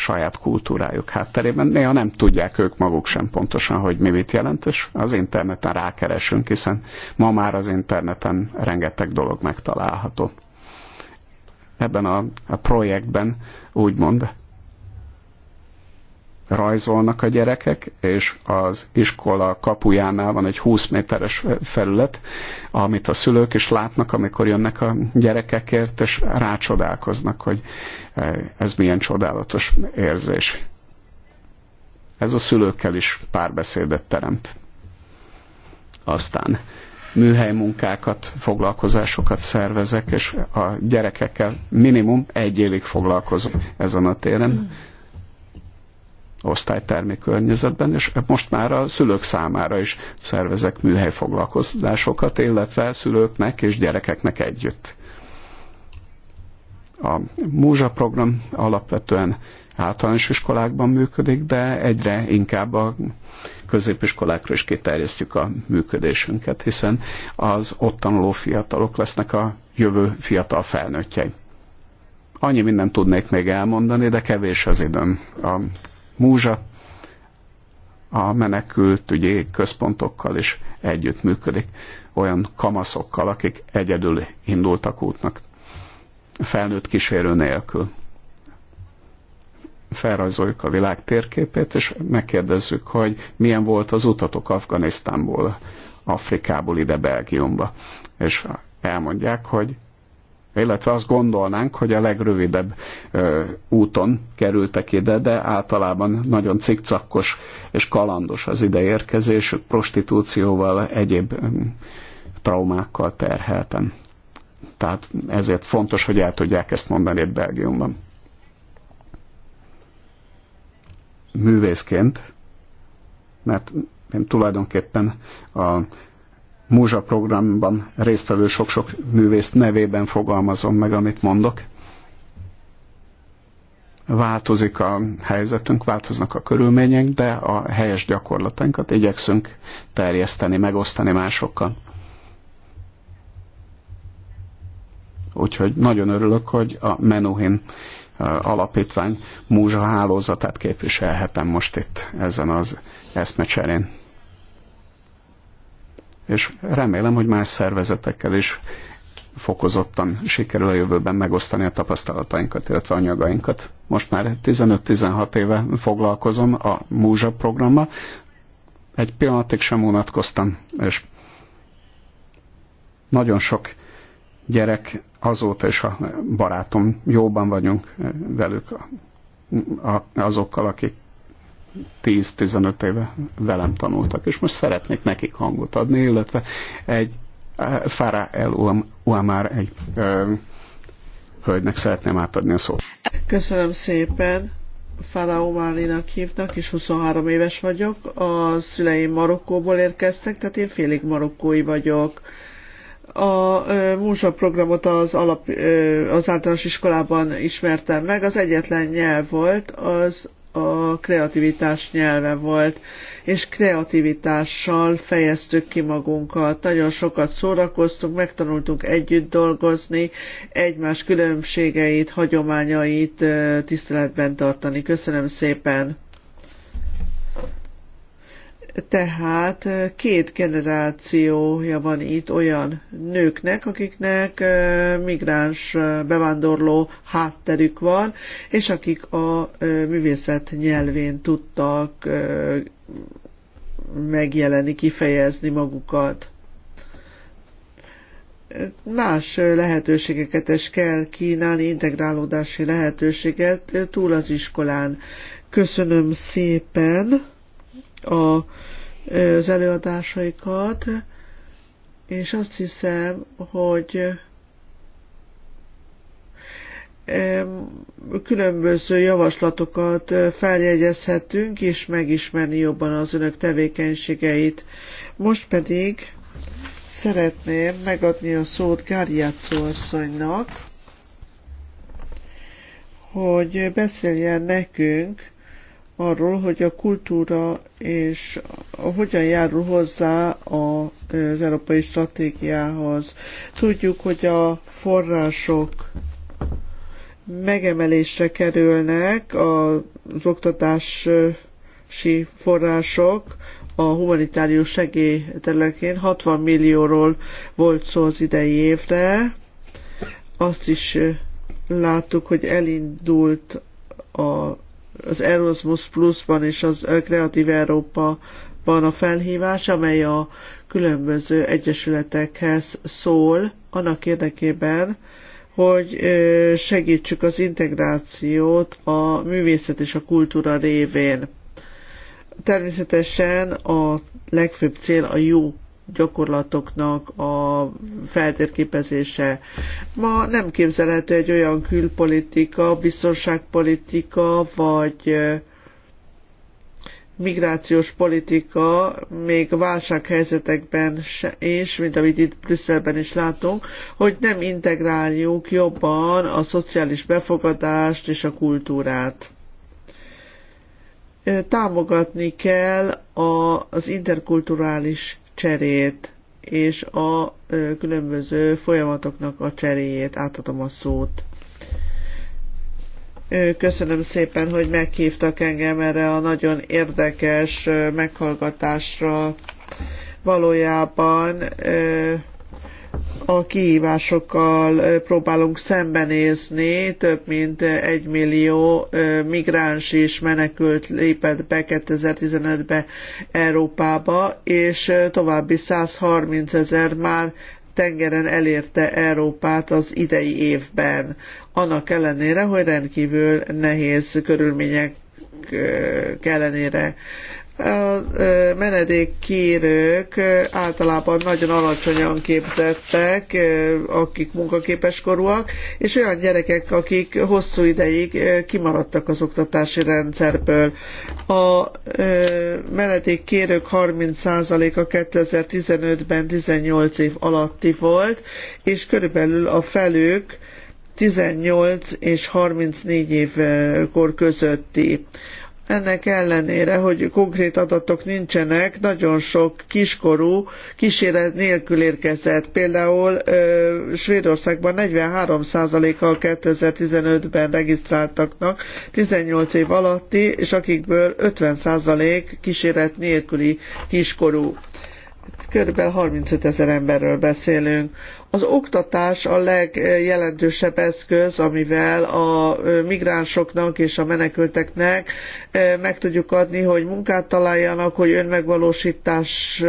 saját kultúrájuk hátterében. Néha nem tudják ők maguk sem pontosan, hogy mi mit jelent, és az interneten rákeresünk, hiszen ma már az interneten rengeteg dolog megtalálható. Ebben a, a projektben úgymond rajzolnak a gyerekek, és az iskola kapujánál van egy 20 méteres felület, amit a szülők is látnak, amikor jönnek a gyerekekért, és rácsodálkoznak, hogy e, ez milyen csodálatos érzés. Ez a szülőkkel is párbeszédet teremt. Aztán műhelymunkákat, foglalkozásokat szervezek, és a gyerekekkel minimum egy évig foglalkozom ezen a téren osztálytermi környezetben, és most már a szülők számára is szervezek műhelyfoglalkozásokat, illetve szülőknek és gyerekeknek együtt. A Múzsa program alapvetően általános iskolákban működik, de egyre inkább a középiskolákra is kiterjesztjük a működésünket, hiszen az ott tanuló fiatalok lesznek a jövő fiatal felnőttjei. Annyi mindent tudnék még elmondani, de kevés az időm. A múzsa a menekült, menekültügyi központokkal is együttműködik, olyan kamaszokkal, akik egyedül indultak útnak, felnőtt kísérő nélkül. Felrajzoljuk a világ térképét, és megkérdezzük, hogy milyen volt az utatok Afganisztánból, Afrikából ide Belgiumba. És elmondják, hogy illetve azt gondolnánk, hogy a legrövidebb ö, úton kerültek ide, de általában nagyon cikcakos és kalandos az ideérkezés, prostitúcióval, egyéb ö, traumákkal terheltem. Tehát ezért fontos, hogy el tudják ezt mondani itt Belgiumban. Művészként, mert én tulajdonképpen a Múzsa programban résztvevő sok-sok művész nevében fogalmazom meg, amit mondok. Változik a helyzetünk, változnak a körülmények, de a helyes gyakorlatainkat igyekszünk terjeszteni, megosztani másokkal. Úgyhogy nagyon örülök, hogy a Menuhin alapítvány múzsa hálózatát képviselhetem most itt ezen az eszmecserén és remélem, hogy más szervezetekkel is fokozottan sikerül a jövőben megosztani a tapasztalatainkat, illetve anyagainkat. Most már 15-16 éve foglalkozom a Múzsa programmal, egy pillanatig sem unatkoztam, és nagyon sok gyerek azóta és a barátom, jóban vagyunk velük, azokkal, akik 10-15 éve velem tanultak, és most szeretnék nekik hangot adni, illetve egy eh, Fara El már egy ö, eh, hölgynek szeretném átadni a szót. Köszönöm szépen. Fara Omarinak hívnak, és 23 éves vagyok. A szüleim Marokkóból érkeztek, tehát én félig marokkói vagyok. A múzsa programot az, alap, az általános iskolában ismertem meg, az egyetlen nyelv volt, az a kreativitás nyelve volt, és kreativitással fejeztük ki magunkat. Nagyon sokat szórakoztunk, megtanultunk együtt dolgozni, egymás különbségeit, hagyományait tiszteletben tartani. Köszönöm szépen! Tehát két generációja van itt olyan nőknek, akiknek migráns bevándorló hátterük van, és akik a művészet nyelvén tudtak megjelenni, kifejezni magukat. Más lehetőségeket is kell kínálni, integrálódási lehetőséget túl az iskolán. Köszönöm szépen! a, az előadásaikat, és azt hiszem, hogy különböző javaslatokat feljegyezhetünk, és megismerni jobban az önök tevékenységeit. Most pedig szeretném megadni a szót Gáriátszó asszonynak, hogy beszéljen nekünk arról, hogy a kultúra és hogyan járul hozzá az európai stratégiához. Tudjuk, hogy a források megemelésre kerülnek az oktatási források a humanitárius segély területén 60 millióról volt szó az idei évre. Azt is láttuk, hogy elindult a az Erasmus Plus-ban és az Kreatív Európa-ban a felhívás, amely a különböző egyesületekhez szól, annak érdekében, hogy segítsük az integrációt a művészet és a kultúra révén. Természetesen a legfőbb cél a jó gyakorlatoknak a feltérképezése. Ma nem képzelhető egy olyan külpolitika, biztonságpolitika, vagy migrációs politika még válsághelyzetekben is, mint amit itt Brüsszelben is látunk, hogy nem integráljuk jobban a szociális befogadást és a kultúrát. Támogatni kell az interkulturális cserét és a különböző folyamatoknak a cseréjét. Átadom a szót. Köszönöm szépen, hogy meghívtak engem erre a nagyon érdekes meghallgatásra. Valójában a kihívásokkal próbálunk szembenézni, több mint egy millió migráns és menekült lépett be 2015-be Európába, és további 130 ezer már tengeren elérte Európát az idei évben, annak ellenére, hogy rendkívül nehéz körülmények ellenére a menedékkérők általában nagyon alacsonyan képzettek, akik munkaképes korúak, és olyan gyerekek, akik hosszú ideig kimaradtak az oktatási rendszerből. A menedékkérők 30%-a 2015-ben 18 év alatti volt, és körülbelül a felük 18 és 34 év kor közötti. Ennek ellenére, hogy konkrét adatok nincsenek, nagyon sok kiskorú kíséret nélkül érkezett. Például ö, Svédországban 43%-kal 2015-ben regisztráltaknak 18 év alatti, és akikből 50% kíséret nélküli kiskorú körülbelül 35 ezer emberről beszélünk. Az oktatás a legjelentősebb eszköz, amivel a migránsoknak és a menekülteknek meg tudjuk adni, hogy munkát találjanak, hogy önmegvalósítást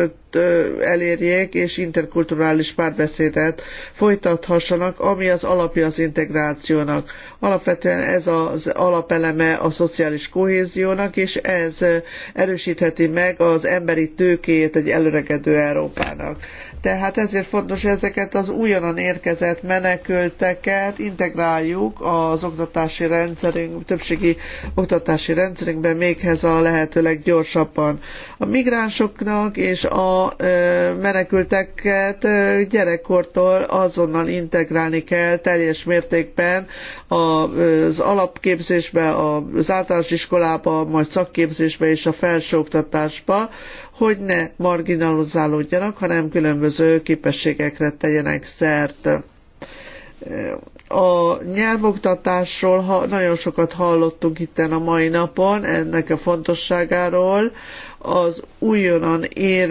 elérjék, és interkulturális párbeszédet folytathassanak, ami az alapja az integrációnak. Alapvetően ez az alapeleme a szociális kohéziónak, és ez erősítheti meg az emberi tőkét egy előregedő Európának. Tehát ezért fontos ezeket az újonnan érkezett menekülteket integráljuk az oktatási rendszerünk, többségi oktatási rendszerünkben méghez a lehető leggyorsabban. A migránsoknak és a menekülteket gyerekkortól azonnal integrálni kell teljes mértékben az alapképzésbe, az általános iskolába, majd szakképzésbe és a felsőoktatásba, hogy ne marginalizálódjanak, hanem különböző képességekre tegyenek szert. A nyelvoktatásról ha, nagyon sokat hallottunk itt a mai napon, ennek a fontosságáról. Az újonnan ér,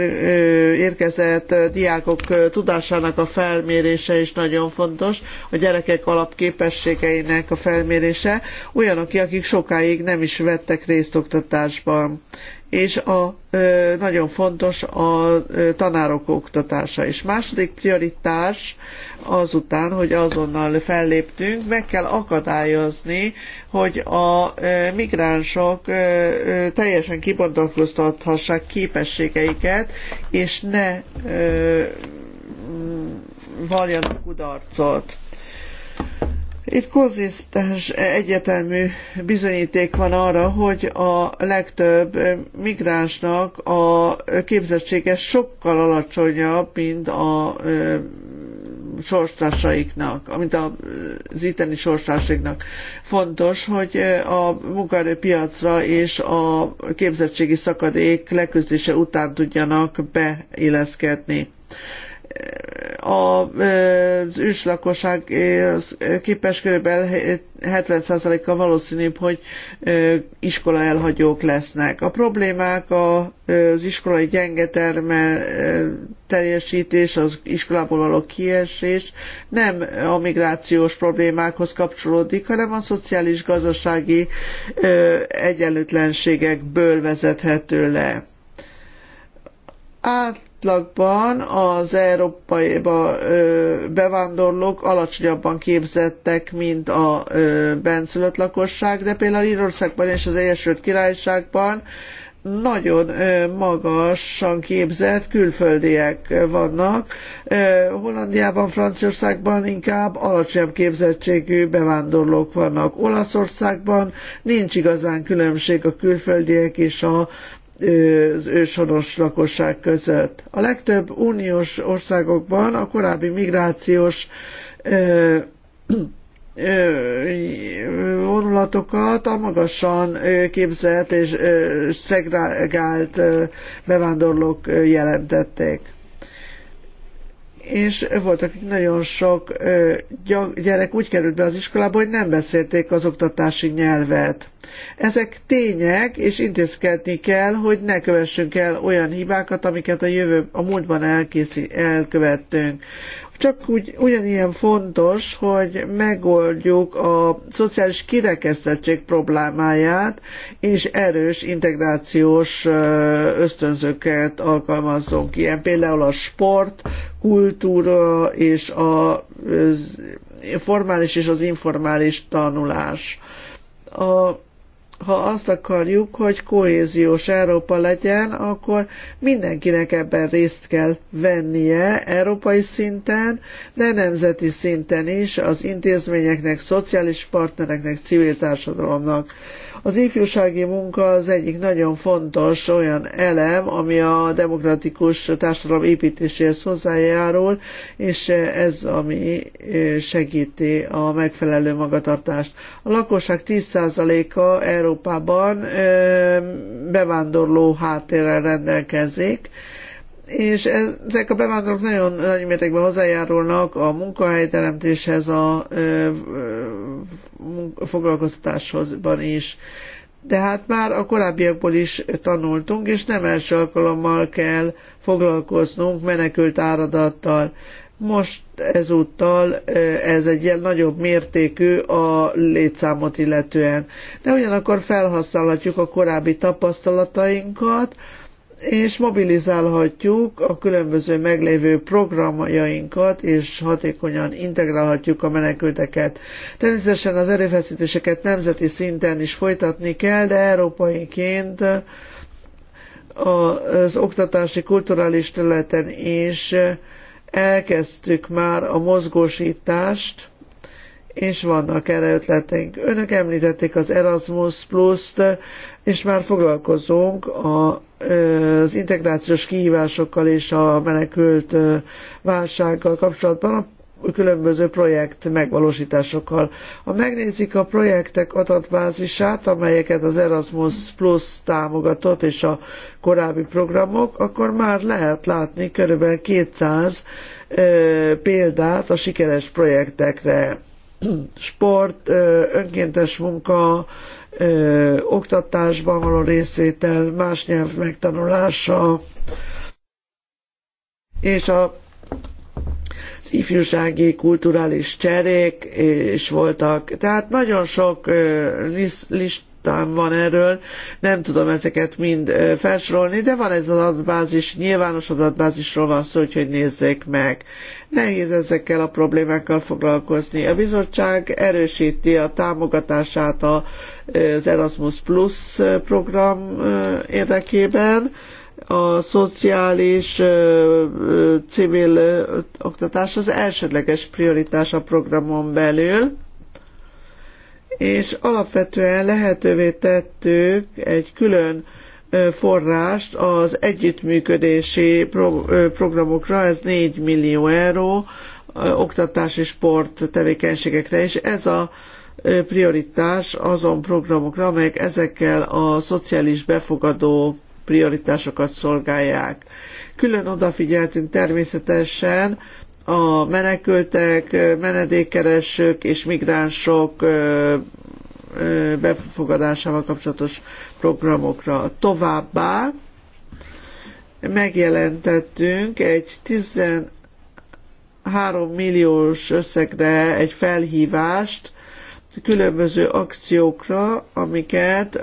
érkezett diákok tudásának a felmérése is nagyon fontos, a gyerekek alapképességeinek a felmérése, olyanok, akik sokáig nem is vettek részt oktatásban és a, nagyon fontos a tanárok oktatása is. Második prioritás azután, hogy azonnal felléptünk, meg kell akadályozni, hogy a migránsok teljesen kibontakoztathassák képességeiket, és ne valjanak kudarcot itt konzisztens, egyetemű bizonyíték van arra, hogy a legtöbb migránsnak a képzettsége sokkal alacsonyabb, mint a sorstársaiknak, mint az itteni sorstársaiknak. Fontos, hogy a munkaerőpiacra és a képzettségi szakadék leküzdése után tudjanak beilleszkedni az őslakosság képes kb. 70%-a valószínűbb, hogy iskola elhagyók lesznek. A problémák az iskolai gyenge terme teljesítés, az iskolából való kiesés nem a migrációs problémákhoz kapcsolódik, hanem a szociális-gazdasági egyenlőtlenségekből vezethető le. Át átlagban az európai bevándorlók alacsonyabban képzettek, mint a benszülött lakosság, de például Írországban és az Egyesült Királyságban nagyon magasan képzett külföldiek vannak. Hollandiában, Franciaországban inkább alacsonyabb képzettségű bevándorlók vannak. Olaszországban nincs igazán különbség a külföldiek és a az őshonos lakosság között. A legtöbb uniós országokban a korábbi migrációs vonulatokat a magasan képzelt és szegregált bevándorlók jelentették és volt, akik nagyon sok gyerek úgy került be az iskolába, hogy nem beszélték az oktatási nyelvet. Ezek tények, és intézkedni kell, hogy ne kövessünk el olyan hibákat, amiket a jövő, a múltban elkészi, elkövettünk. Csak úgy, ugyanilyen fontos, hogy megoldjuk a szociális kirekesztettség problémáját, és erős integrációs ösztönzőket alkalmazzunk, ilyen például a sport, kultúra és a formális és az informális tanulás. A ha azt akarjuk, hogy kohéziós Európa legyen, akkor mindenkinek ebben részt kell vennie európai szinten, de nemzeti szinten is, az intézményeknek, szociális partnereknek, civil társadalomnak. Az ifjúsági munka az egyik nagyon fontos olyan elem, ami a demokratikus társadalom építéséhez hozzájárul, és ez ami segíti a megfelelő magatartást. A lakosság 10%-a Európában bevándorló háttérrel rendelkezik, és ezek a bevándorlók nagyon nagy mértékben hozzájárulnak a munkahelyteremtéshez, a ö, ö, is. De hát már a korábbiakból is tanultunk, és nem első alkalommal kell foglalkoznunk menekült áradattal. Most ezúttal ez egy ilyen nagyobb mértékű a létszámot illetően. De ugyanakkor felhasználhatjuk a korábbi tapasztalatainkat, és mobilizálhatjuk a különböző meglévő programjainkat, és hatékonyan integrálhatjuk a menekülteket. Természetesen az erőfeszítéseket nemzeti szinten is folytatni kell, de európaiként az oktatási, kulturális területen is elkezdtük már a mozgósítást, és vannak erre ötleteink. Önök említették az Erasmus Plus-t, és már foglalkozunk a az integrációs kihívásokkal és a menekült válsággal kapcsolatban a különböző projekt megvalósításokkal. Ha megnézik a projektek adatbázisát, amelyeket az Erasmus Plus támogatott és a korábbi programok, akkor már lehet látni körülbelül 200 példát a sikeres projektekre. Sport, önkéntes munka, ö, oktatásban való részvétel, más nyelv megtanulása, és a az ifjúsági kulturális cserék is voltak. Tehát nagyon sok list, list, adatám van erről, nem tudom ezeket mind felsorolni, de van ez az adatbázis, nyilvános adatbázisról van szó, hogy nézzék meg. Nehéz ezekkel a problémákkal foglalkozni. A bizottság erősíti a támogatását az Erasmus Plus program érdekében, a szociális civil oktatás az elsődleges prioritás a programon belül és alapvetően lehetővé tettük egy külön forrást az együttműködési programokra, ez 4 millió euró, oktatás és sport tevékenységekre, és ez a prioritás azon programokra, amelyek ezekkel a szociális befogadó prioritásokat szolgálják. Külön odafigyeltünk természetesen a menekültek, menedékkeresők és migránsok befogadásával kapcsolatos programokra. Továbbá megjelentettünk egy 13 milliós összegre egy felhívást különböző akciókra, amiket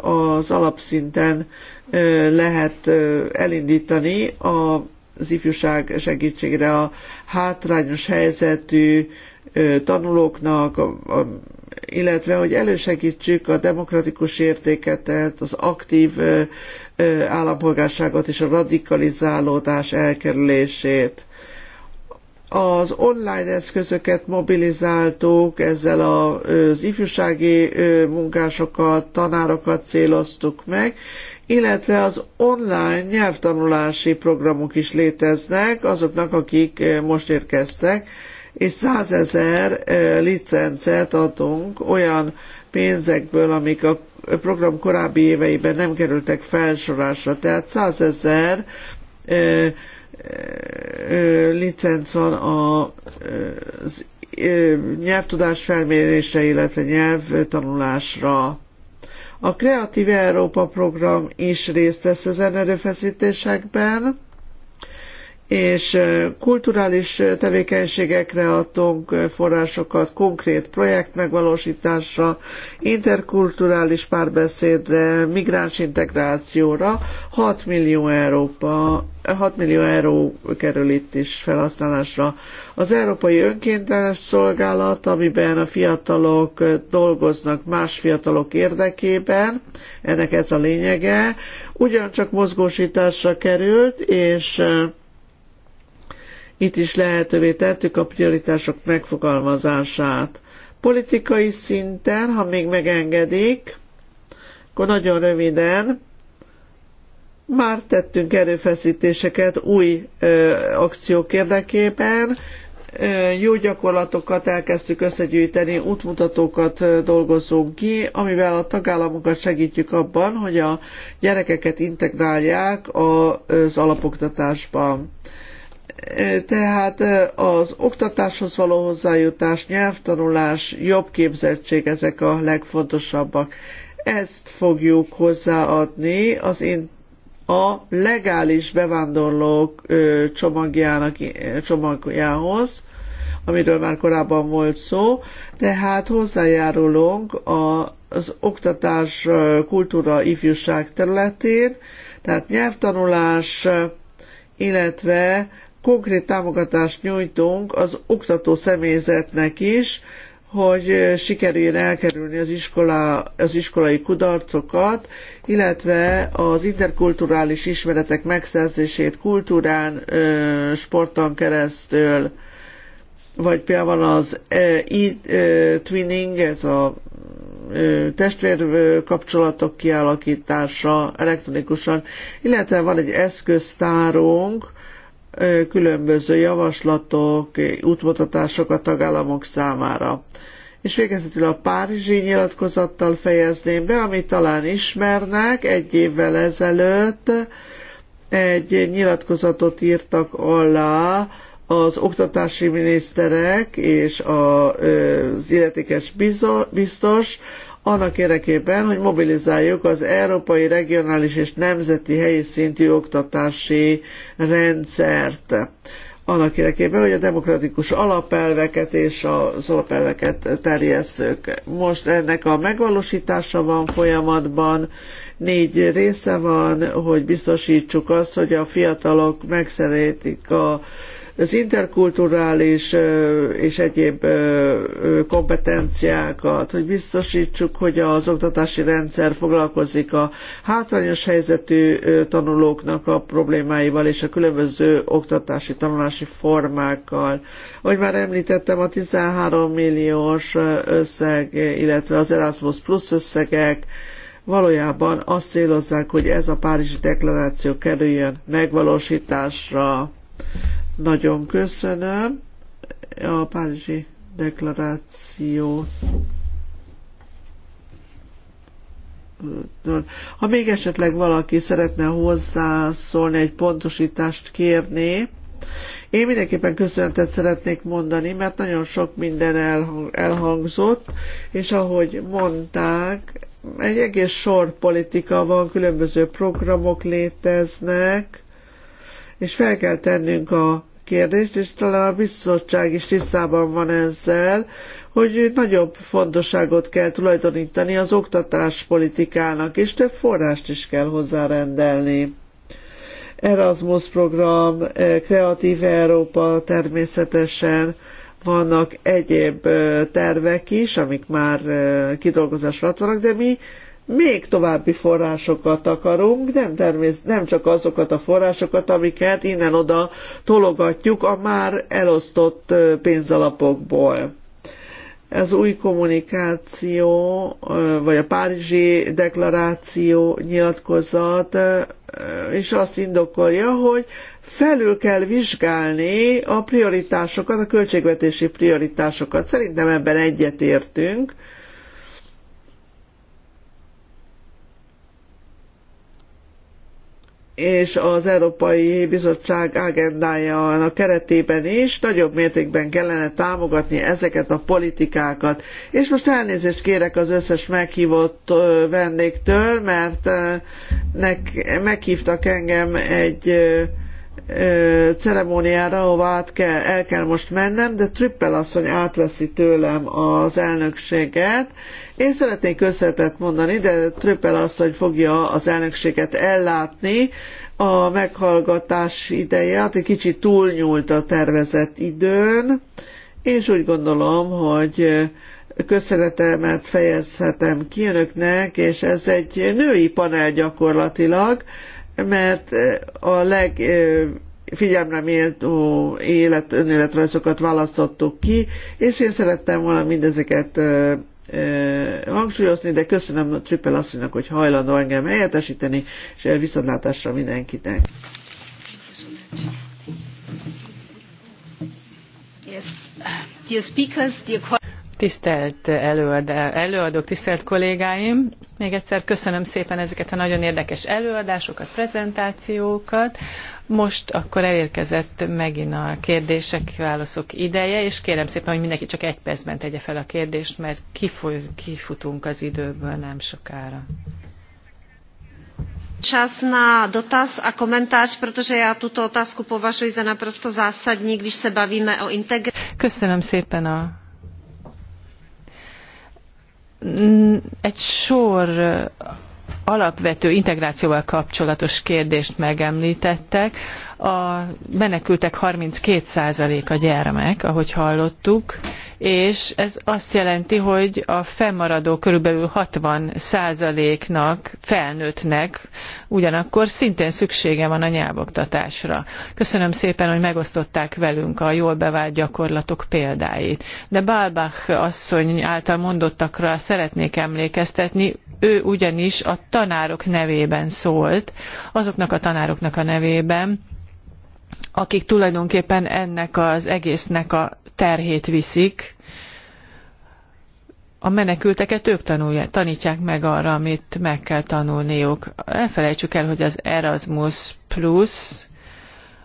az alapszinten lehet elindítani a az ifjúság segítségre a hátrányos helyzetű tanulóknak, illetve hogy elősegítsük a demokratikus értéketet, az aktív állampolgárságot és a radikalizálódás elkerülését. Az online eszközöket mobilizáltuk, ezzel az ifjúsági munkásokat, tanárokat céloztuk meg, illetve az online nyelvtanulási programok is léteznek azoknak, akik eh, most érkeztek, és százezer eh, licencet adunk olyan pénzekből, amik a program korábbi éveiben nem kerültek felsorásra. Tehát százezer eh, licenc van az nyelvtudás felmérésre, illetve nyelvtanulásra. A Kreatív Európa program is részt vesz ezen erőfeszítésekben, és kulturális tevékenységekre adtunk forrásokat, konkrét projekt megvalósításra, interkulturális párbeszédre, migráns integrációra. 6 millió, Európa, 6 millió euró kerül itt is felhasználásra. Az Európai Önkéntes Szolgálat, amiben a fiatalok dolgoznak más fiatalok érdekében, ennek ez a lényege, ugyancsak mozgósításra került, és itt is lehetővé tettük a prioritások megfogalmazását. Politikai szinten, ha még megengedik, akkor nagyon röviden, már tettünk erőfeszítéseket új ö, akciók érdekében, jó gyakorlatokat elkezdtük összegyűjteni, útmutatókat dolgozunk ki, amivel a tagállamokat segítjük abban, hogy a gyerekeket integrálják az alapoktatásban tehát az oktatáshoz való hozzájutás, nyelvtanulás, jobb képzettség, ezek a legfontosabbak. Ezt fogjuk hozzáadni az én a legális bevándorlók csomagjának, csomagjához, amiről már korábban volt szó, tehát hozzájárulunk az oktatás, kultúra, ifjúság területén, tehát nyelvtanulás, illetve konkrét támogatást nyújtunk az oktató személyzetnek is, hogy sikerüljön elkerülni az, iskola, az iskolai kudarcokat, illetve az interkulturális ismeretek megszerzését kultúrán, sporton keresztül, vagy például az e-twinning, ez a testvérkapcsolatok kialakítása elektronikusan, illetve van egy eszköztárunk, különböző javaslatok, útmutatások a tagállamok számára. És végezetül a Párizsi nyilatkozattal fejezném be, amit talán ismernek, egy évvel ezelőtt egy nyilatkozatot írtak alá az oktatási miniszterek és az illetékes biztos, annak érdekében, hogy mobilizáljuk az európai, regionális és nemzeti helyi szintű oktatási rendszert annak érdekében, hogy a demokratikus alapelveket és az alapelveket terjesszük. Most ennek a megvalósítása van folyamatban, négy része van, hogy biztosítsuk azt, hogy a fiatalok megszeretik a az interkulturális és egyéb kompetenciákat, hogy biztosítsuk, hogy az oktatási rendszer foglalkozik a hátrányos helyzetű tanulóknak a problémáival és a különböző oktatási tanulási formákkal. Ahogy már említettem, a 13 milliós összeg, illetve az Erasmus Plus összegek, valójában azt célozzák, hogy ez a Párizsi deklaráció kerüljön megvalósításra. Nagyon köszönöm a Párizsi deklaráció. Ha még esetleg valaki szeretne hozzászólni, egy pontosítást kérni, én mindenképpen köszönetet szeretnék mondani, mert nagyon sok minden elhangzott, és ahogy mondták, egy egész sor politika van, különböző programok léteznek, és fel kell tennünk a kérdést, és talán a bizottság is tisztában van ezzel, hogy nagyobb fontosságot kell tulajdonítani az oktatáspolitikának, és több forrást is kell hozzárendelni. Erasmus program, eh, Kreatív Európa természetesen, vannak egyéb eh, tervek is, amik már eh, alatt vannak, de mi még további forrásokat akarunk, nem, termész, nem csak azokat a forrásokat, amiket innen-oda tologatjuk a már elosztott pénzalapokból. Ez új kommunikáció, vagy a Párizsi deklaráció nyilatkozat és azt indokolja, hogy felül kell vizsgálni a prioritásokat, a költségvetési prioritásokat. Szerintem ebben egyetértünk. értünk és az Európai Bizottság agendájának keretében is nagyobb mértékben kellene támogatni ezeket a politikákat. És most elnézést kérek az összes meghívott vendégtől, mert nek, meghívtak engem egy ceremóniára, ahová kell, el kell most mennem, de Trippel asszony átveszi tőlem az elnökséget, én szeretnék összetett mondani, de Tröppel hogy fogja az elnökséget ellátni. A meghallgatás ideje, hát egy kicsit túlnyúlt a tervezett időn, is úgy gondolom, hogy köszönetemet fejezhetem ki önöknek, és ez egy női panel gyakorlatilag, mert a leg figyelmre méltó élet, önéletrajzokat választottuk ki, és én szerettem volna mindezeket hangsúlyozni, de köszönöm a Trüppel asszonynak, hogy hajlandó engem helyettesíteni, és viszontlátásra mindenkinek. Tisztelt előad, előadók, tisztelt kollégáim! Még egyszer köszönöm szépen ezeket a nagyon érdekes előadásokat, prezentációkat. Most akkor elérkezett megint a kérdések, válaszok ideje, és kérem szépen, hogy mindenki csak egy percben tegye fel a kérdést, mert kifoly, kifutunk az időből nem sokára. Čas na dotaz a komentář, protože já tuto otázku považuji za naprosto zásadní, když se bavíme o integraci. Köszönöm szépen a egy sor alapvető integrációval kapcsolatos kérdést megemlítettek. A menekültek 32% a gyermek, ahogy hallottuk, és ez azt jelenti, hogy a fennmaradó körülbelül 60 százaléknak, felnőttnek ugyanakkor szintén szüksége van a nyelvoktatásra. Köszönöm szépen, hogy megosztották velünk a jól bevált gyakorlatok példáit. De Balbach asszony által mondottakra szeretnék emlékeztetni, ő ugyanis a tanárok nevében szólt, azoknak a tanároknak a nevében, akik tulajdonképpen ennek az egésznek a terhét viszik, a menekülteket ők tanulják, tanítják meg arra, amit meg kell tanulniuk. felejtsük el, hogy az Erasmus Plus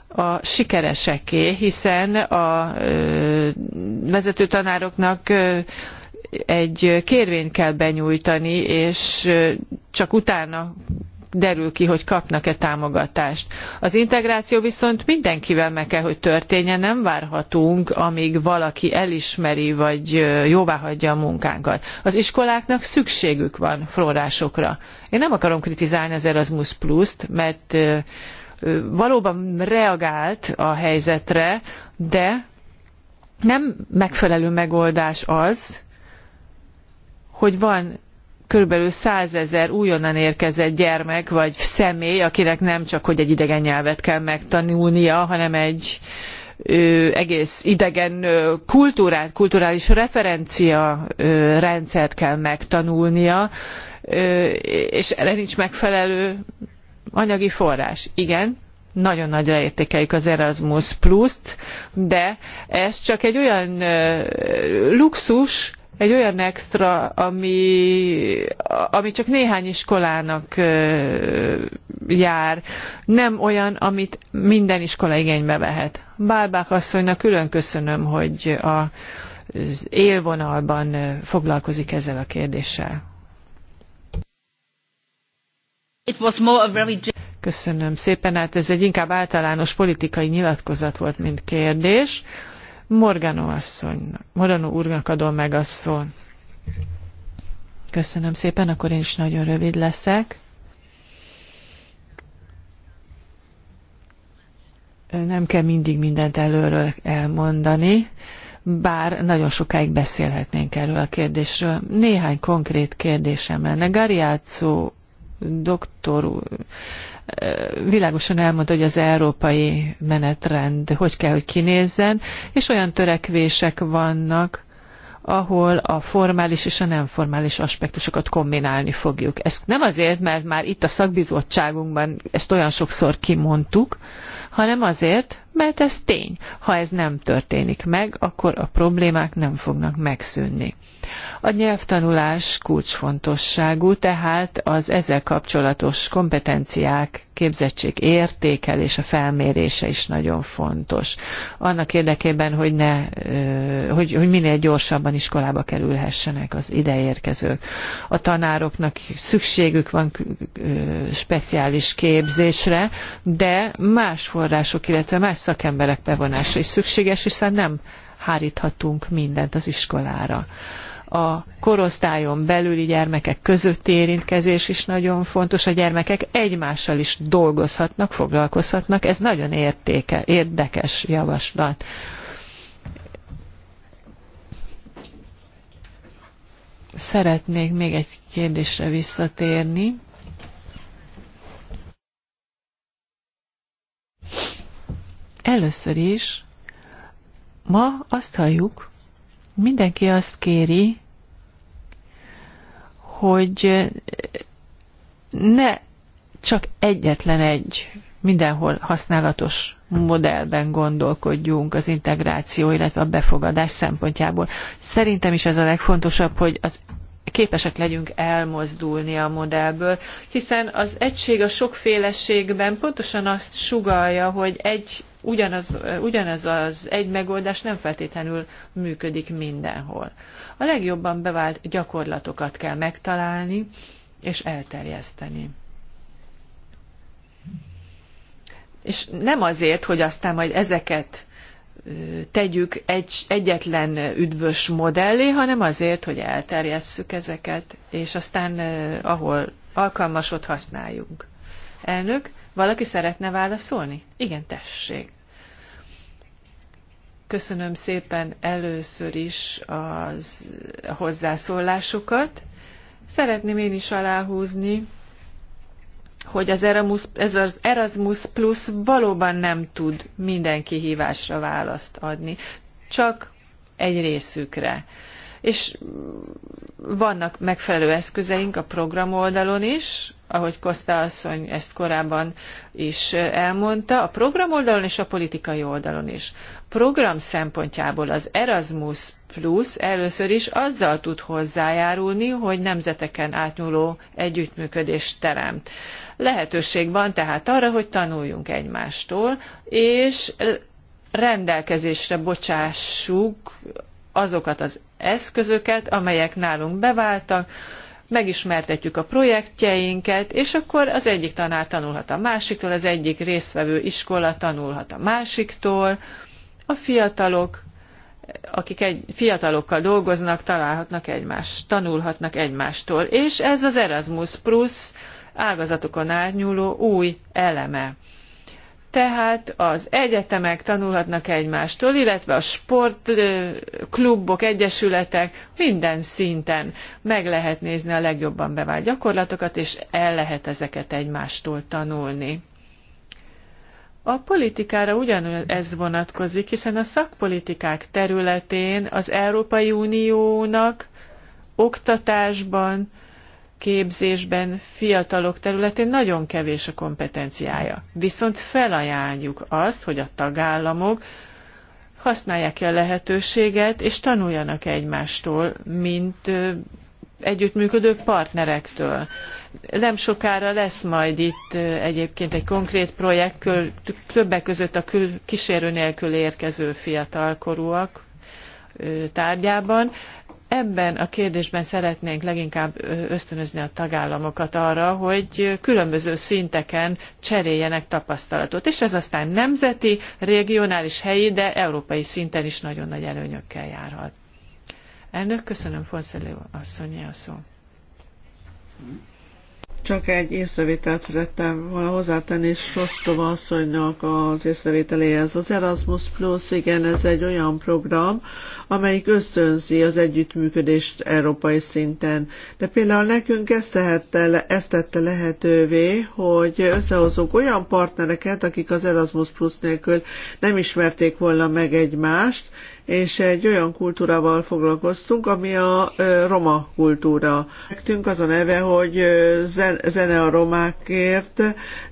a sikereseké, hiszen a ö, vezető tanároknak ö, egy kérvényt kell benyújtani, és csak utána derül ki, hogy kapnak-e támogatást. Az integráció viszont mindenkivel meg kell, hogy történjen, nem várhatunk, amíg valaki elismeri vagy jóváhagyja a munkánkat. Az iskoláknak szükségük van forrásokra. Én nem akarom kritizálni az Erasmus Plus-t, mert valóban reagált a helyzetre, de nem megfelelő megoldás az, hogy van körülbelül százezer újonnan érkezett gyermek vagy személy, akinek nem csak hogy egy idegen nyelvet kell megtanulnia, hanem egy ö, egész idegen ö, kultúrát, kulturális referencia ö, rendszert kell megtanulnia, ö, és erre nincs megfelelő anyagi forrás. Igen, nagyon nagyra értékeljük az Erasmus Plus-t, de ez csak egy olyan ö, luxus, egy olyan extra, ami, ami csak néhány iskolának jár, nem olyan, amit minden iskola igénybe vehet. Bálbák asszonynak külön köszönöm, hogy a, az élvonalban foglalkozik ezzel a kérdéssel. It was more a very... Köszönöm szépen, hát ez egy inkább általános politikai nyilatkozat volt, mint kérdés. Morgano asszonynak, Morano úrnak adom meg a szót. Köszönöm szépen, akkor én is nagyon rövid leszek. Nem kell mindig mindent előről elmondani, bár nagyon sokáig beszélhetnénk erről a kérdésről. Néhány konkrét kérdésem lenne. Gariátszó doktor világosan elmondta, hogy az európai menetrend hogy kell, hogy kinézzen, és olyan törekvések vannak, ahol a formális és a nem formális aspektusokat kombinálni fogjuk. Ezt nem azért, mert már itt a szakbizottságunkban ezt olyan sokszor kimondtuk, hanem azért, mert ez tény. Ha ez nem történik meg, akkor a problémák nem fognak megszűnni. A nyelvtanulás kulcsfontosságú, tehát az ezzel kapcsolatos kompetenciák, képzettség és a felmérése is nagyon fontos. Annak érdekében, hogy, ne, hogy, hogy minél gyorsabban iskolába kerülhessenek az ideérkezők. A tanároknak szükségük van speciális képzésre, de más források, illetve más szakemberek bevonása is szükséges, hiszen nem háríthatunk mindent az iskolára. A korosztályon belüli gyermekek közötti érintkezés is nagyon fontos. A gyermekek egymással is dolgozhatnak, foglalkozhatnak. Ez nagyon értéke, érdekes javaslat. Szeretnék még egy kérdésre visszatérni. Először is ma azt halljuk, mindenki azt kéri, hogy eh, ne csak egyetlen egy mindenhol használatos modellben gondolkodjunk az integráció, illetve a befogadás szempontjából. Szerintem is ez a legfontosabb, hogy az képesek legyünk elmozdulni a modellből, hiszen az egység a sokféleségben pontosan azt sugalja, hogy egy ugyanaz, ugyanaz az egy megoldás nem feltétlenül működik mindenhol. A legjobban bevált gyakorlatokat kell megtalálni és elterjeszteni. És nem azért, hogy aztán majd ezeket tegyük egy, egyetlen üdvös modellé, hanem azért, hogy elterjesszük ezeket, és aztán ahol alkalmasot használjunk. Elnök, valaki szeretne válaszolni? Igen, tessék. Köszönöm szépen először is a hozzászólásokat. Szeretném én is aláhúzni, hogy az Erasmus, ez az Erasmus Plus valóban nem tud minden kihívásra választ adni, csak egy részükre. És vannak megfelelő eszközeink a program oldalon is, ahogy Kosta asszony ezt korábban is elmondta, a program oldalon és a politikai oldalon is. Program szempontjából az Erasmus Plus először is azzal tud hozzájárulni, hogy nemzeteken átnyúló együttműködést teremt. Lehetőség van tehát arra, hogy tanuljunk egymástól, és rendelkezésre bocsássuk azokat az eszközöket, amelyek nálunk beváltak, megismertetjük a projektjeinket, és akkor az egyik tanár tanulhat a másiktól, az egyik résztvevő iskola tanulhat a másiktól, a fiatalok, akik egy, fiatalokkal dolgoznak, találhatnak egymást, tanulhatnak egymástól. És ez az Erasmus Plus ágazatokon átnyúló új eleme tehát az egyetemek tanulhatnak egymástól, illetve a sportklubok, egyesületek minden szinten meg lehet nézni a legjobban bevált gyakorlatokat, és el lehet ezeket egymástól tanulni. A politikára ugyanúgy ez vonatkozik, hiszen a szakpolitikák területén az Európai Uniónak oktatásban, képzésben fiatalok területén nagyon kevés a kompetenciája. Viszont felajánljuk azt, hogy a tagállamok használják ki a lehetőséget, és tanuljanak egymástól, mint együttműködő partnerektől. Nem sokára lesz majd itt egyébként egy konkrét projekt, többek között a kísérő nélkül érkező fiatalkorúak tárgyában. Ebben a kérdésben szeretnénk leginkább ösztönözni a tagállamokat arra, hogy különböző szinteken cseréljenek tapasztalatot, és ez aztán nemzeti, regionális, helyi, de európai szinten is nagyon nagy előnyökkel járhat. Elnök, köszönöm, Fonszelő asszonyi a szó. Csak egy észrevételt szerettem volna hozzátenni Sostova asszonynak az észrevételéhez. Az Erasmus Plus, igen, ez egy olyan program, amelyik ösztönzi az együttműködést európai szinten. De például nekünk ezt, tehette, ezt tette lehetővé, hogy összehozunk olyan partnereket, akik az Erasmus Plus nélkül nem ismerték volna meg egymást, és egy olyan kultúrával foglalkoztunk, ami a roma kultúra. Tünk az a neve, hogy zene a romákért,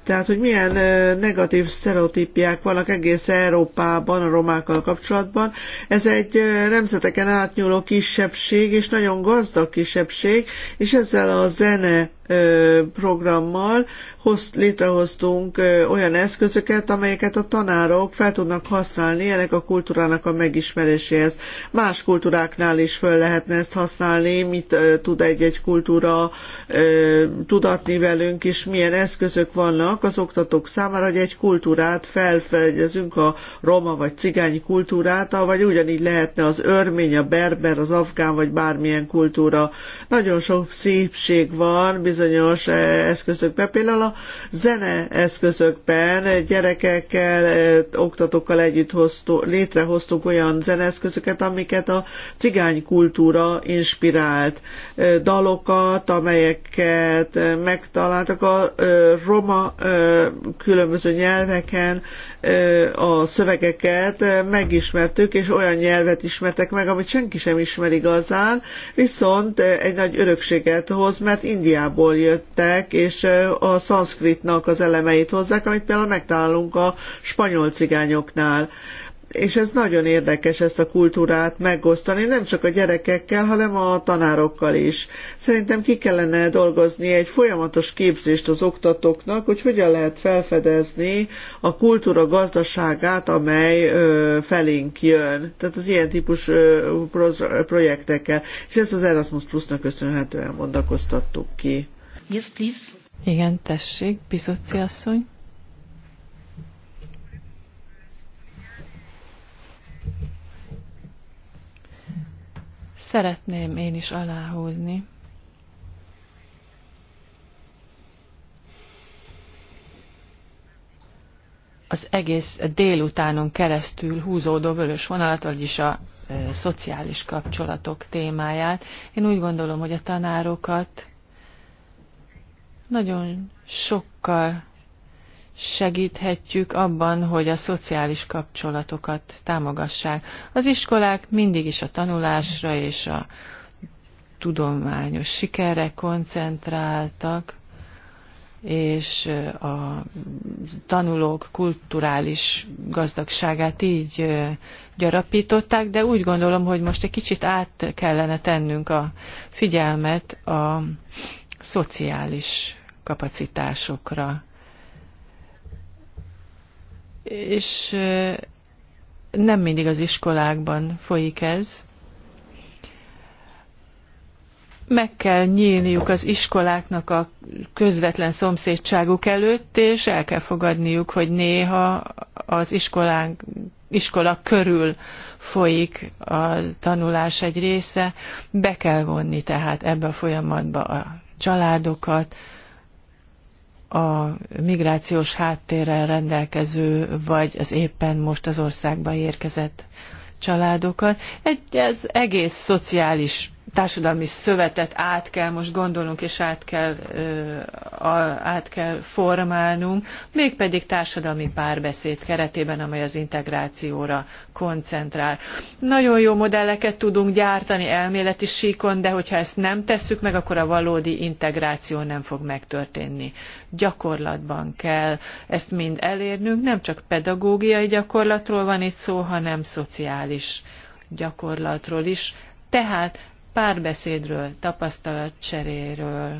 tehát hogy milyen negatív sztereotípiák vannak egész Európában a romákkal kapcsolatban. Ez egy nemzeteken átnyúló kisebbség, és nagyon gazdag kisebbség, és ezzel a zene programmal hozt, létrehoztunk olyan eszközöket, amelyeket a tanárok fel tudnak használni ennek a kultúrának a megismeréséhez. Más kultúráknál is föl lehetne ezt használni, mit tud egy-egy kultúra tudatni velünk, és milyen eszközök vannak az oktatók számára, hogy egy kultúrát felfedezünk, a roma vagy cigány kultúrát, vagy ugyanígy lehetne az örmény, a berber, az afgán, vagy bármilyen kultúra. Nagyon sok szépség van, bizony bizonyos eh, eszközökben, például a zene eszközökben eh, gyerekekkel, eh, oktatókkal együtt hoztó, létrehoztuk olyan zeneeszközöket, amiket a cigány kultúra inspirált. Dalokat, amelyeket megtaláltak a roma különböző nyelveken, a szövegeket megismertük, és olyan nyelvet ismertek meg, amit senki sem ismer igazán, viszont egy nagy örökséget hoz, mert Indiából jöttek, és a szanszkritnak az elemeit hozzák, amit például megtalálunk a spanyol cigányoknál és ez nagyon érdekes ezt a kultúrát megosztani, nem csak a gyerekekkel, hanem a tanárokkal is. Szerintem ki kellene dolgozni egy folyamatos képzést az oktatóknak, hogy hogyan lehet felfedezni a kultúra gazdaságát, amely ö, felénk jön. Tehát az ilyen típus ö, projektekkel. És ezt az Erasmus Plusnak köszönhetően mondakoztattuk ki. Yes, please. Igen, tessék, bizottsi asszony. szeretném én is aláhúzni, az egész délutánon keresztül húzódó vörös vonalat, vagyis a e, szociális kapcsolatok témáját. Én úgy gondolom, hogy a tanárokat nagyon sokkal segíthetjük abban, hogy a szociális kapcsolatokat támogassák. Az iskolák mindig is a tanulásra és a tudományos sikerre koncentráltak, és a tanulók kulturális gazdagságát így gyarapították, de úgy gondolom, hogy most egy kicsit át kellene tennünk a figyelmet a szociális kapacitásokra és nem mindig az iskolákban folyik ez. Meg kell nyílniuk az iskoláknak a közvetlen szomszédságuk előtt, és el kell fogadniuk, hogy néha az iskolánk, iskola körül folyik a tanulás egy része. Be kell vonni tehát ebbe a folyamatba a családokat, a migrációs háttérrel rendelkező, vagy az éppen most az országba érkezett családokat. Egy, ez egész szociális társadalmi szövetet át kell most gondolnunk, és át kell, át kell formálnunk, mégpedig társadalmi párbeszéd keretében, amely az integrációra koncentrál. Nagyon jó modelleket tudunk gyártani elméleti síkon, de hogyha ezt nem tesszük meg, akkor a valódi integráció nem fog megtörténni. Gyakorlatban kell ezt mind elérnünk, nem csak pedagógiai gyakorlatról van itt szó, hanem szociális gyakorlatról is. Tehát párbeszédről, tapasztalatcseréről,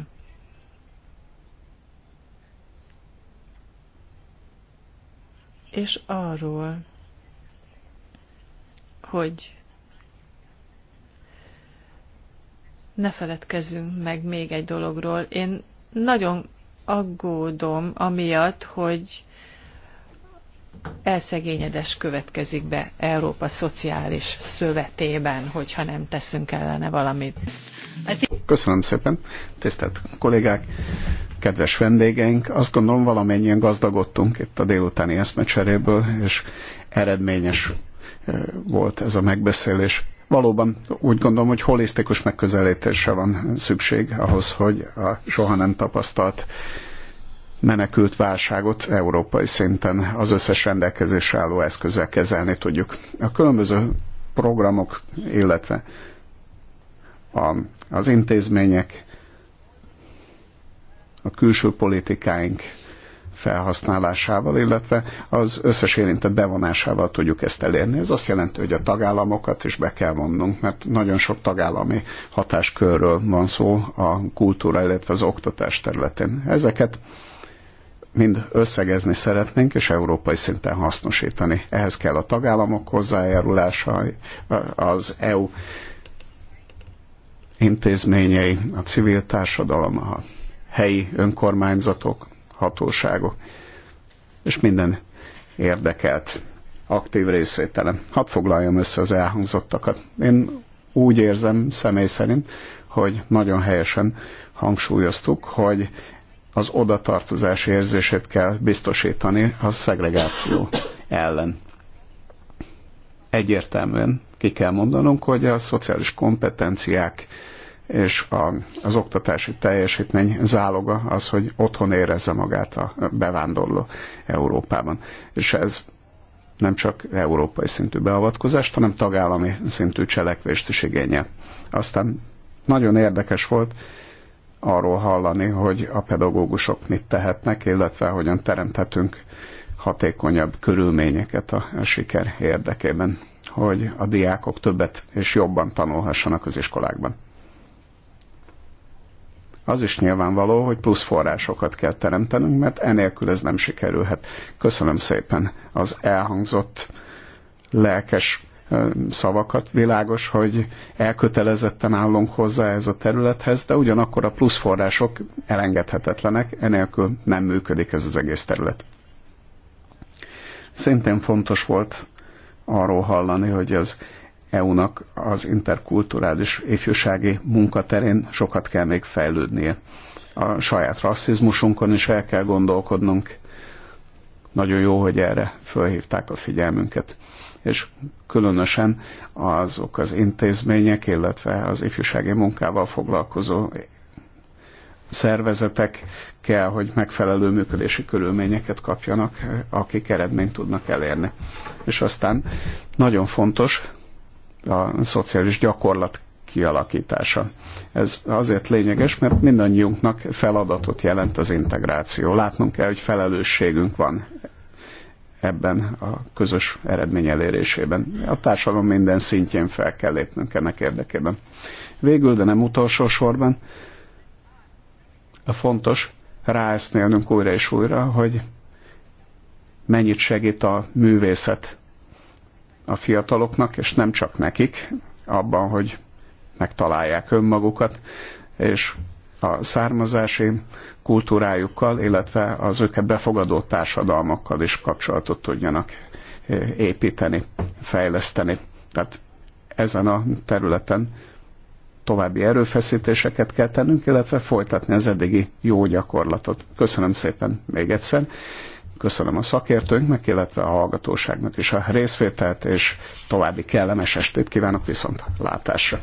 és arról, hogy ne feledkezzünk meg még egy dologról. Én nagyon aggódom amiatt, hogy elszegényedés következik be Európa szociális szövetében, hogyha nem teszünk ellene valamit. Köszönöm szépen, tisztelt kollégák, kedves vendégeink. Azt gondolom valamennyien gazdagodtunk itt a délutáni eszmecseréből, és eredményes volt ez a megbeszélés. Valóban úgy gondolom, hogy holisztikus megközelítésre van szükség ahhoz, hogy a soha nem tapasztalt menekült válságot európai szinten az összes rendelkezésre álló eszközzel kezelni tudjuk. A különböző programok, illetve a, az intézmények, a külső politikáink felhasználásával, illetve az összes érintett bevonásával tudjuk ezt elérni. Ez azt jelenti, hogy a tagállamokat is be kell vonnunk, mert nagyon sok tagállami hatáskörről van szó a kultúra, illetve az oktatás területén. Ezeket mind összegezni szeretnénk, és európai szinten hasznosítani. Ehhez kell a tagállamok hozzájárulása, az EU intézményei, a civil társadalom, a helyi önkormányzatok, hatóságok, és minden érdekelt aktív részvételem. Hadd foglaljam össze az elhangzottakat. Én úgy érzem személy szerint, hogy nagyon helyesen hangsúlyoztuk, hogy az odatartozás érzését kell biztosítani a szegregáció ellen. Egyértelműen ki kell mondanunk, hogy a szociális kompetenciák és a, az oktatási teljesítmény záloga az, hogy otthon érezze magát a bevándorló Európában. És ez nem csak európai szintű beavatkozást, hanem tagállami szintű cselekvést is igényel. Aztán nagyon érdekes volt arról hallani, hogy a pedagógusok mit tehetnek, illetve hogyan teremthetünk hatékonyabb körülményeket a siker érdekében, hogy a diákok többet és jobban tanulhassanak az iskolákban. Az is nyilvánvaló, hogy plusz forrásokat kell teremtenünk, mert enélkül ez nem sikerülhet. Köszönöm szépen az elhangzott lelkes szavakat. Világos, hogy elkötelezetten állunk hozzá ez a területhez, de ugyanakkor a plusz források elengedhetetlenek, enélkül nem működik ez az egész terület. Szintén fontos volt arról hallani, hogy az EU-nak az interkulturális ifjúsági munkaterén sokat kell még fejlődnie. A saját rasszizmusunkon is el kell gondolkodnunk. Nagyon jó, hogy erre fölhívták a figyelmünket és különösen azok az intézmények, illetve az ifjúsági munkával foglalkozó szervezetek kell, hogy megfelelő működési körülményeket kapjanak, akik eredményt tudnak elérni. És aztán nagyon fontos a szociális gyakorlat kialakítása. Ez azért lényeges, mert mindannyiunknak feladatot jelent az integráció. Látnunk kell, hogy felelősségünk van ebben a közös eredmény elérésében. A társadalom minden szintjén fel kell lépnünk ennek érdekében. Végül, de nem utolsó sorban, fontos ráeszmélnünk újra és újra, hogy mennyit segít a művészet a fiataloknak, és nem csak nekik, abban, hogy megtalálják önmagukat, és a származási kultúrájukkal, illetve az őket befogadó társadalmakkal is kapcsolatot tudjanak e, építeni, fejleszteni. Tehát ezen a területen további erőfeszítéseket kell tennünk, illetve folytatni az eddigi jó gyakorlatot. Köszönöm szépen még egyszer. Köszönöm a szakértőnknek, illetve a hallgatóságnak is a részvételt, és további kellemes estét kívánok viszont látásra.